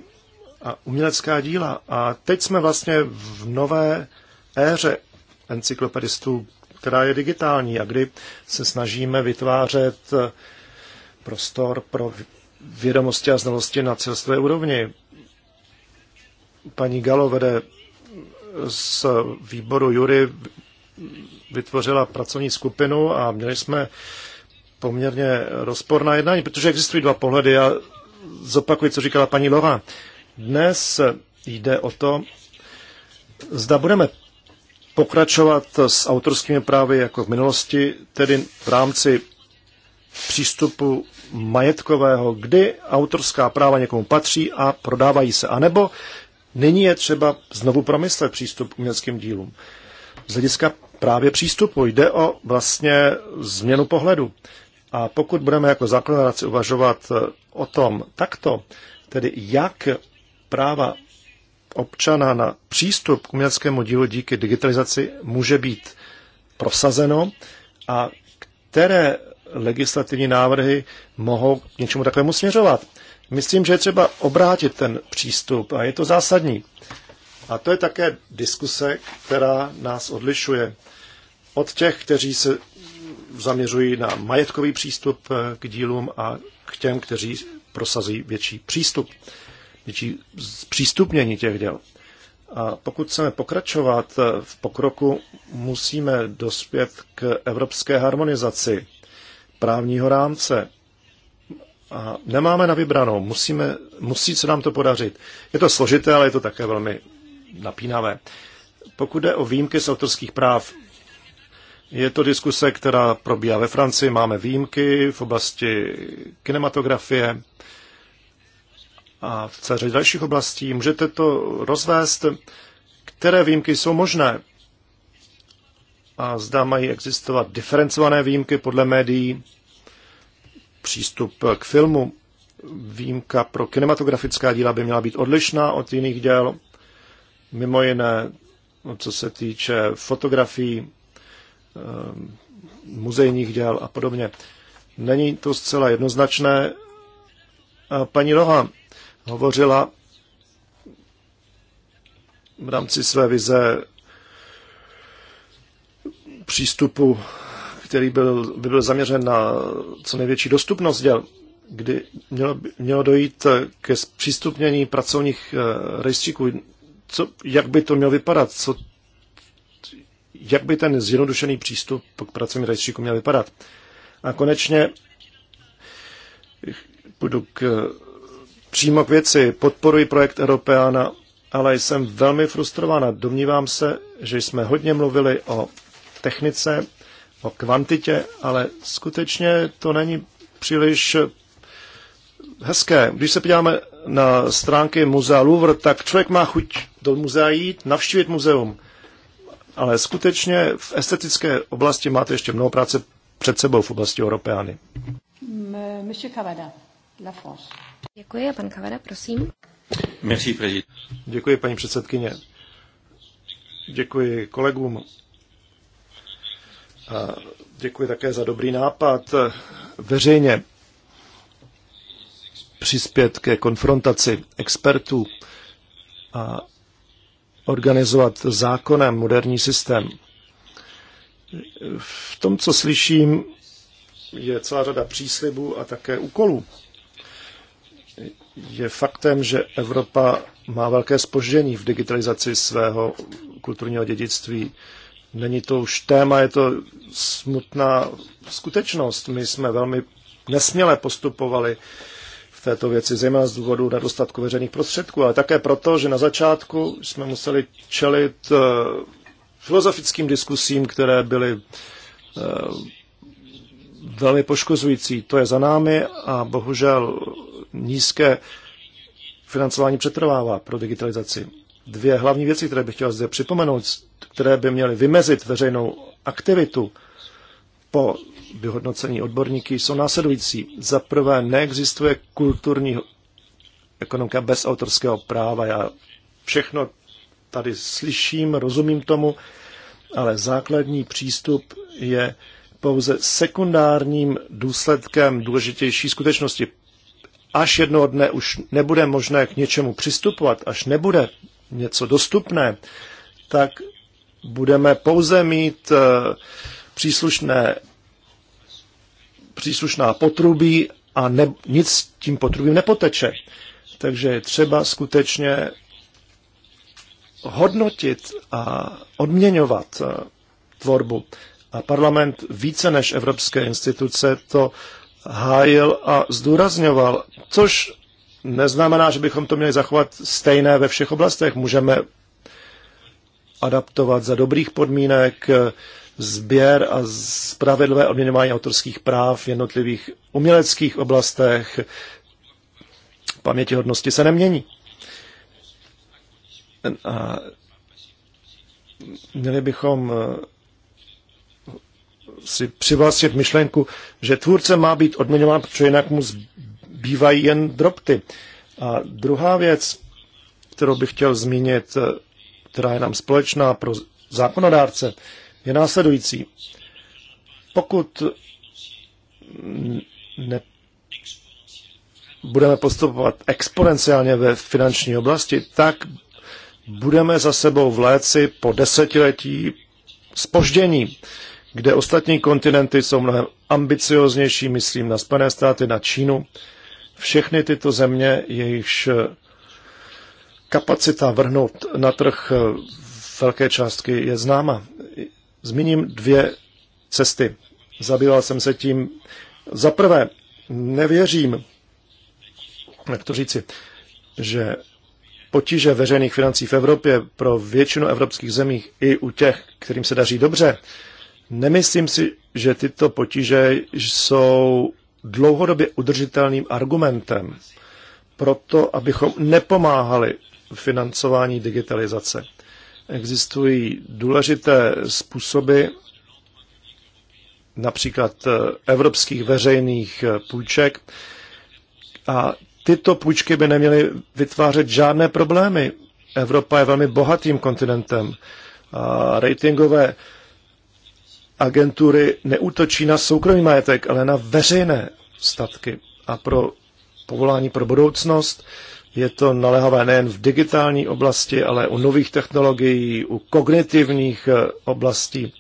S3: a umělecká díla. A teď jsme vlastně v nové éře encyklopedistů která je digitální a kdy se snažíme vytvářet eh, prostor pro vědomosti a znalosti na celostové úrovni. Paní Galo vede z výboru Jury vytvořila pracovní skupinu a měli jsme poměrně rozporná jednání, protože existují dva pohledy. Já zopakuji, co říkala paní Lova. Dnes jde o to, zda budeme pokračovat s autorskými právy jako v minulosti, tedy v rámci přístupu majetkového, kdy autorská práva někomu patří a prodávají se. A nebo nyní je třeba znovu promyslet přístup k uměleckým dílům. Z hlediska právě přístupu jde o vlastně změnu pohledu. A pokud budeme jako zákonodárci uvažovat o tom takto, tedy jak práva občana na přístup k uměleckému dílu díky digitalizaci může být prosazeno a které legislativní návrhy mohou k něčemu takovému směřovat. Myslím, že je třeba obrátit ten přístup a je to zásadní. A to je také diskuse, která nás odlišuje od těch, kteří se zaměřují na majetkový přístup k dílům a k těm, kteří prosazují větší přístup větší zpřístupnění těch děl. A pokud chceme pokračovat v pokroku, musíme dospět k evropské harmonizaci právního rámce. A nemáme na vybranou, musíme, musí se nám to podařit. Je to složité, ale je to také velmi napínavé. Pokud jde o výjimky z autorských práv, je to diskuse, která probíhá ve Francii. Máme výjimky v oblasti kinematografie, a v celé dalších oblastí. Můžete to rozvést, které výjimky jsou možné a zda mají existovat diferencované výjimky podle médií, přístup k filmu, výjimka pro kinematografická díla by měla být odlišná od jiných děl, mimo jiné, co se týče fotografií, ehm, muzejních děl a podobně. Není to zcela jednoznačné. Paní Loha, hovořila v rámci své vize přístupu, který byl, by byl zaměřen na co největší dostupnost děl, kdy mělo, mělo dojít ke přístupnění pracovních eh, rejstříků. Co, jak by to mělo vypadat? Co, jak by ten zjednodušený přístup k pracovním rejstříku měl vypadat? A konečně eh, půjdu k eh, přímo k věci. Podporuji projekt Europeana, ale jsem velmi frustrována. Domnívám se, že jsme hodně mluvili o technice, o kvantitě, ale skutečně to není příliš hezké. Když se podíváme na stránky muzea Louvre, tak člověk má chuť do muzea jít, navštívit muzeum. Ale skutečně v estetické oblasti máte ještě mnoho práce před sebou v oblasti Europeány.
S1: Monsieur Cavada, La France. Děkuji a pan Kavada, prosím.
S3: Merci, Děkuji, paní předsedkyně. Děkuji kolegům. A děkuji také za dobrý nápad veřejně přispět ke konfrontaci expertů a organizovat zákonem moderní systém. V tom, co slyším, je celá řada příslibů a také úkolů. Je faktem, že Evropa má velké spoždění v digitalizaci svého kulturního dědictví. Není to už téma, je to smutná skutečnost. My jsme velmi nesměle postupovali v této věci, zejména z důvodu nedostatku veřejných prostředků, ale také proto, že na začátku jsme museli čelit eh, filozofickým diskusím, které byly eh, velmi poškozující. To je za námi a bohužel nízké financování přetrvává pro digitalizaci. Dvě hlavní věci, které bych chtěl zde připomenout, které by měly vymezit veřejnou aktivitu po vyhodnocení odborníky, jsou následující. Za prvé, neexistuje kulturní ekonomika bez autorského práva. Já všechno tady slyším, rozumím tomu, ale základní přístup je pouze sekundárním důsledkem důležitější skutečnosti až jednoho dne už nebude možné k něčemu přistupovat, až nebude něco dostupné, tak budeme pouze mít eh, příslušné, příslušná potrubí a ne, nic s tím potrubím nepoteče. Takže je třeba skutečně hodnotit a odměňovat eh, tvorbu. A parlament více než evropské instituce to hájil a zdůrazňoval, což neznamená, že bychom to měli zachovat stejné ve všech oblastech. Můžeme adaptovat za dobrých podmínek eh, sběr a spravedlivé odměňování autorských práv v jednotlivých uměleckých oblastech. Pamětihodnosti se nemění. A měli bychom eh, si přivlastnit myšlenku, že tvůrce má být odměňován, protože jinak mu zbývají jen drobty. A druhá věc, kterou bych chtěl zmínit, eh, která je nám společná pro zákonodárce, je následující. Pokud ne, budeme postupovat exponenciálně ve finanční oblasti, tak budeme za sebou v léci po desetiletí spoždění kde ostatní kontinenty jsou mnohem ambicioznější, myslím na Spojené státy, na Čínu. Všechny tyto země, jejichž eh, kapacita vrhnout na trh eh, velké částky je známa. Zmíním dvě cesty. Zabýval jsem se tím. Za prvé, nevěřím, jak to říci, že potíže veřejných financí v Evropě pro většinu evropských zemí i u těch, kterým se daří dobře, Nemyslím si, že tyto potíže jsou dlouhodobě udržitelným argumentem proto, abychom nepomáhali financování digitalizace. Existují důležité způsoby, například eh, evropských veřejných eh, půjček, a tyto půjčky by neměly vytvářet žádné problémy. Evropa je velmi bohatým kontinentem. A ratingové agentury neútočí na soukromý majetek, ale na veřejné statky. A pro povolání pro budoucnost je to naléhavé nejen v digitální oblasti, ale u nových technologií, u kognitivních eh, oblastí,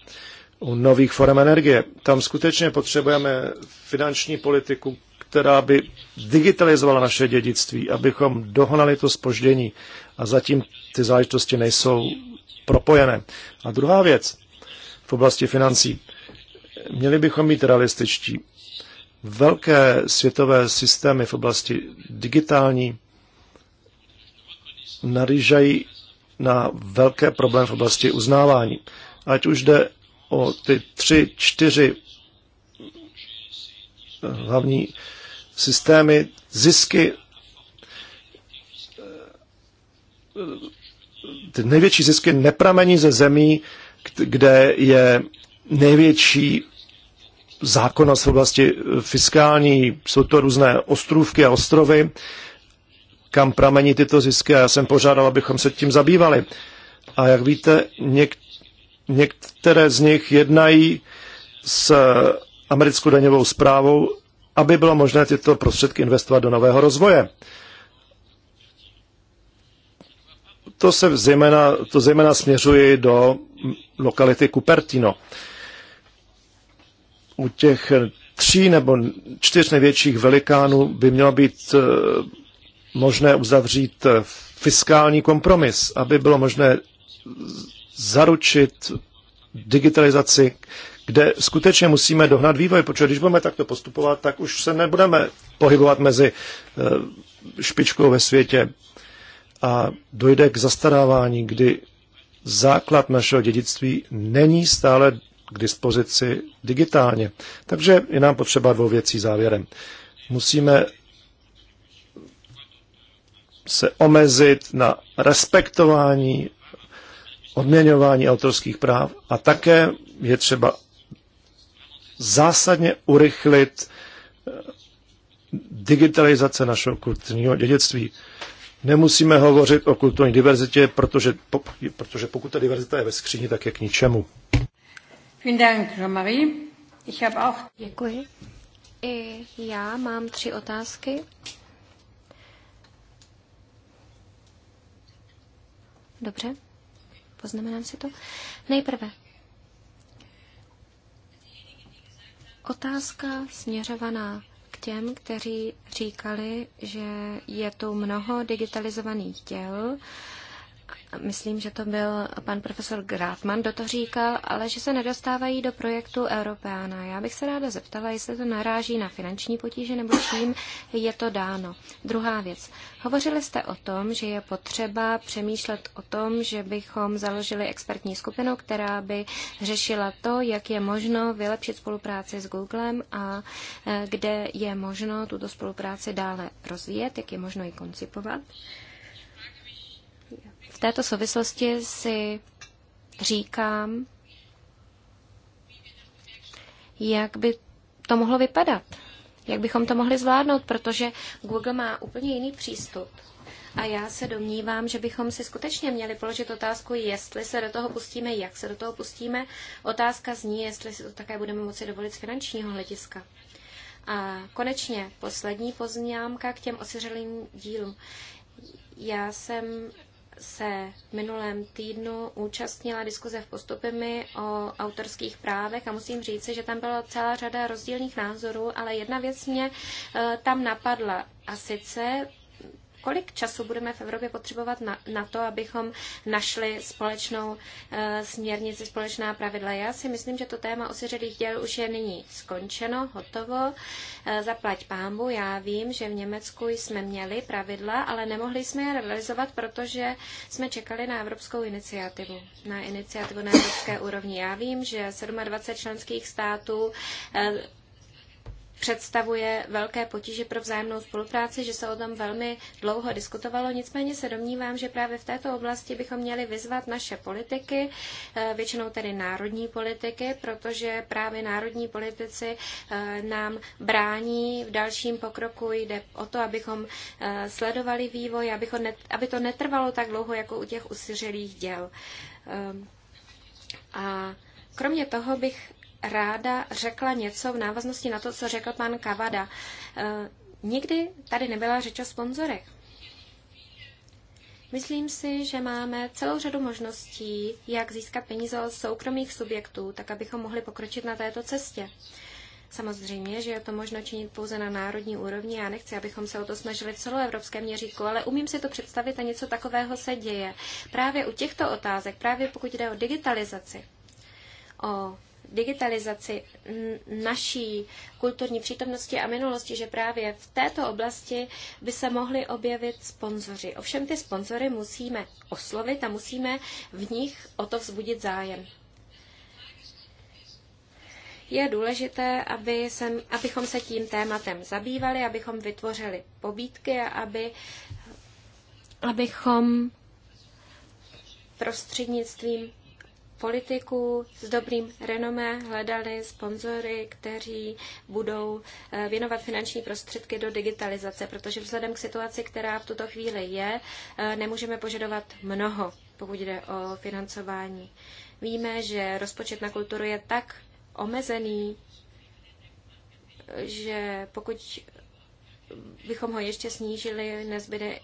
S3: u nových forem energie. Tam skutečně potřebujeme finanční politiku, která by digitalizovala naše dědictví, abychom dohnali to spoždění. A zatím ty záležitosti nejsou propojené. A druhá věc, v oblasti financí. Měli bychom být realističtí. Velké světové systémy v oblasti digitální narýžají na velké problém v oblasti uznávání. Ať už jde o ty tři, čtyři eh, hlavní systémy, zisky, eh, ty největší zisky nepramení ze zemí, kde je největší zákonnost v oblasti fiskální. Jsou to různé ostrůvky a ostrovy, kam pramení tyto zisky a já jsem požádal, abychom se tím zabývali. A jak víte, něk- některé z nich jednají s americkou daňovou zprávou, aby bylo možné tyto prostředky investovat do nového rozvoje. To, se zejména, to zejména směřuji do lokality Cupertino. U těch tří nebo čtyř největších velikánů by mělo být eh, možné uzavřít eh, fiskální kompromis, aby bylo možné zaručit digitalizaci, kde skutečně musíme dohnat vývoj, protože když budeme takto postupovat, tak už se nebudeme pohybovat mezi eh, špičkou ve světě a dojde k zastarávání, kdy základ našeho dědictví není stále k dispozici digitálně. Takže je nám potřeba dvou věcí závěrem. Musíme se omezit na respektování, odměňování autorských práv a také je třeba zásadně urychlit digitalizace našeho kulturního dědictví. Nemusíme hovořit o kulturní diverzitě, protože, po, protože pokud ta diverzita je ve skříni, tak je k ničemu.
S1: Děkuji. I já mám tři otázky. Dobře, poznamenám si to. Nejprve. Otázka směřovaná těm, kteří říkali, že je tu mnoho digitalizovaných děl, myslím, že to byl pan profesor Grátman, kdo to říkal, ale že se nedostávají do projektu Europeana. Já bych se ráda zeptala, jestli to naráží na finanční potíže nebo čím je to dáno. Druhá věc. Hovořili jste o tom, že je potřeba přemýšlet o tom, že bychom založili expertní skupinu, která by řešila to, jak je možno vylepšit spolupráci s Googlem a e, kde je možno tuto spolupráci dále rozvíjet, jak je možno ji koncipovat této souvislosti si říkám, jak by to mohlo vypadat, jak bychom to mohli zvládnout, protože Google má úplně jiný přístup. A já se domnívám, že bychom si skutečně měli položit otázku, jestli se do toho pustíme, jak se do toho pustíme. Otázka zní, jestli si to také budeme moci dovolit z finančního hlediska. A konečně poslední poznámka k těm osiřelým dílům. Já jsem se v minulém týdnu účastnila diskuze v postupy o autorských právech a musím říct, že tam byla celá řada rozdílných názorů, ale jedna věc mě eh, tam napadla. A sice kolik času budeme v Evropě potřebovat na, na to, abychom našli společnou e, směrnici, společná pravidla. Já si myslím, že to téma osiřelých děl už je nyní skončeno, hotovo. E, zaplať pámbu. Já vím, že v Německu jsme měli pravidla, ale nemohli jsme je realizovat, protože jsme čekali na evropskou iniciativu, na iniciativu na evropské úrovni. Já vím, že 27 členských států e, představuje velké potíže pro vzájemnou spolupráci, že se o tom velmi dlouho diskutovalo. Nicméně se domnívám, že právě v této oblasti bychom měli vyzvat naše politiky, eh, většinou tedy národní politiky, protože právě národní politici eh, nám brání v dalším pokroku. Jde o to, abychom eh, sledovali vývoj, aby to netrvalo tak dlouho, jako u těch usiřelých děl. A Kromě toho bych ráda řekla něco v návaznosti na to, co řekl pan Kavada. E, nikdy tady nebyla řeč o sponzorech. Myslím si, že máme celou řadu možností, jak získat peníze od soukromých subjektů, tak abychom mohli pokročit na této cestě. Samozřejmě, že je to možno činit pouze na národní úrovni. Já nechci, abychom se o to snažili v celoevropském měříku, ale umím si to představit a něco takového se děje. Právě u těchto otázek, právě pokud jde o digitalizaci, o digitalizaci naší kulturní přítomnosti a minulosti, že právě v této oblasti by se mohli objevit sponzoři. Ovšem ty sponzory musíme oslovit a musíme v nich o to vzbudit zájem. Je důležité, aby sem, abychom se tím tématem zabývali, abychom vytvořili pobídky a aby, abychom prostřednictvím politiků s dobrým renomé hledali sponzory, kteří budou eh, věnovat finanční prostředky do digitalizace, protože vzhledem k situaci, která v tuto chvíli je, eh, nemůžeme požadovat mnoho, pokud jde o financování. Víme, že rozpočet na kulturu je tak omezený, že pokud bychom ho ještě snížili, nezbyde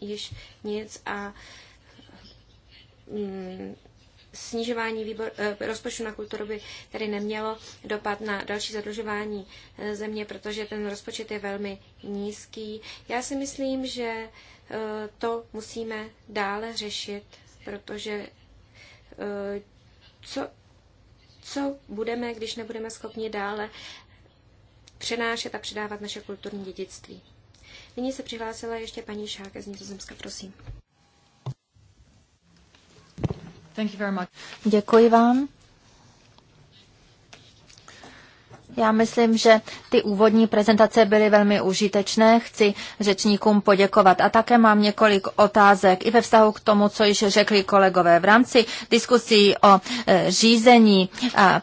S1: již nic a mm, snižování výbor, eh, rozpočtu na kulturu by tedy nemělo dopad na další zadlužování eh, země, protože ten rozpočet je velmi nízký. Já si myslím, že eh, to musíme dále řešit, protože co, co budeme, když nebudeme schopni dále přenášet a předávat naše kulturní dědictví. Nyní se přihlásila ještě paní Šáke z Nizozemska, prosím.
S2: Děkuji vám. Já myslím, že ty úvodní prezentace byly velmi užitečné. Chci řečníkům poděkovat. A také mám několik otázek i ve vztahu k tomu, co již řekli kolegové. V rámci diskusí o e, řízení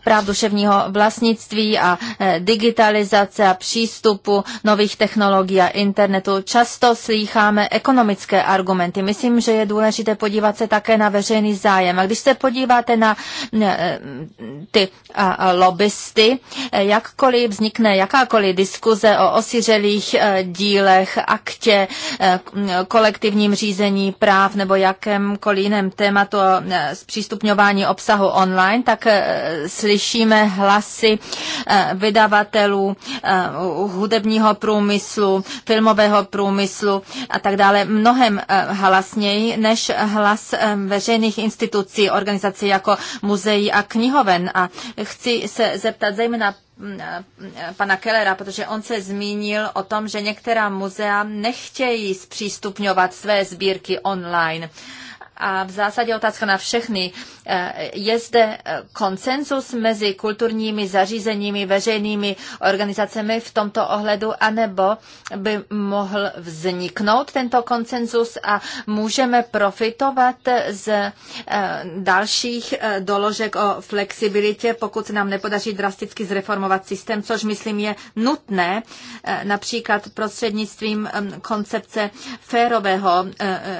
S2: práv duševního vlastnictví a e, digitalizace a přístupu nových technologií a internetu často slýcháme ekonomické argumenty. Myslím, že je důležité podívat se také na veřejný zájem. A když se podíváte na e, ty lobbysty, já jakkoliv vznikne jakákoliv diskuze o osiřelých eh, dílech, aktě, eh, kolektivním řízení práv nebo jakémkoliv jiném tématu o eh, zpřístupňování obsahu online, tak slyšíme hlasy vydavatelů hudebního průmyslu, filmového průmyslu a tak dále mnohem hlasněji než hlas veřejných institucí, organizací jako muzeí a knihoven. A chci se zeptat zejména Mm, eh, mm, pana Kellera, protože on se zmínil o tom, že některá muzea nechtějí zpřístupňovat své sbírky online. A v zásadě otázka na všechny je zde eh, konsenzus mezi kulturními zařízeními, veřejnými organizacemi v tomto ohledu, anebo by mohl vzniknout tento konsenzus a můžeme profitovat z eh, dalších eh, doložek o flexibilitě, pokud se nám nepodaří drasticky zreformovat systém, což myslím je nutné, například prostřednictvím koncepce férového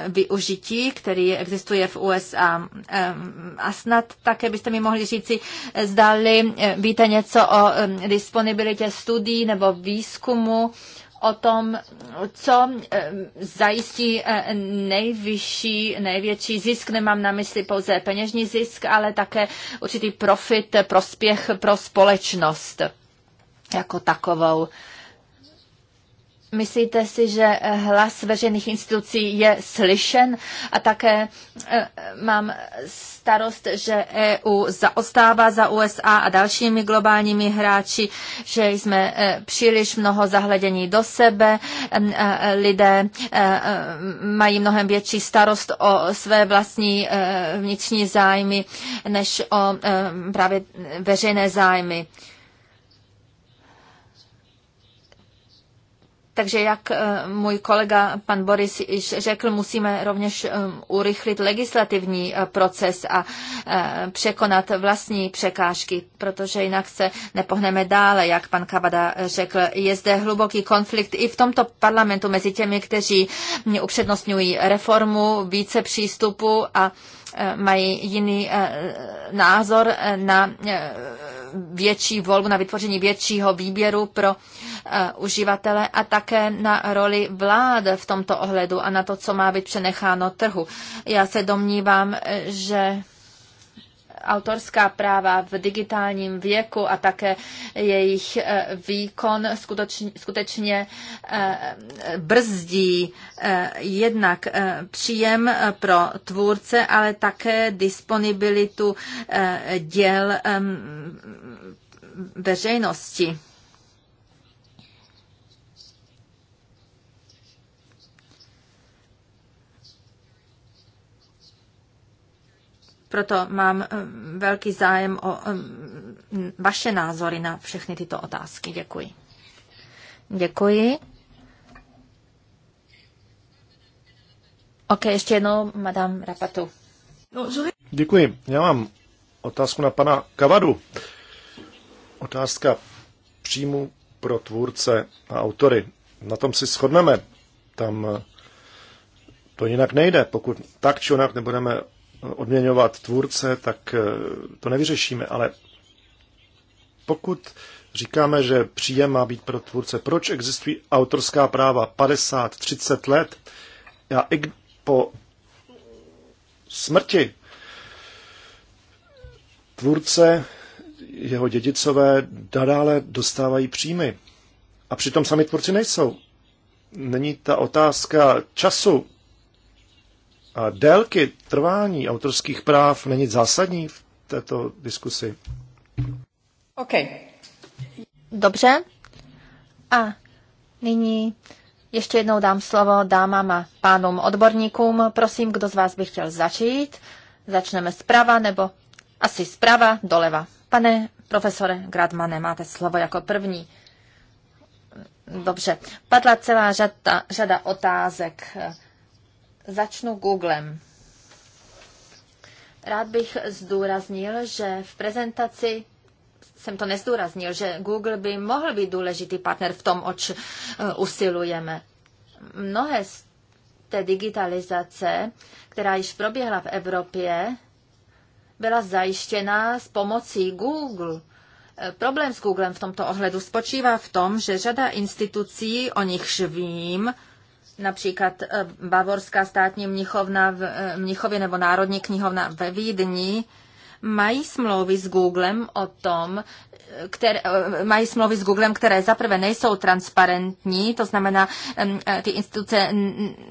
S2: využití, který existuje v USA a snad také byste mi mohli říci, zdali eh, víte něco o eh, disponibilitě studií nebo výzkumu o tom, co eh, zajistí nejvyšší, největší zisk. Nemám na mysli pouze peněžní zisk, ale také určitý profit, prospěch pro společnost jako takovou. Myslíte si, že eh, hlas veřejných institucí je slyšen? A také eh, mám starost, že EU zaostává za USA a dalšími globálními hráči, že jsme eh, příliš mnoho zahledění do sebe, lidé mají mnohem větší starost o své vlastní vnitřní zájmy než o právě veřejné zájmy. Takže jak eh, můj kolega pan Boris již řekl, musíme rovněž eh, urychlit legislativní eh, proces a překonat vlastní překážky, protože jinak se nepohneme dále, jak pan Kavada řekl. Je zde hluboký konflikt i v tomto parlamentu mezi těmi, kteří upřednostňují reformu, více přístupu a mají jiný názor na větší volbu, na vytvoření většího výběru pro Eh, uživatele a také na roli vlád v tomto ohledu a na to, co má být přenecháno trhu. Já se domnívám, eh, že autorská práva v digitálním věku a také jejich eh, výkon skutečně, skutečně brzdí jednak příjem pro tvůrce, ale také disponibilitu děl veřejnosti. Proto mám eh, velký zájem o eh, vaše názory na všechny tyto otázky. Děkuji. Děkuji. Ok, ještě jednou, madame Rapatu.
S3: Děkuji. Já mám otázku na pana Kavadu. Otázka příjmu pro tvůrce a autory. Na tom si shodneme. Tam eh, to jinak nejde. Pokud tak či onak nebudeme odměňovat tvůrce, tak eh, to nevyřešíme, ale pokud říkáme, že příjem má být pro tvůrce, proč existují autorská práva 50, 30 let? Já i po smrti tvůrce, jeho dědicové nadále dostávají příjmy. A přitom sami tvůrci nejsou. Není ta otázka času a délky trvání autorských práv není zásadní v této diskusi?
S2: OK. Dobře. A nyní ještě jednou dám slovo dámám a pánům odborníkům. Prosím, kdo z vás by chtěl začít? Začneme zprava nebo asi zprava doleva. Pane profesore Gradmane, máte slovo jako první. Dobře, padla celá řada, řada otázek Začnu Googlem. Rád bych zdůraznil, že v prezentaci jsem to nezdůraznil, že Google by mohl být důležitý partner v tom, oč eh, usilujeme. Mnohé z té digitalizace, která již proběhla v Evropě, byla zajištěna s pomocí Google. Eh, problém s Googlem v tomto ohledu spočívá v tom, že řada institucí, o nichž vím, například eh, Bavorská státní mnichovna v eh, Mnichově nebo Národní knihovna ve Vídni mají smlouvy s Googlem o tom, které, mají smlouvy s Googlem, které zaprvé nejsou transparentní, to znamená, e, ty instituce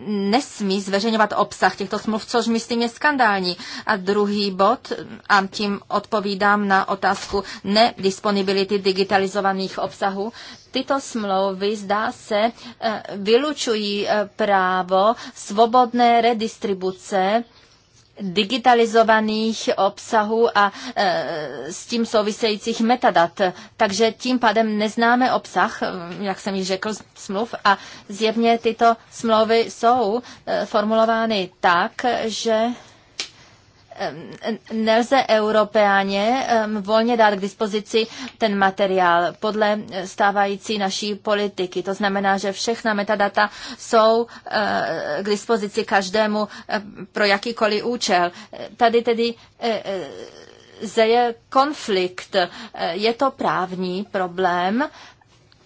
S2: nesmí zveřejňovat obsah těchto smluv, což myslím je skandální. A druhý bod, a tím odpovídám na otázku nedisponibility digitalizovaných obsahů, tyto smlouvy, zdá se, e, vylučují e, právo svobodné redistribuce digitalizovaných obsahů a e, s tím souvisejících metadat. Takže tím pádem neznáme obsah, e, jak jsem již řekl, smluv a zjevně tyto smlouvy jsou e, formulovány tak, že nelze Europeáně volně dát k dispozici ten materiál podle stávající naší politiky. To znamená, že všechna metadata jsou eh, k dispozici každému eh, pro jakýkoliv účel. Tady tedy eh, zeje konflikt. Je to právní problém,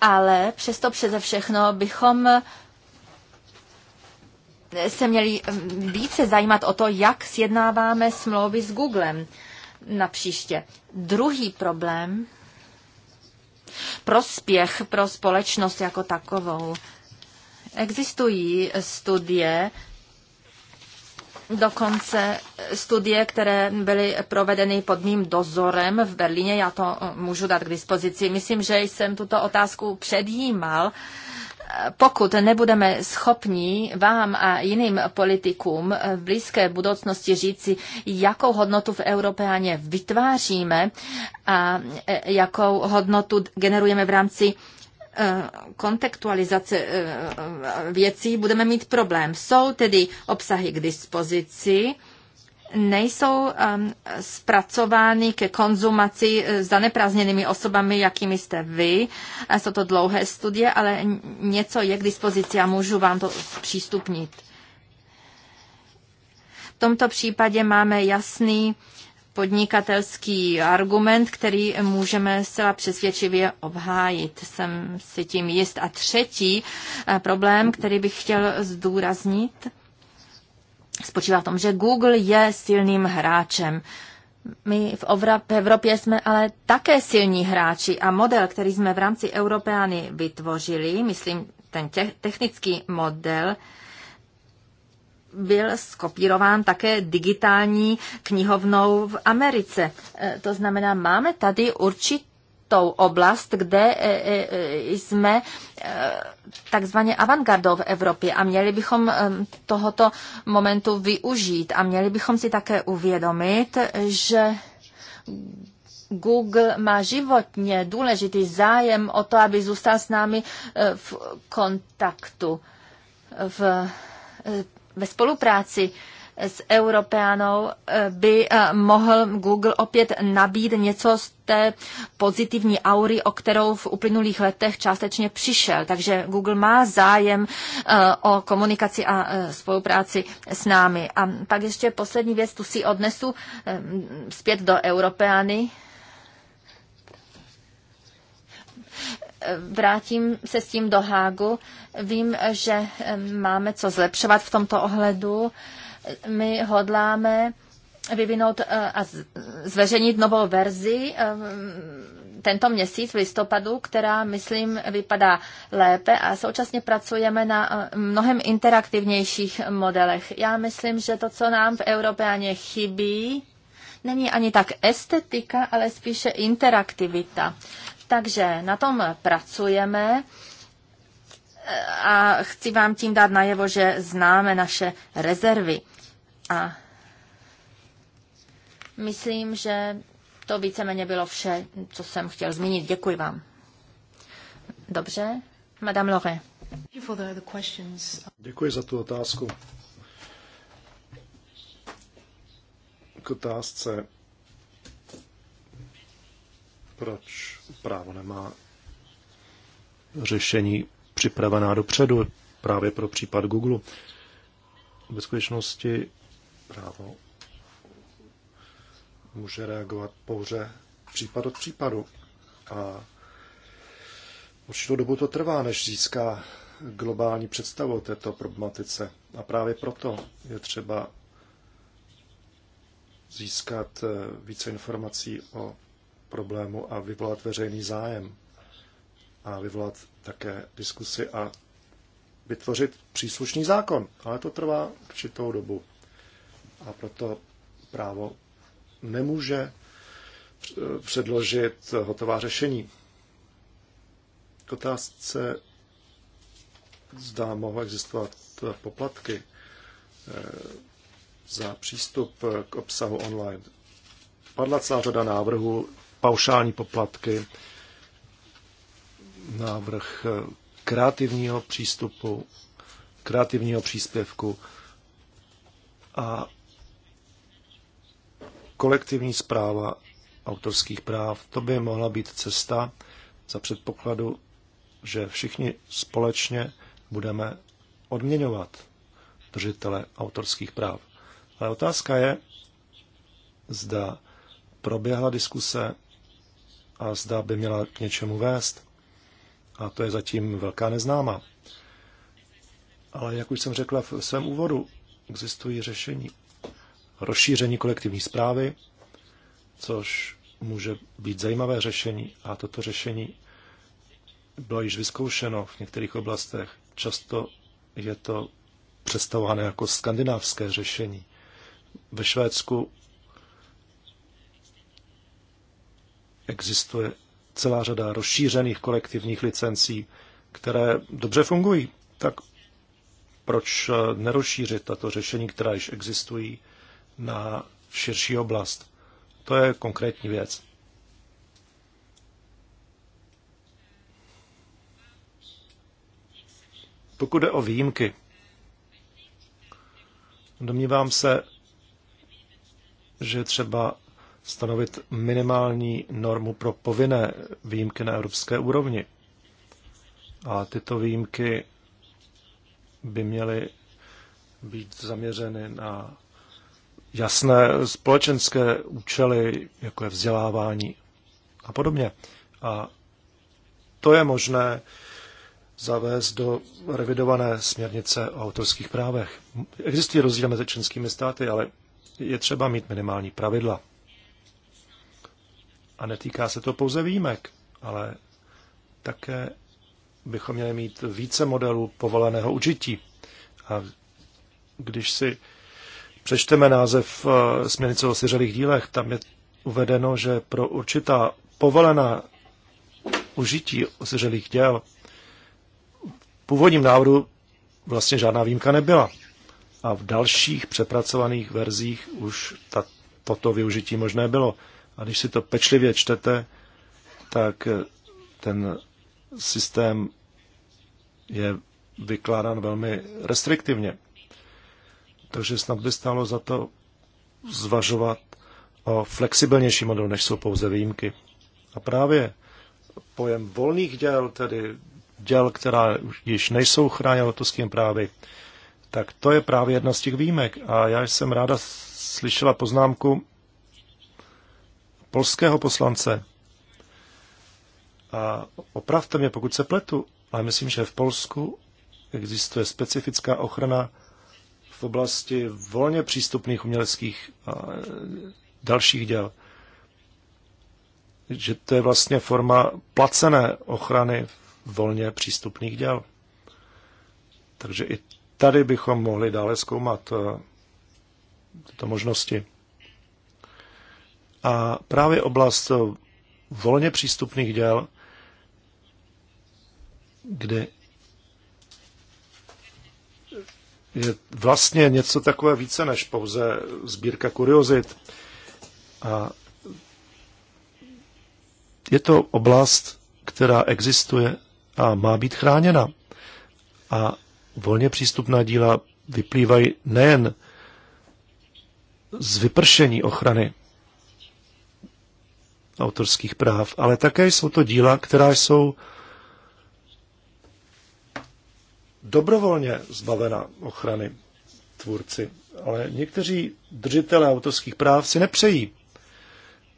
S2: ale přesto přeze všechno bychom se měli eh, více zajímat o to, jak sjednáváme smlouvy s Googlem na příště. Druhý problém, prospěch pro společnost jako takovou. Existují studie, dokonce studie, které byly provedeny pod mým dozorem v Berlíně, já to eh, můžu dát k dispozici. Myslím, že jsem tuto otázku předjímal pokud nebudeme schopni vám a jiným politikům v blízké budoucnosti říci, jakou hodnotu v Europeáně vytváříme a e, jakou hodnotu generujeme v rámci e, kontextualizace e, věcí, budeme mít problém. Jsou tedy obsahy k dispozici, nejsou um, zpracovány ke konzumaci eh, zaneprázněnými osobami, jakými jste vy. Jsou to dlouhé studie, ale něco je k dispozici a můžu vám to přístupnit. V tomto případě máme jasný podnikatelský argument, který můžeme zcela přesvědčivě obhájit. Jsem si tím jist. A třetí eh, problém, který bych chtěl zdůraznit, spočívá v tom, že Google je silným hráčem. My v Evropě jsme ale také silní hráči a model, který jsme v rámci Europeány vytvořili, myslím ten technický model, byl skopírován také digitální knihovnou v Americe. E, to znamená, máme tady určit tou oblast, kde e, e, e, jsme takzvaně avantgardou v Evropě a měli bychom tohoto momentu využít a měli bychom si také uvědomit, že Google má životně důležitý zájem o to, aby zůstal s námi v kontaktu, v, ve spolupráci s Europeanou eh, by eh, mohl Google opět nabít něco z té pozitivní aury, o kterou v uplynulých letech částečně přišel. Takže Google má zájem eh, o komunikaci a spolupráci s námi. A pak ještě poslední věc, tu si odnesu zpět do Europeany. vrátím se s tím do Hágu. Vím, že máme co zlepšovat v tomto ohledu my hodláme vyvinout eh, a zveřejnit novou verzi eh, tento měsíc v listopadu, která, myslím, vypadá lépe a současně pracujeme na eh, mnohem interaktivnějších modelech. Já myslím, že to, co nám v Evropě chybí, není ani tak estetika, ale spíše interaktivita. Takže na tom pracujeme a chci vám tím dát najevo, že známe naše rezervy. A myslím, že to víceméně bylo vše, co jsem chtěl zmínit. Děkuji vám. Dobře, Madame Lore.
S3: Děkuji za tu otázku. K otázce, proč právo nemá řešení připravená dopředu právě pro případ Google. Ve skutečnosti právo může reagovat pouze případ od případu. A určitou dobu to trvá, než získá globální představu o této problematice. A právě proto je třeba získat eh, více informací o problému a vyvolat veřejný zájem a vyvolat také diskusy a vytvořit příslušný zákon. Ale to trvá určitou dobu a proto právo nemůže eh, předložit hotová řešení. K otázce zdá mohou existovat poplatky eh, za přístup k obsahu online. Padla celá řada návrhů, paušální poplatky, návrh eh, kreativního přístupu, kreativního příspěvku a kolektivní zpráva autorských práv. To by mohla být cesta za předpokladu, že všichni společně budeme odměňovat držitele autorských práv. Ale otázka je, zda proběhla diskuse a zda by měla k něčemu vést. A to je zatím velká neznáma. Ale jak už jsem řekla v svém úvodu, existují řešení rozšíření kolektivní zprávy, což může být zajímavé řešení a toto řešení bylo již vyzkoušeno v některých oblastech. Často je to představované jako skandinávské řešení. Ve Švédsku existuje celá řada rozšířených kolektivních licencí, které dobře fungují. Tak proč nerozšířit tato řešení, která již existují na širší oblast. To je konkrétní věc. Pokud jde o výjimky, domnívám se, že třeba stanovit minimální normu pro povinné výjimky na evropské úrovni. A tyto výjimky by měly být zaměřeny na jasné společenské účely, jako je vzdělávání a podobně. A to je možné zavést do revidované směrnice o autorských právech. Existují rozdíly mezi členskými státy, ale je třeba mít minimální pravidla. A netýká se to pouze výjimek, ale také bychom měli mít více modelů povoleného užití. A když si přečteme název eh, směrnice o siřelých dílech, tam je uvedeno, že pro určitá povolená užití osiřelých děl v původním návrhu vlastně žádná výjimka nebyla. A v dalších přepracovaných verzích už ta, toto využití možné bylo. A když si to pečlivě čtete, tak eh, ten systém je vykládán velmi restriktivně. Takže snad by stálo za to zvažovat o flexibilnější model, než jsou pouze výjimky. A právě pojem volných děl, tedy děl, která již nejsou chráněna autorským právy, tak to je právě jedna z těch výjimek. A já jsem ráda slyšela poznámku polského poslance. A opravte mě, pokud se pletu, ale myslím, že v Polsku existuje specifická ochrana v oblasti volně přístupných uměleckých a dalších děl. Že to je vlastně forma placené ochrany volně přístupných děl. Takže i tady bychom mohli dále zkoumat eh, tyto možnosti. A právě oblast volně přístupných děl, kde je vlastně něco takové více než pouze sbírka kuriozit. A je to oblast, která existuje a má být chráněna. A volně přístupná díla vyplývají nejen z vypršení ochrany autorských práv, ale také jsou to díla, která jsou dobrovolně zbavena ochrany tvůrci, ale někteří držitelé autorských práv si nepřejí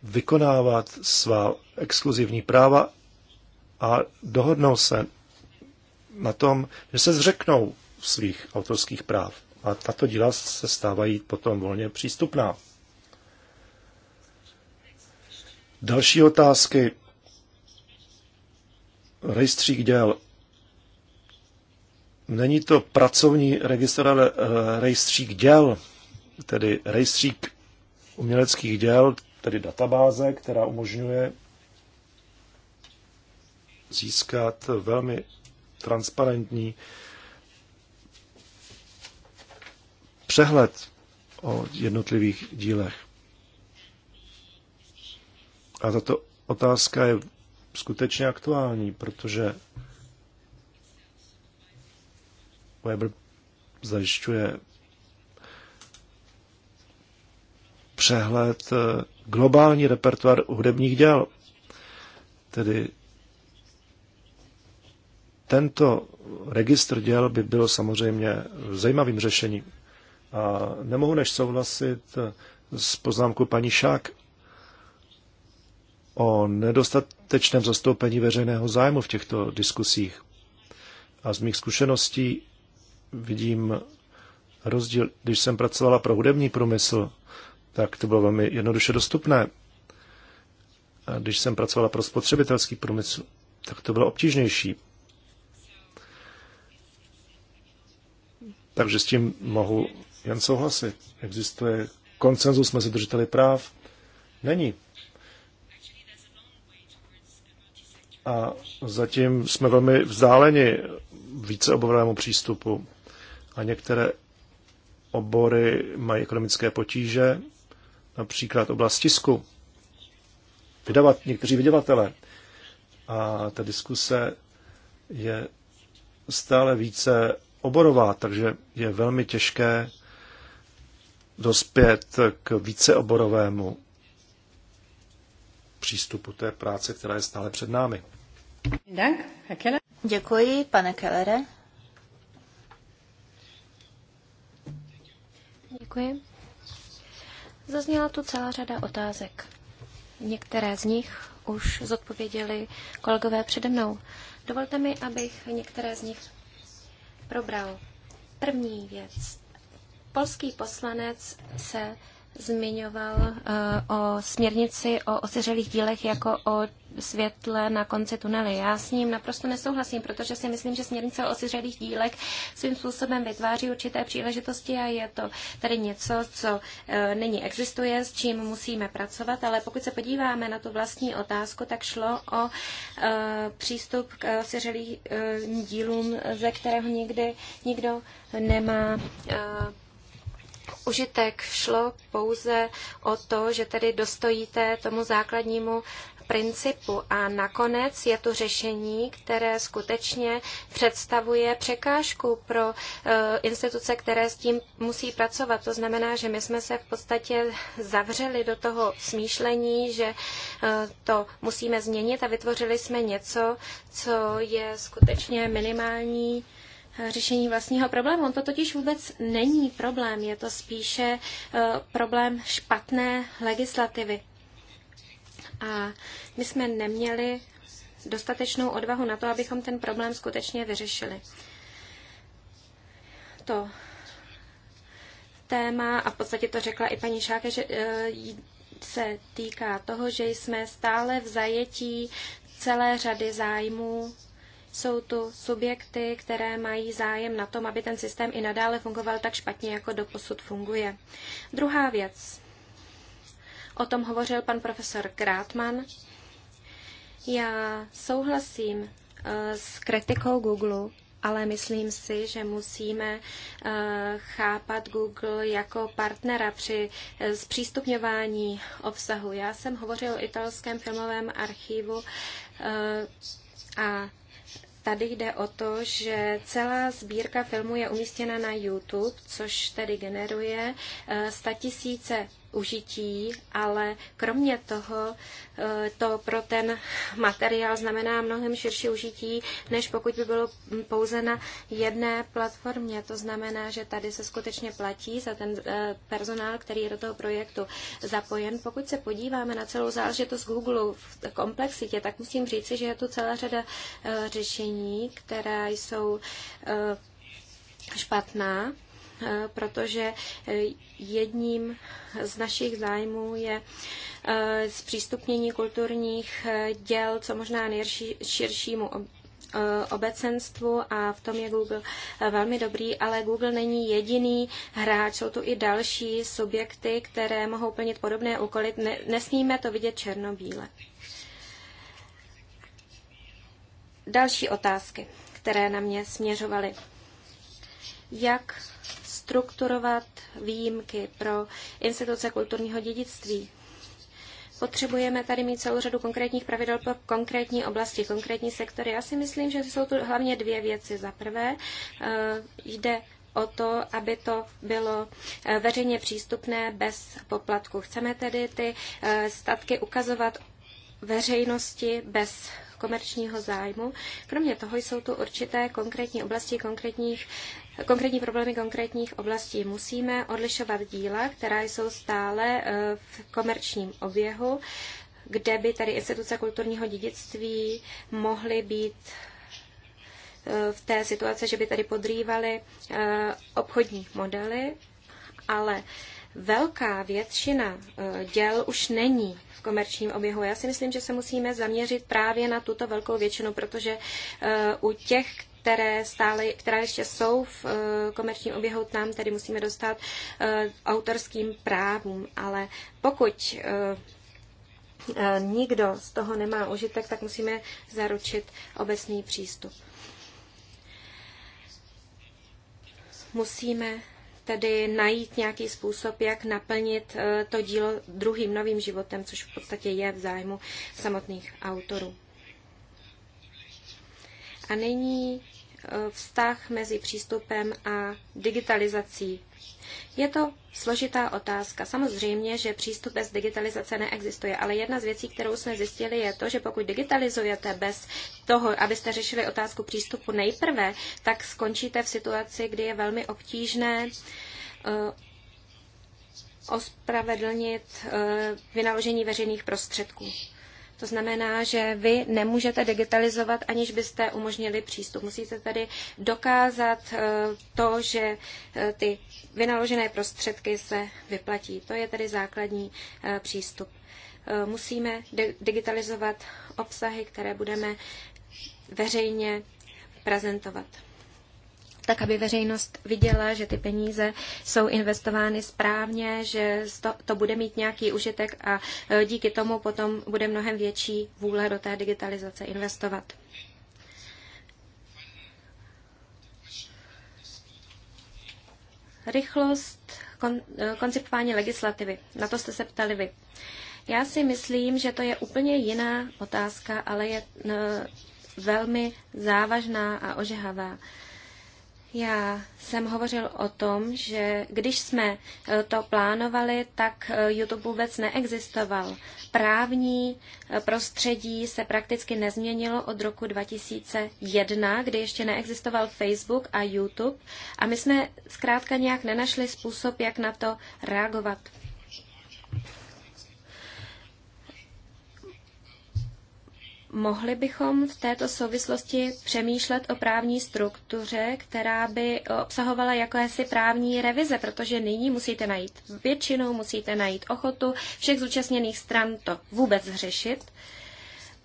S3: vykonávat svá exkluzivní práva a dohodnou se na tom, že se zřeknou svých autorských práv. A tato díla se stávají potom volně přístupná. Další otázky. Rejstřík děl Není to pracovní registr, ale eh, rejstřík děl, tedy rejstřík uměleckých děl, tedy databáze, která umožňuje získat velmi transparentní přehled o jednotlivých dílech. A tato otázka je skutečně aktuální, protože Weber zajišťuje přehled eh, globální repertoár hudebních děl. Tedy tento registr děl by byl samozřejmě zajímavým řešením. A nemohu než souhlasit eh, s poznámkou paní Šák o nedostatečném zastoupení veřejného zájmu v těchto diskusích. A z mých zkušeností vidím rozdíl. Když jsem pracovala pro hudební průmysl, tak to bylo velmi jednoduše dostupné. A když jsem pracovala pro spotřebitelský průmysl, tak to bylo obtížnější. Takže s tím mohu jen souhlasit. Existuje koncenzus mezi držiteli práv? Není. A zatím jsme velmi vzdáleni víceobavovému přístupu a některé obory mají ekonomické potíže, například oblast tisku, vydavat, někteří vydavatele. A ta diskuse je stále více oborová, takže je velmi těžké dospět k víceoborovému přístupu té práce, která je stále před námi.
S2: Děkuji, pane Kellere.
S1: Děkuji. Zazněla tu celá řada otázek. Některé z nich už zodpověděli kolegové přede mnou. Dovolte mi, abych některé z nich probral. První věc. Polský poslanec se zmiňoval eh, o směrnici o osiřelých dílech jako o světle na konci tunely. Já s ním naprosto nesouhlasím, protože si myslím, že směrnice o osiřelých dílech svým způsobem vytváří určité příležitosti a je to tady něco, co e, eh, není existuje, s čím musíme pracovat, ale pokud se podíváme na tu vlastní otázku, tak šlo o e, přístup k osiřelých e, dílům, ze kterého nikdy nikdo nemá e, užitek. Šlo pouze o to, že tedy dostojíte tomu základnímu principu a nakonec je tu řešení, které skutečně představuje překážku pro e, instituce, které s tím musí pracovat. To znamená, že my jsme se v podstatě zavřeli do toho smýšlení, že e, to musíme změnit a vytvořili jsme něco, co je skutečně minimální řešení vlastního problému. On to totiž vůbec není problém, je to spíše eh, problém špatné legislativy. A my jsme neměli dostatečnou odvahu na to, abychom ten problém skutečně vyřešili. To téma, a v podstatě to řekla i paní Šáke, že eh, se týká toho, že jsme stále v zajetí celé řady zájmů jsou tu subjekty, které mají zájem na tom, aby ten systém i nadále fungoval tak špatně, jako doposud funguje. Druhá věc. O tom hovořil pan profesor Krátman. Já souhlasím eh, s kritikou Google, ale myslím si, že musíme eh, chápat Google jako partnera při eh, zpřístupňování obsahu. Já jsem hovořil o italském filmovém archivu a Tady jde o to, že celá sbírka filmů je umístěna na YouTube, což tedy generuje eh, tisíce užití, ale kromě toho eh, to pro ten materiál znamená mnohem širší užití, než pokud by bylo pouze na jedné platformě. To znamená, že tady se skutečně platí za ten eh, personál, který je do toho projektu zapojen. Pokud se podíváme na celou záležitost Google v komplexitě, tak musím říci, že je tu celá řada eh, řešení, která jsou špatná protože eh, jedním z našich zájmů je eh, zpřístupnění kulturních eh, děl co možná nejširšímu obecenstvu a v tom je Google velmi dobrý, ale Google není jediný hráč, jsou tu i další subjekty, které mohou plnit podobné úkoly. Nesmíme to vidět černobíle. Další otázky, které na mě směřovaly. Jak strukturovat výjimky pro instituce kulturního dědictví. Potřebujeme tady mít celou řadu konkrétních pravidel pro konkrétní oblasti, konkrétní sektory. Já si myslím, že jsou tu hlavně dvě věci. Za prvé eh, jde o to, aby to bylo eh, veřejně přístupné bez poplatku. Chceme tedy ty eh, statky ukazovat veřejnosti bez komerčního zájmu. Kromě toho jsou tu určité konkrétní oblasti konkrétních konkrétní problémy konkrétních oblastí. Musíme odlišovat díla, která jsou stále eh, v komerčním oběhu, kde by tady instituce kulturního dědictví mohly být eh, v té situaci, že by tady podrývaly eh, obchodní modely, ale velká většina děl už není v komerčním oběhu. Já si myslím, že se musíme zaměřit právě na tuto velkou většinu, protože u těch, které stále, které ještě jsou v eh, komerčním oběhu, tam tedy musíme dostat eh, autorským právům. Ale pokud eh, nikdo z toho nemá užitek, tak musíme zaručit obecný přístup. Musíme tedy najít nějaký způsob, jak naplnit to dílo druhým novým životem, což v podstatě je v zájmu samotných autorů. A nyní Eh, vztah mezi přístupem a digitalizací. Je to složitá otázka. Samozřejmě, že přístup bez digitalizace neexistuje, ale jedna z věcí, kterou jsme zjistili, je to, že pokud digitalizujete bez toho, abyste řešili otázku přístupu nejprve, tak skončíte v situaci, kdy je velmi obtížné eh, ospravedlnit eh, vynaložení veřejných prostředků. To znamená, že vy nemůžete digitalizovat, aniž byste umožnili přístup. Musíte tady dokázat eh, to, že eh, ty vynaložené prostředky se vyplatí. To je tedy základní eh, přístup. Musíme digitalizovat obsahy, které budeme veřejně prezentovat tak aby veřejnost viděla, že ty peníze jsou investovány správně, že to, to bude mít nějaký užitek a e, díky tomu potom bude mnohem větší vůle do té digitalizace investovat. Rychlost kon, e, koncipování legislativy. Na to jste se ptali vy. Já si myslím, že to je úplně jiná otázka, ale je e, velmi závažná a ožehavá. Já jsem hovořil o tom, že když jsme e, to plánovali, tak e, YouTube vůbec neexistoval. Právní e, prostředí se prakticky nezměnilo od roku 2001, kdy ještě neexistoval Facebook a YouTube a my jsme zkrátka nějak nenašli způsob, jak na to reagovat. Mohli bychom v této souvislosti přemýšlet o právní struktuře, která by obsahovala jakési právní revize, protože nyní musíte najít většinu, musíte najít ochotu všech zúčastněných stran to vůbec řešit.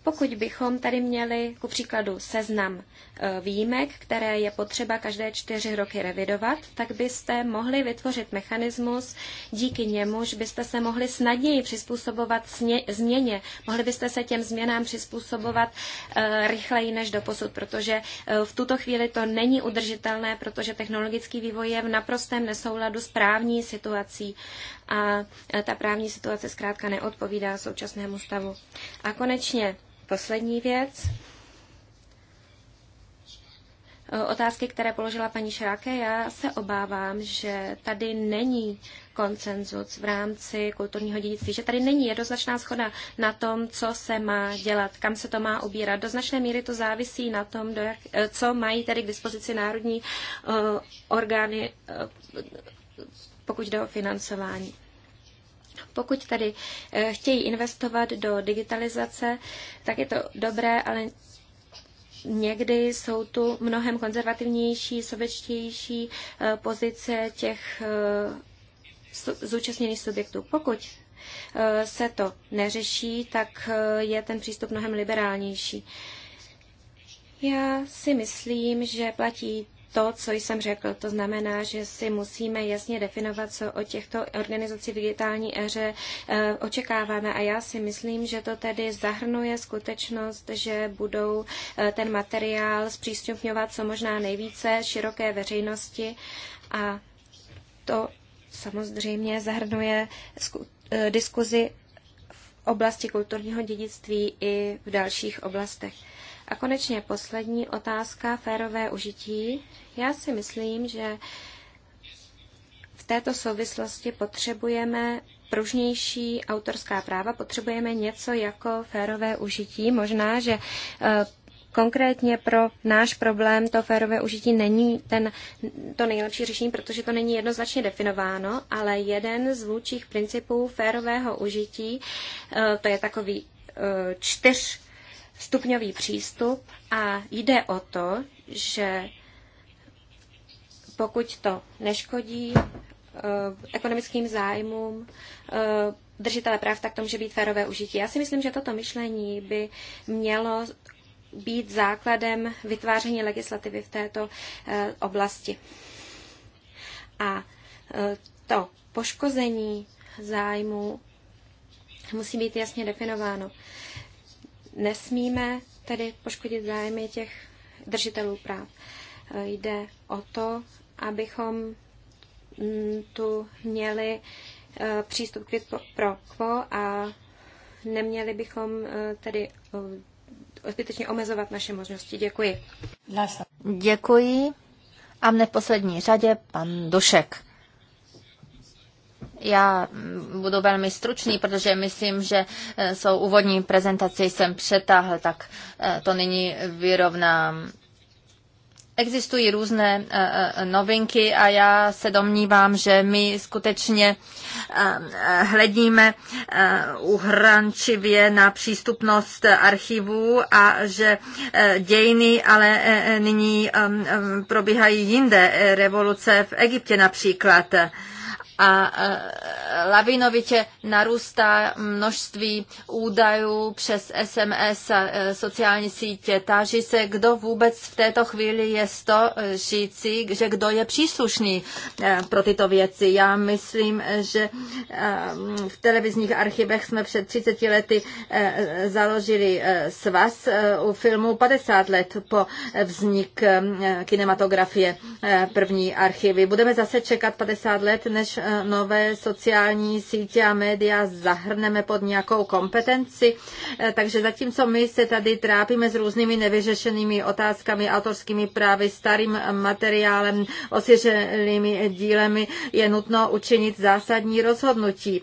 S1: Pokud bychom tady měli ku příkladu seznam E, výjimek, které je potřeba každé čtyři roky revidovat, tak byste mohli vytvořit mechanismus, díky němuž byste se mohli snadněji přizpůsobovat změně. Mohli byste se těm změnám přizpůsobovat e, rychleji než doposud, protože e, v tuto chvíli to není udržitelné, protože technologický vývoj je v naprostém nesouladu s právní situací a ta právní situace zkrátka neodpovídá současnému stavu. A konečně poslední věc otázky, které položila paní Šráke, já se obávám, že tady není konsenzus v rámci kulturního dědictví, že tady není jednoznačná schoda na tom, co se má dělat, kam se to má ubírat. Do značné míry to závisí na tom, do jak, eh, co mají tedy k dispozici národní uh, orgány, uh, pokud jde o financování. Pokud tady chtějí investovat do digitalizace, tak je to dobré, ale Někdy jsou tu mnohem konzervativnější, sovětštější eh, pozice těch eh, zúčastněných subjektů. Pokud eh, se to neřeší, tak je ten přístup mnohem liberálnější. Já si myslím, že platí to, co jsem řekl. To znamená, že si musíme jasně definovat, co o těchto organizací v digitální éře eh, očekáváme. A já si myslím, že to tedy zahrnuje skutečnost, že budou eh, ten materiál zpřístupňovat co možná nejvíce široké veřejnosti. A to samozřejmě zahrnuje eh, diskuzi v oblasti kulturního dědictví i v dalších oblastech. A konečně poslední otázka, férové užití. Já si myslím, že v této souvislosti potřebujeme pružnější autorská práva, potřebujeme něco jako férové užití. Možná, že e, konkrétně pro náš problém to férové užití není ten, to nejlepší řešení, protože to není jednoznačně definováno, ale jeden z vůčích principů férového užití, e, to je takový e, čtyř stupňový přístup a jde o to, že pokud to neškodí eh, ekonomickým zájmům eh, držitele práv, tak to může být férové užití. Já si myslím, že toto myšlení by mělo být základem vytváření legislativy v této eh, oblasti. A to poškození zájmu musí být jasně definováno. Nesmíme tedy poškodit zájmy těch držitelů práv. Eh, jde o to, abychom mm, tu měli eh, přístup k pro quo a neměli bychom eh, tedy zbytečně omezovat naše možnosti. Děkuji.
S2: Děkuji. A v neposlední řadě pan Dušek. Já budu velmi stručný, protože myslím, že eh, jsou úvodní prezentaci jsem přetáhl, tak eh, to nyní vyrovnám. Existují různé eh, novinky a já se domnívám, že my skutečně hledíme uhrančivě na přístupnost archivů a že dějiny ale nyní probíhají jinde, revoluce v Egyptě například a e, lavinovitě narůstá množství údajů přes SMS a e, sociální sítě. Táží se, kdo vůbec v této chvíli je sto říci, e, že kdo je příslušný pro tyto věci. Já myslím, že v televizních archivech jsme před 30 lety založili svaz u filmu 50 let po vznik kinematografie první archivy. Budeme zase čekat 50 let, než nové sociální sítě a média zahrneme pod nějakou kompetenci. Eh, takže zatímco my se tady trápíme s různými nevyřešenými otázkami, autorskými právy, starým materiálem, osvěženými dílemi, je nutno učinit zásadní rozhodnutí.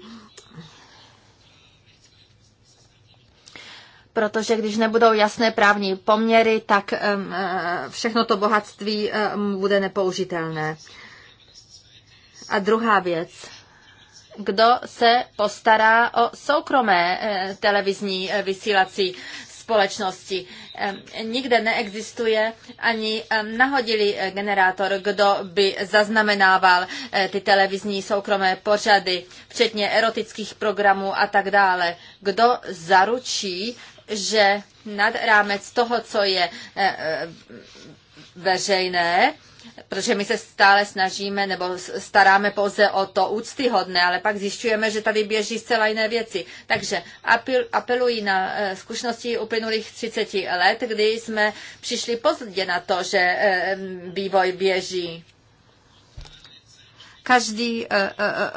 S2: protože když nebudou jasné právní poměry, tak eh, všechno to bohatství bude nepoužitelné. A druhá věc. Kdo se postará o soukromé eh, televizní eh, vysílací společnosti. Nikde neexistuje ani nahodilý eh, generátor, kdo by zaznamenával ty televizní soukromé pořady, včetně erotických programů a tak dále. Kdo zaručí, že nad rámec toho, co je veřejné, protože my se stále snažíme nebo staráme pouze o to úctyhodné, ale pak zjišťujeme, že tady běží zcela jiné věci. Takže apeluji na eh, zkušenosti uplynulých 30 let, kdy jsme přišli pozdě na to, že eh, vývoj běží každý eh,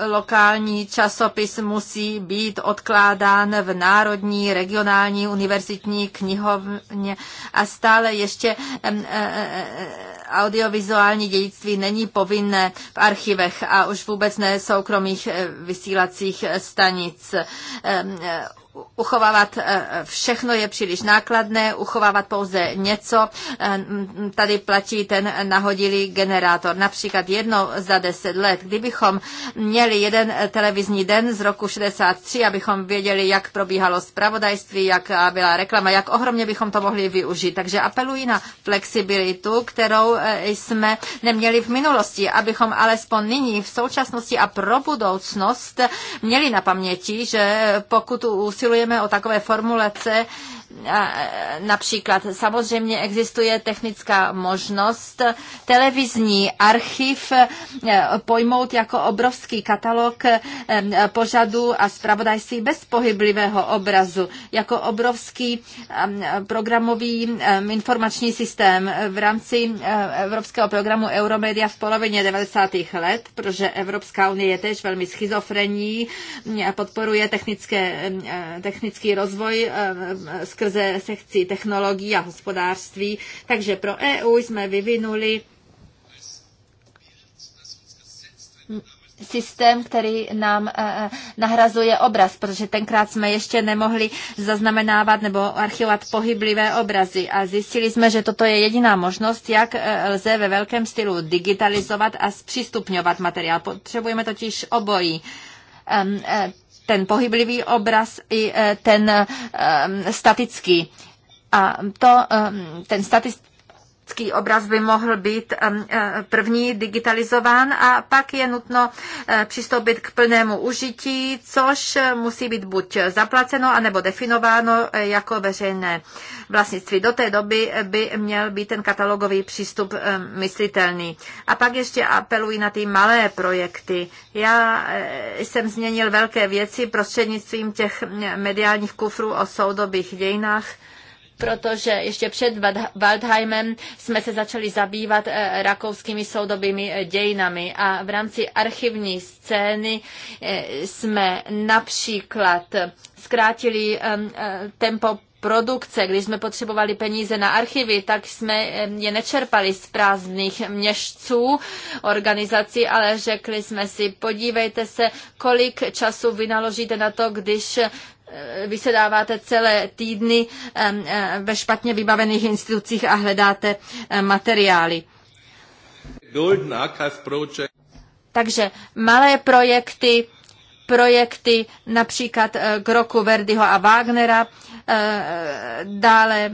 S2: lokální časopis musí být odkládán v Národní, regionální, univerzitní knihovně a stále ještě audiovizuální dědictví není povinné v archivech a už vůbec ne soukromých eh, vysílacích eh, stanic eh, uchovávat všechno je příliš nákladné, uchovávat pouze něco. Tady platí ten nahodilý generátor. Například jedno za deset let. Kdybychom měli jeden televizní den z roku 63, abychom věděli, jak probíhalo zpravodajství, jak byla reklama, jak ohromně bychom to mohli využít. Takže apeluji na flexibilitu, kterou E, jsme neměli v minulosti, abychom alespoň nyní v současnosti a pro budoucnost měli na paměti, že pokud usilujeme o takové formulace, E, například samozřejmě existuje technická možnost televizní archiv e, pojmout jako obrovský katalog e, pořadů a zpravodajství bez pohyblivého obrazu, jako obrovský programový informační systém v rámci evropského programu Euromedia v polovině 90. let, protože Evropská unie je tež velmi a podporuje technické, technický rozvoj skrze sekci technologií a hospodářství. Takže pro EU jsme vyvinuli systém, který nám eh, eh, nahrazuje obraz, protože tenkrát jsme ještě nemohli zaznamenávat nebo archivovat pohyblivé obrazy a zjistili jsme, že toto je jediná možnost, jak eh, lze ve velkém stylu digitalizovat a zpřístupňovat materiál. Potřebujeme totiž obojí ten pohyblivý obraz i eh, ten eh, statický. A to, eh, ten statický lidský obraz by mohl být eh, první digitalizován a pak je nutno eh, přistoupit k plnému užití, což eh, musí být buď zaplaceno, anebo definováno jako veřejné vlastnictví. Do té doby by měl být ten katalogový přístup myslitelný. A pak ještě apeluji na ty malé projekty. Já jsem změnil velké věci prostřednictvím těch mediálních kufrů o soudobých dějinách, protože ještě před Waldheimem jsme se začali zabývat eh, rakouskými soudobými eh, dějinami a v rámci archivní scény eh, jsme například zkrátili tempo produkce, když jsme potřebovali peníze na archivy, tak jsme je nečerpali z prázdných měšců organizací, ale řekli jsme si, podívejte se, kolik času vynaložíte na to, když Eh, vy se dáváte celé týdny eh, ve špatně vybavených institucích a hledáte eh, materiály. Takže malé projekty, projekty například k roku Verdiho a Wagnera, dále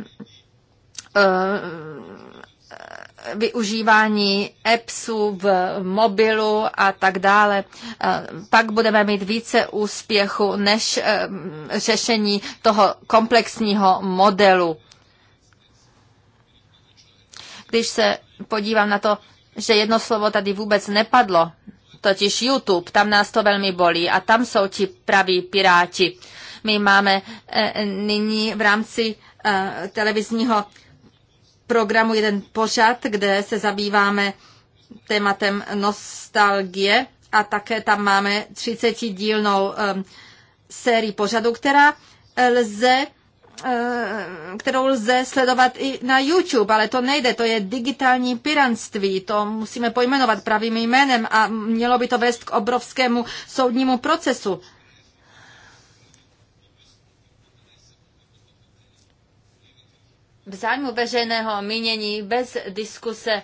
S2: využívání appsů v mobilu a tak dále, eh, pak budeme mít více úspěchu než eh, řešení toho komplexního modelu. Když se podívám na to, že jedno slovo tady vůbec nepadlo, totiž YouTube, tam nás to velmi bolí a tam jsou ti praví piráti. My máme eh, nyní v rámci televizního programu jeden pořad, kde se zabýváme tématem nostalgie a také tam máme 30-dílnou um, sérii pořadu, která lze uh, kterou lze sledovat i na YouTube, ale to nejde, to je digitální piranství, to musíme pojmenovat pravým jménem a mělo by to vést k obrovskému soudnímu procesu. v zájmu veřejného mínění bez diskuse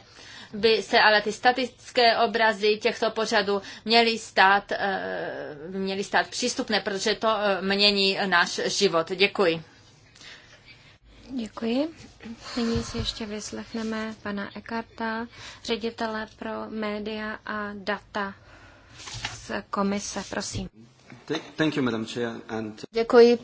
S2: by se ale ty statické obrazy těchto pořadů měly stát, eh, měly stát přístupné, protože to eh, mění náš život. Děkuji.
S1: Děkuji. Nyní si ještě vyslechneme pana Ekarta, ředitele pro média a data z komise. Prosím.
S2: Thank you, madam chair, and...
S1: Děkuji.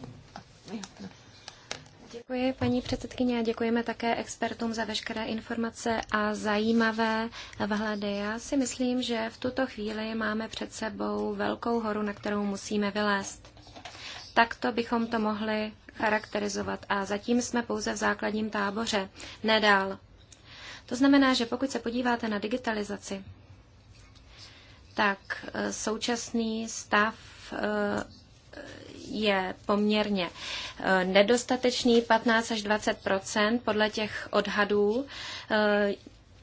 S1: Děkuji paní předsedkyně a děkujeme také expertům za veškeré informace a zajímavé vhledy. Já si myslím, že v tuto chvíli máme před sebou velkou horu, na kterou musíme vylézt. Takto bychom to mohli charakterizovat a zatím jsme pouze v základním táboře, nedál. To znamená, že pokud se podíváte na digitalizaci, tak eh, současný stav eh, je poměrně eh, nedostatečný, 15 až 20 podle těch odhadů. Eh,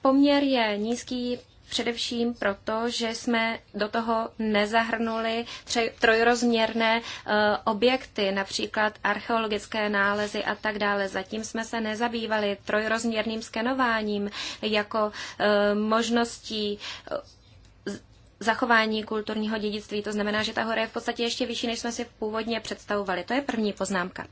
S1: poměr je nízký především proto, že jsme do toho nezahrnuli tři, trojrozměrné eh, objekty, například archeologické nálezy a tak dále. Zatím jsme se nezabývali trojrozměrným skenováním jako možností zachování kulturního dědictví. To znamená, že ta hora je v podstatě ještě vyšší, než jsme si původně představovali. To je první poznámka.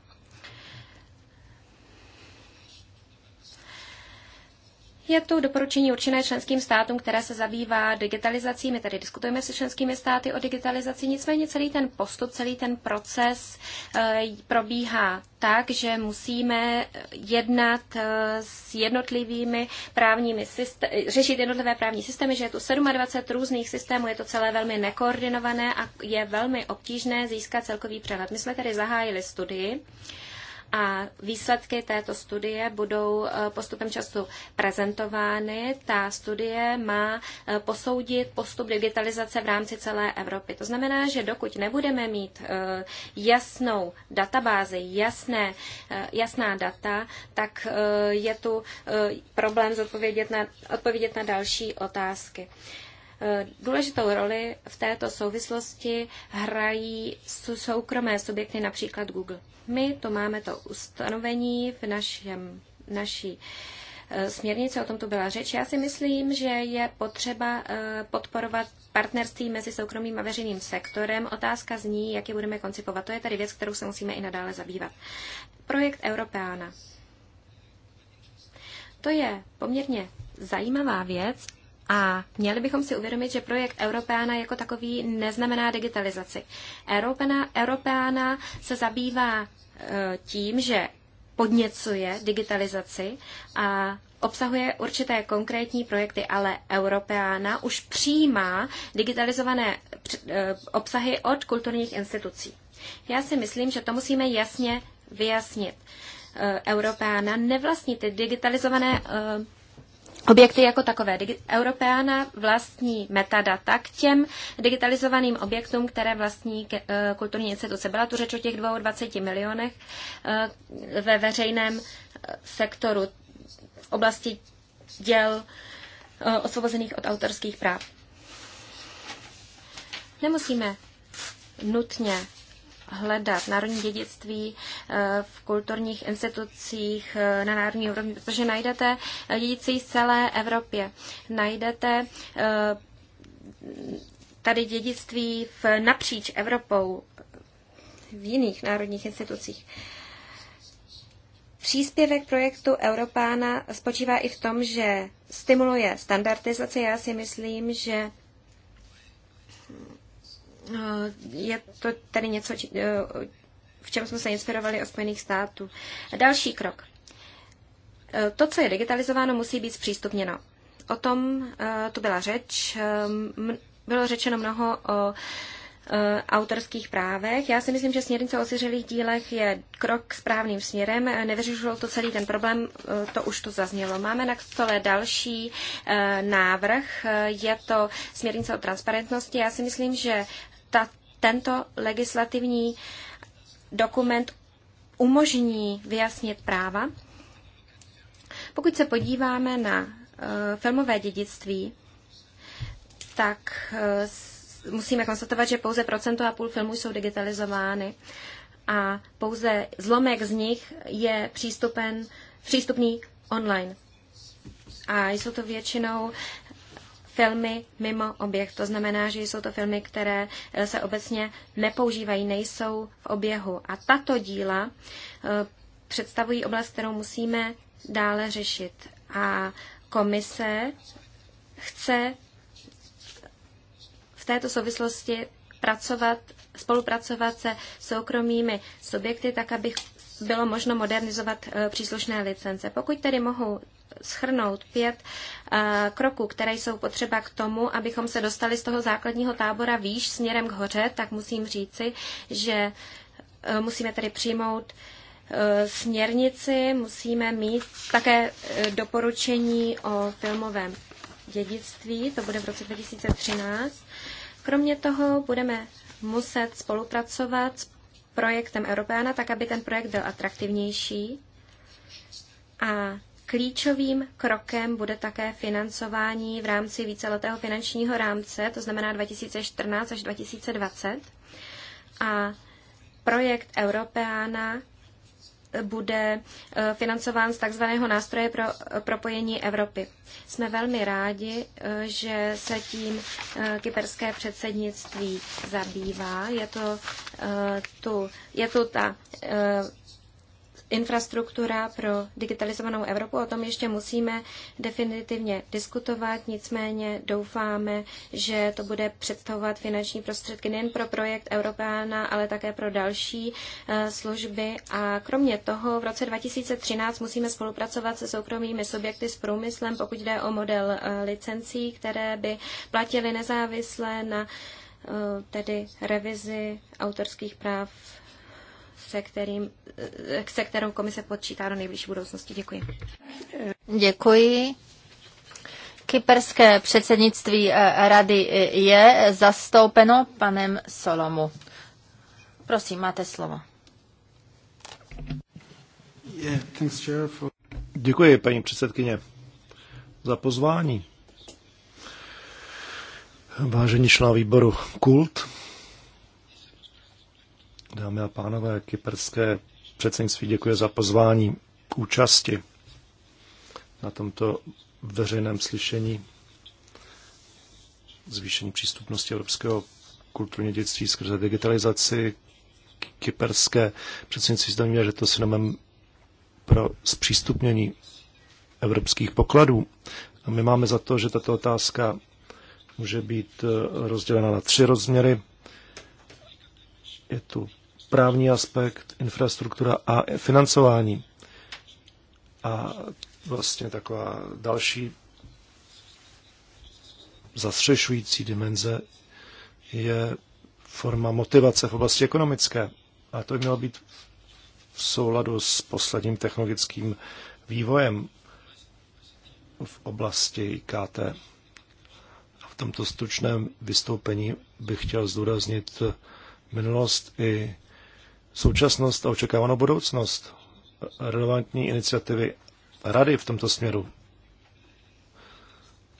S1: Je to doporučení určené členským státům, které se zabývá digitalizací. My tady diskutujeme se členskými státy o digitalizaci, nicméně celý ten postup, celý ten proces eh, probíhá tak, že musíme jednat eh, s jednotlivými právními systémy, řešit jednotlivé právní systémy, že je tu 27 různých systémů, je to celé velmi nekoordinované a je velmi obtížné získat celkový přehled. My jsme tady zahájili studii, a výsledky této studie budou eh, postupem času prezentovány. Ta studie má eh, posoudit postup digitalizace v rámci celé Evropy. To znamená, že dokud nebudeme mít eh, jasnou databázi, jasné, jasná data, tak je tu problém odpovědět na, odpovědět na další otázky. Eh, důležitou roli v této souvislosti hrají soukromé subjekty, například Google. My to máme to ustanovení v našem, naší eh, směrnice, o tom tu byla řeč. Já si myslím, že je potřeba eh, podporovat partnerství mezi soukromým a veřejným sektorem. Otázka zní, jak je budeme koncipovat. To je tady věc, kterou se musíme i nadále zabývat. Projekt Europeana. To je poměrně zajímavá věc a měli bychom si uvědomit, že projekt Europeana jako takový neznamená digitalizaci. Europeana, Europeana se zabývá e, tím, že podněcuje digitalizaci a obsahuje určité konkrétní projekty, ale Europeana už přijímá digitalizované e, obsahy od kulturních institucí. Já si myslím, že to musíme jasně vyjasnit. E, Europeana nevlastní ty digitalizované objekty jako takové. Europeana vlastní metadata k těm digitalizovaným objektům, které vlastní eh, kulturní instituce. Byla tu řeč o těch 22 milionech eh, ve veřejném eh, sektoru v oblasti děl osvobozených od autorských práv. Nemusíme nutně hledat národní dědictví eh, v kulturních institucích eh, na národní úrovni, protože najdete eh, dědictví z celé Evropě. Najdete tady dědictví v, napříč Evropou v jiných národních institucích. Příspěvek projektu Europána spočívá i v tom, že stimuluje standardizaci. Já si myslím, že Eh, je to tedy něco, eh, v čem jsme se inspirovali od Spojených států. Další krok. Eh, to, co je digitalizováno, musí být zpřístupněno. O tom tu byla řeč. Bylo řečeno mnoho o autorských právech. Já si myslím, že směrnice o osiřelých dílech je krok správným směrem. Nevyřešilo to celý ten problém, to už tu zaznělo. Máme na stole další návrh, je to směrnice o transparentnosti. Já si myslím, že ta, tento legislativní dokument umožní vyjasnit práva. Pokud se podíváme na eh, filmové dědictví, tak eh, musíme konstatovat, že pouze procento a půl filmů jsou digitalizovány a pouze zlomek z nich je přístupen, přístupný online. A jsou to většinou filmy mimo oběh. To znamená, že jsou to filmy, které eh, se obecně nepoužívají, nejsou v oběhu. A tato díla eh, představují oblast, kterou musíme dále řešit. A komise chce v této souvislosti pracovat, spolupracovat se soukromými subjekty, tak aby bylo možno modernizovat eh, příslušné licence. Pokud tedy mohu schrnout pět eh, kroků, které jsou potřeba k tomu, abychom se dostali z toho základního tábora výš směrem k hoře, tak musím říci, že eh, musíme tedy přijmout eh, směrnici, musíme mít také doporučení o filmovém dědictví, to bude v roce 2013. Kromě toho budeme muset spolupracovat s projektem Europeana, tak aby ten projekt byl atraktivnější. A Klíčovým krokem bude také financování v rámci víceletého finančního rámce, to znamená 2014 až 2020. A projekt Europeana bude eh, financován z takzvaného nástroje pro propojení Evropy. Jsme velmi rádi, eh, že se tím eh, kyperské předsednictví zabývá. Je to, tu, je to ta infrastruktura pro digitalizovanou Evropu. O tom ještě musíme definitivně diskutovat, nicméně doufáme, že to bude představovat finanční prostředky nejen pro projekt Europeana, ale také pro další eh, služby. A kromě toho v roce 2013 musíme spolupracovat se soukromými subjekty s průmyslem, pokud jde o model eh, licencí, které by platily nezávisle na eh, tedy revizi autorských práv se, kterým, se kterou komise počítá do nejbližší budoucnosti. Děkuji.
S2: Děkuji. Kyperské předsednictví eh, rady eh, je zastoupeno panem Solomu. Prosím, máte slovo.
S3: Děkuji, paní předsedkyně, za pozvání. Vážení členové výboru Kult, Dámy a pánové, kyperské předsednictví děkuje za pozvání k účasti na tomto veřejném slyšení zvýšení přístupnosti evropského kulturního dědictví skrze digitalizaci kyperské předsednictví zdaňuje, že to synonymem pro zpřístupnění evropských pokladů. A my máme za to, že tato otázka může být eh, rozdělena na tři rozměry. Je tu právní aspekt, infrastruktura a financování. A vlastně taková další zastřešující dimenze je forma motivace v oblasti ekonomické. A to by mělo být v souladu s posledním technologickým vývojem v oblasti KT. A v tomto stručném vystoupení bych chtěl zdůraznit minulost i současnost a očekávanou budoucnost relevantní iniciativy rady v tomto směru.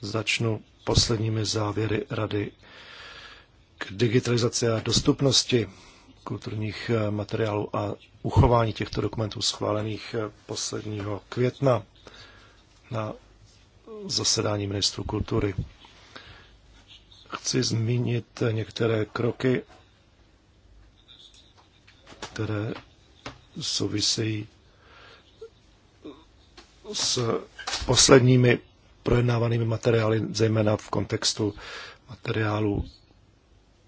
S3: Začnu posledními závěry rady k digitalizaci a dostupnosti kulturních eh, materiálů a uchování těchto dokumentů schválených eh, posledního května na zasedání ministru kultury. Chci zmínit eh, některé kroky které souvisejí s posledními projednávanými materiály, zejména v kontextu materiálu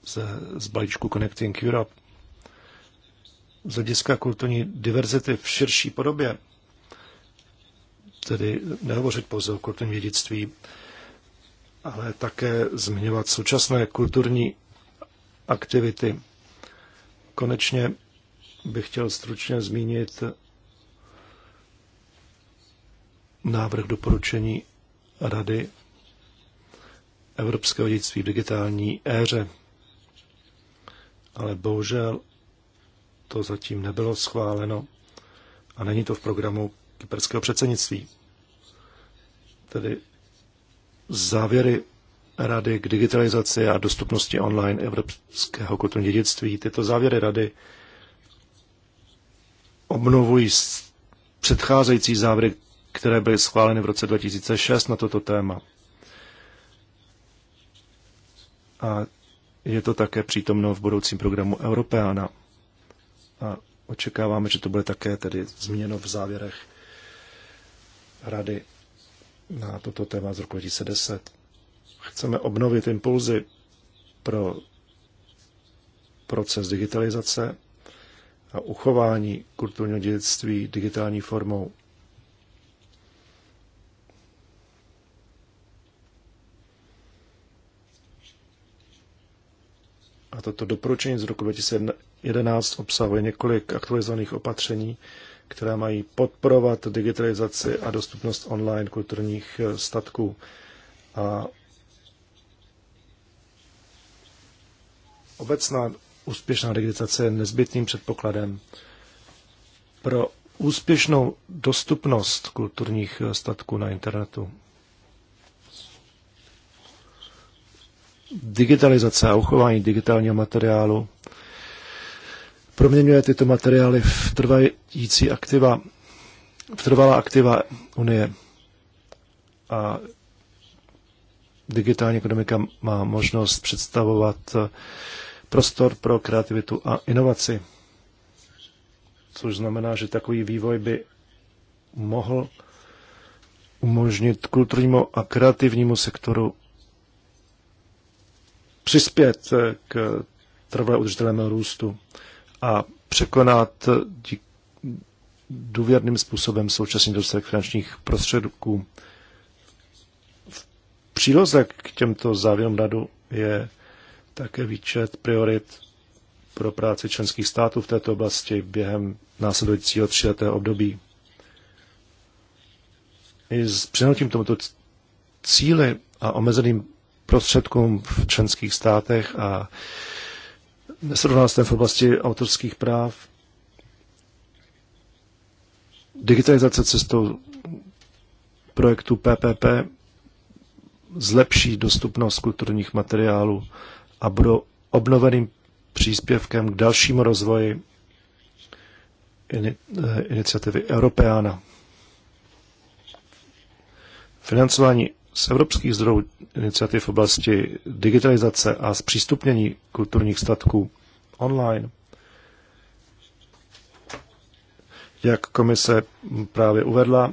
S3: ze, z balíčku Connecting Europe. Z hlediska kulturní diverzity v širší podobě, tedy nehovořit pouze o kulturním dědictví, ale také zmiňovat současné kulturní aktivity. Konečně bych chtěl stručně zmínit návrh doporučení Rady Evropského dědictví v digitální éře. Ale bohužel to zatím nebylo schváleno a není to v programu kyperského předsednictví. Tedy závěry Rady k digitalizaci a dostupnosti online evropského kulturního dědictví. Tyto závěry Rady obnovují předcházející závěry, které byly schváleny v roce 2006 na toto téma. A je to také přítomno v budoucím programu Europeana. A očekáváme, že to bude také tedy změno v závěrech rady na toto téma z roku 2010. Chceme obnovit impulzy pro proces digitalizace a uchování kulturního dědictví digitální formou. A toto doporučení z roku 2011 obsahuje několik aktualizovaných opatření, která mají podporovat digitalizaci a dostupnost online kulturních eh, statků. A obecná úspěšná digitalizace je nezbytným předpokladem pro úspěšnou dostupnost kulturních statků na internetu. Digitalizace a uchování digitálního materiálu proměňuje tyto materiály v trvající aktiva, v trvalá aktiva Unie. A digitální ekonomika má možnost představovat prostor pro kreativitu a inovaci. Což znamená, že takový vývoj by mohl umožnit kulturnímu a kreativnímu sektoru přispět k trvalé udržitelnému růstu a překonat důvěrným způsobem současný dostatek finančních prostředků. V příloze k těmto závěrům radu je také výčet priorit pro práci členských států v této oblasti během následujícího tříletého období. I s přinutím tomuto cíli a omezeným prostředkům v členských státech a nesrovnalostem v oblasti autorských práv, digitalizace cestou projektu PPP zlepší dostupnost kulturních materiálů a budou obnoveným příspěvkem k dalšímu rozvoji eh, iniciativy Europeana. Financování z evropských zdrojů iniciativ v oblasti digitalizace a zpřístupnění kulturních statků online, jak komise právě uvedla,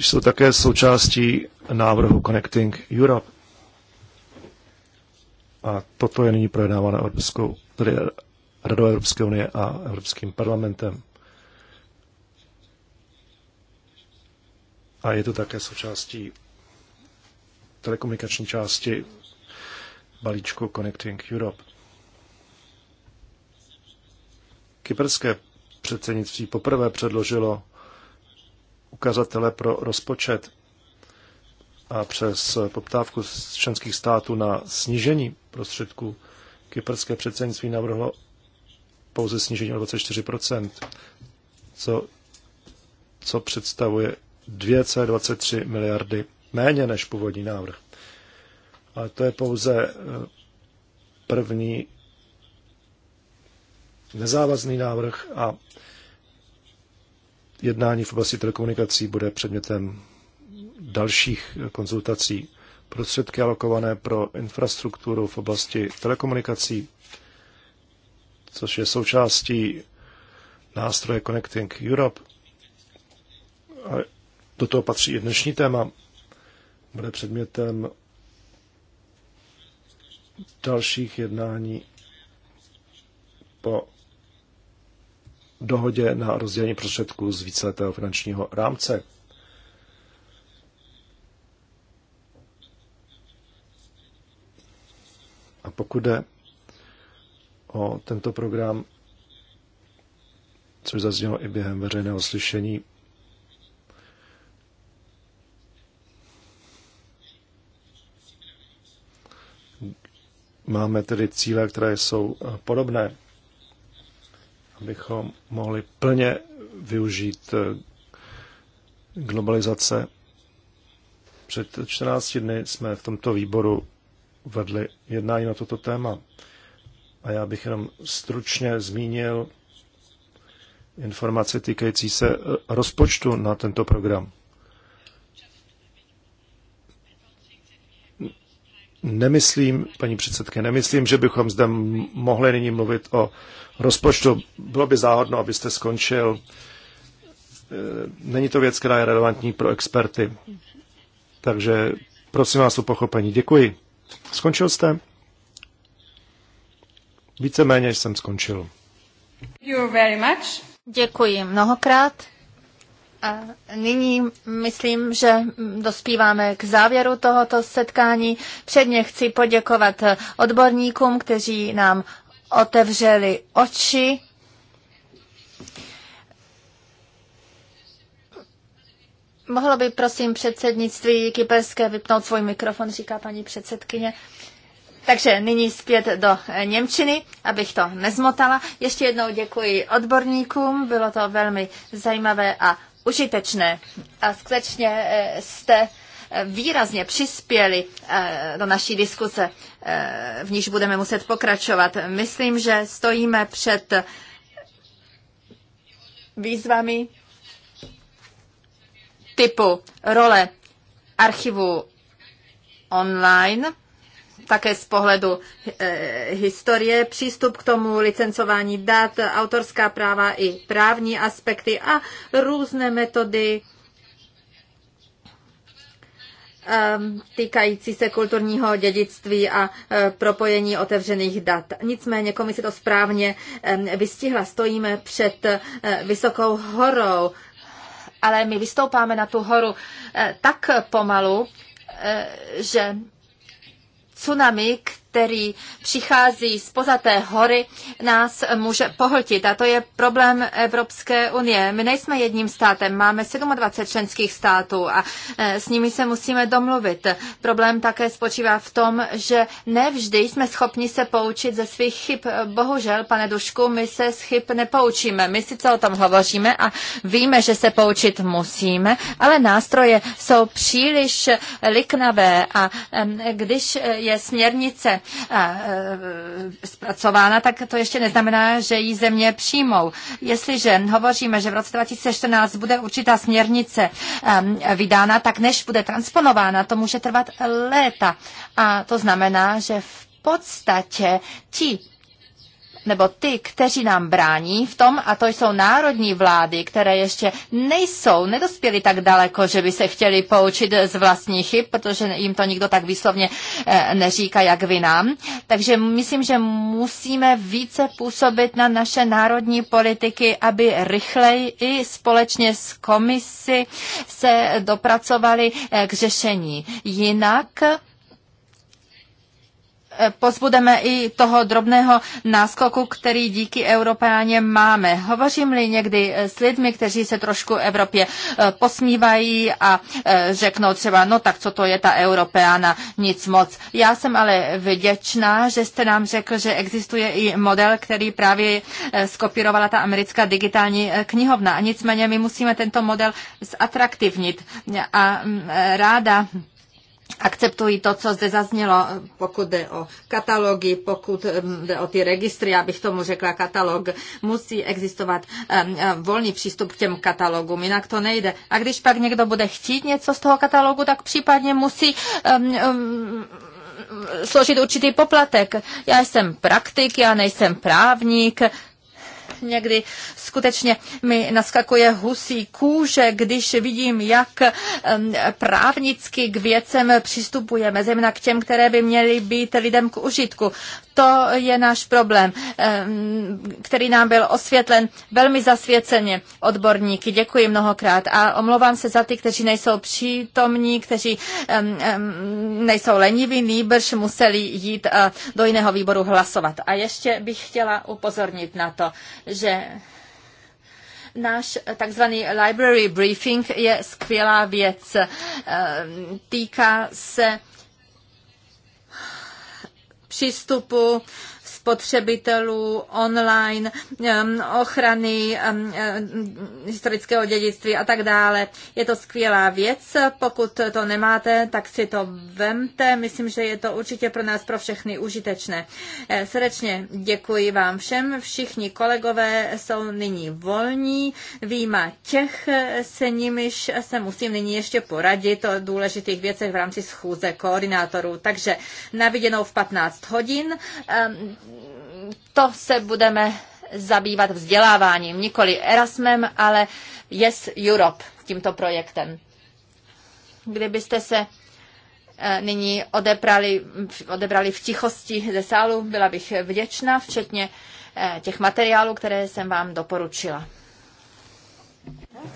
S3: jsou také součástí návrhu Connecting Europe. A toto je nyní projednáváno Evropskou, tedy Radou Evropské unie a Evropským parlamentem. A je to také součástí telekomunikační části balíčku Connecting Europe. Kyperské předsednictví poprvé předložilo ukazatele pro rozpočet a přes poptávku z členských států na snížení prostředků kyperské předsednictví navrhlo pouze snížení o 24%, co, co představuje 2,23 miliardy méně než původní návrh. Ale to je pouze eh, první nezávazný návrh a jednání v oblasti telekomunikací bude předmětem dalších konzultací. Prostředky alokované pro infrastrukturu v oblasti telekomunikací, což je součástí nástroje Connecting Europe. A do toho patří i dnešní téma. Bude předmětem dalších jednání po dohodě na rozdělení prostředků z víceletého finančního rámce. A pokud jde o tento program, což zaznělo i během veřejného slyšení, máme tedy cíle, které jsou podobné, abychom mohli plně využít eh, globalizace. Před 14 dny jsme v tomto výboru vedli jednání na toto téma. A já bych jenom stručně zmínil informace týkající se eh, rozpočtu na tento program. Nemyslím, paní předsedky, nemyslím, že bychom zde mohli nyní mluvit o rozpočtu. Bylo by záhodno, abyste skončil. Eh, není to věc, která je relevantní pro experty. Takže prosím vás o pochopení. Děkuji. Skončil jste? Víceméně jsem skončil.
S2: Děkuji mnohokrát. A nyní myslím, že dospíváme k závěru tohoto setkání. Předně chci poděkovat odborníkům, kteří nám otevřeli oči Mohlo by prosím předsednictví kyperské vypnout svůj mikrofon, říká paní předsedkyně. Takže nyní zpět do Němčiny, abych to nezmotala. Ještě jednou děkuji odborníkům, bylo to velmi zajímavé a užitečné. A skutečně eh, jste eh, výrazně přispěli eh, do naší diskuse, v níž budeme muset pokračovat. Myslím, že stojíme před výzvami, typu role archivu online, také z pohledu e, historie, přístup k tomu licencování dat, autorská práva i právní aspekty a různé metody ehm, týkající se kulturního dědictví a eh, propojení otevřených dat. Nicméně komise to správně ehm, vystihla. Stojíme před eh, vysokou horou ale my vystoupáme na tu horu eh, tak pomalu, eh, že tsunami, který přichází z pozaté hory, nás může pohltit. A to je problém Evropské unie. My nejsme jedním státem, máme 27 členských států a e, s nimi se musíme domluvit. Problém také spočívá v tom, že nevždy jsme schopni se poučit ze svých chyb. Bohužel, pane Dušku, my se z chyb nepoučíme. My sice o tom hovoříme a víme, že se poučit musíme, ale nástroje jsou příliš liknavé a když je směrnice E, zpracována, tak to ještě neznamená, že ji země přijmou. Jestliže hovoříme, že v roce 2014 bude určitá směrnice vydána, tak než bude transponována, to může trvat léta. A to znamená, že v podstatě ti nebo ty, kteří nám brání v tom, a to jsou národní vlády, které ještě nejsou, nedospěly tak daleko, že by se chtěli poučit z vlastní chyb, protože jim to nikdo tak výslovně eh, neříká, jak vy nám. Takže myslím, že musíme více působit na naše národní politiky, aby rychleji i společně s komisi se dopracovali eh, k řešení. Jinak Eh, pozbudeme i toho drobného náskoku, který díky Evropáně máme. Hovořím-li někdy eh, s lidmi, kteří se trošku Evropě eh, posmívají a řeknou třeba, no tak co to je ta Europeana, nic moc. Já jsem ale vděčná, že jste nám řekl, že existuje i model, který právě skopírovala ta americká digitální knihovna. A Nicméně my musíme tento model zatraktivnit a mm, ráda akceptují to, co zde zaznělo, pokud jde o katalogy, pokud mm, jde o ty registry, já bych tomu řekla katalog, musí existovat mm, mm, volný přístup k těm katalogům, jinak to nejde. A když pak někdo bude chtít něco z toho katalogu, tak případně musí um, um, složit určitý poplatek. Já jsem praktik, já nejsem právník, Někdy skutečně mi naskakuje husí kůže, když vidím, jak právnicky k věcem přistupujeme, zejména k těm, které by měly být lidem k užitku. To je náš problém, který nám byl osvětlen velmi zasvěceně odborníky. Děkuji mnohokrát a omlouvám se za ty, kteří nejsou přítomní, kteří nejsou leniví, nýbrž museli jít eh, do jiného výboru hlasovat. A ještě bych chtěla upozornit na to, že náš takzvaný library briefing je skvělá věc. Eh, týká se přístupu spotřebitelů, online, um, ochrany um, uh, historického dědictví a tak dále. Je to skvělá věc, pokud to nemáte, tak si to vemte. Myslím, že je to určitě pro nás pro všechny užitečné. Eh, srdečně děkuji vám všem. Všichni kolegové jsou nyní volní, výjima těch, eh, se nimiž se musím nyní ještě poradit o důležitých věcech v rámci schůze koordinátorů. Takže naviděnou v 15 hodin. Ehm, to se budeme zabývat vzděláváním, nikoli Erasmem, ale Yes Europe, tímto projektem. Kdybyste se eh, nyní odebrali, odebrali v tichosti ze sálu, byla bych vděčná, včetně eh, těch materiálů, které jsem vám doporučila.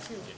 S3: Thank you.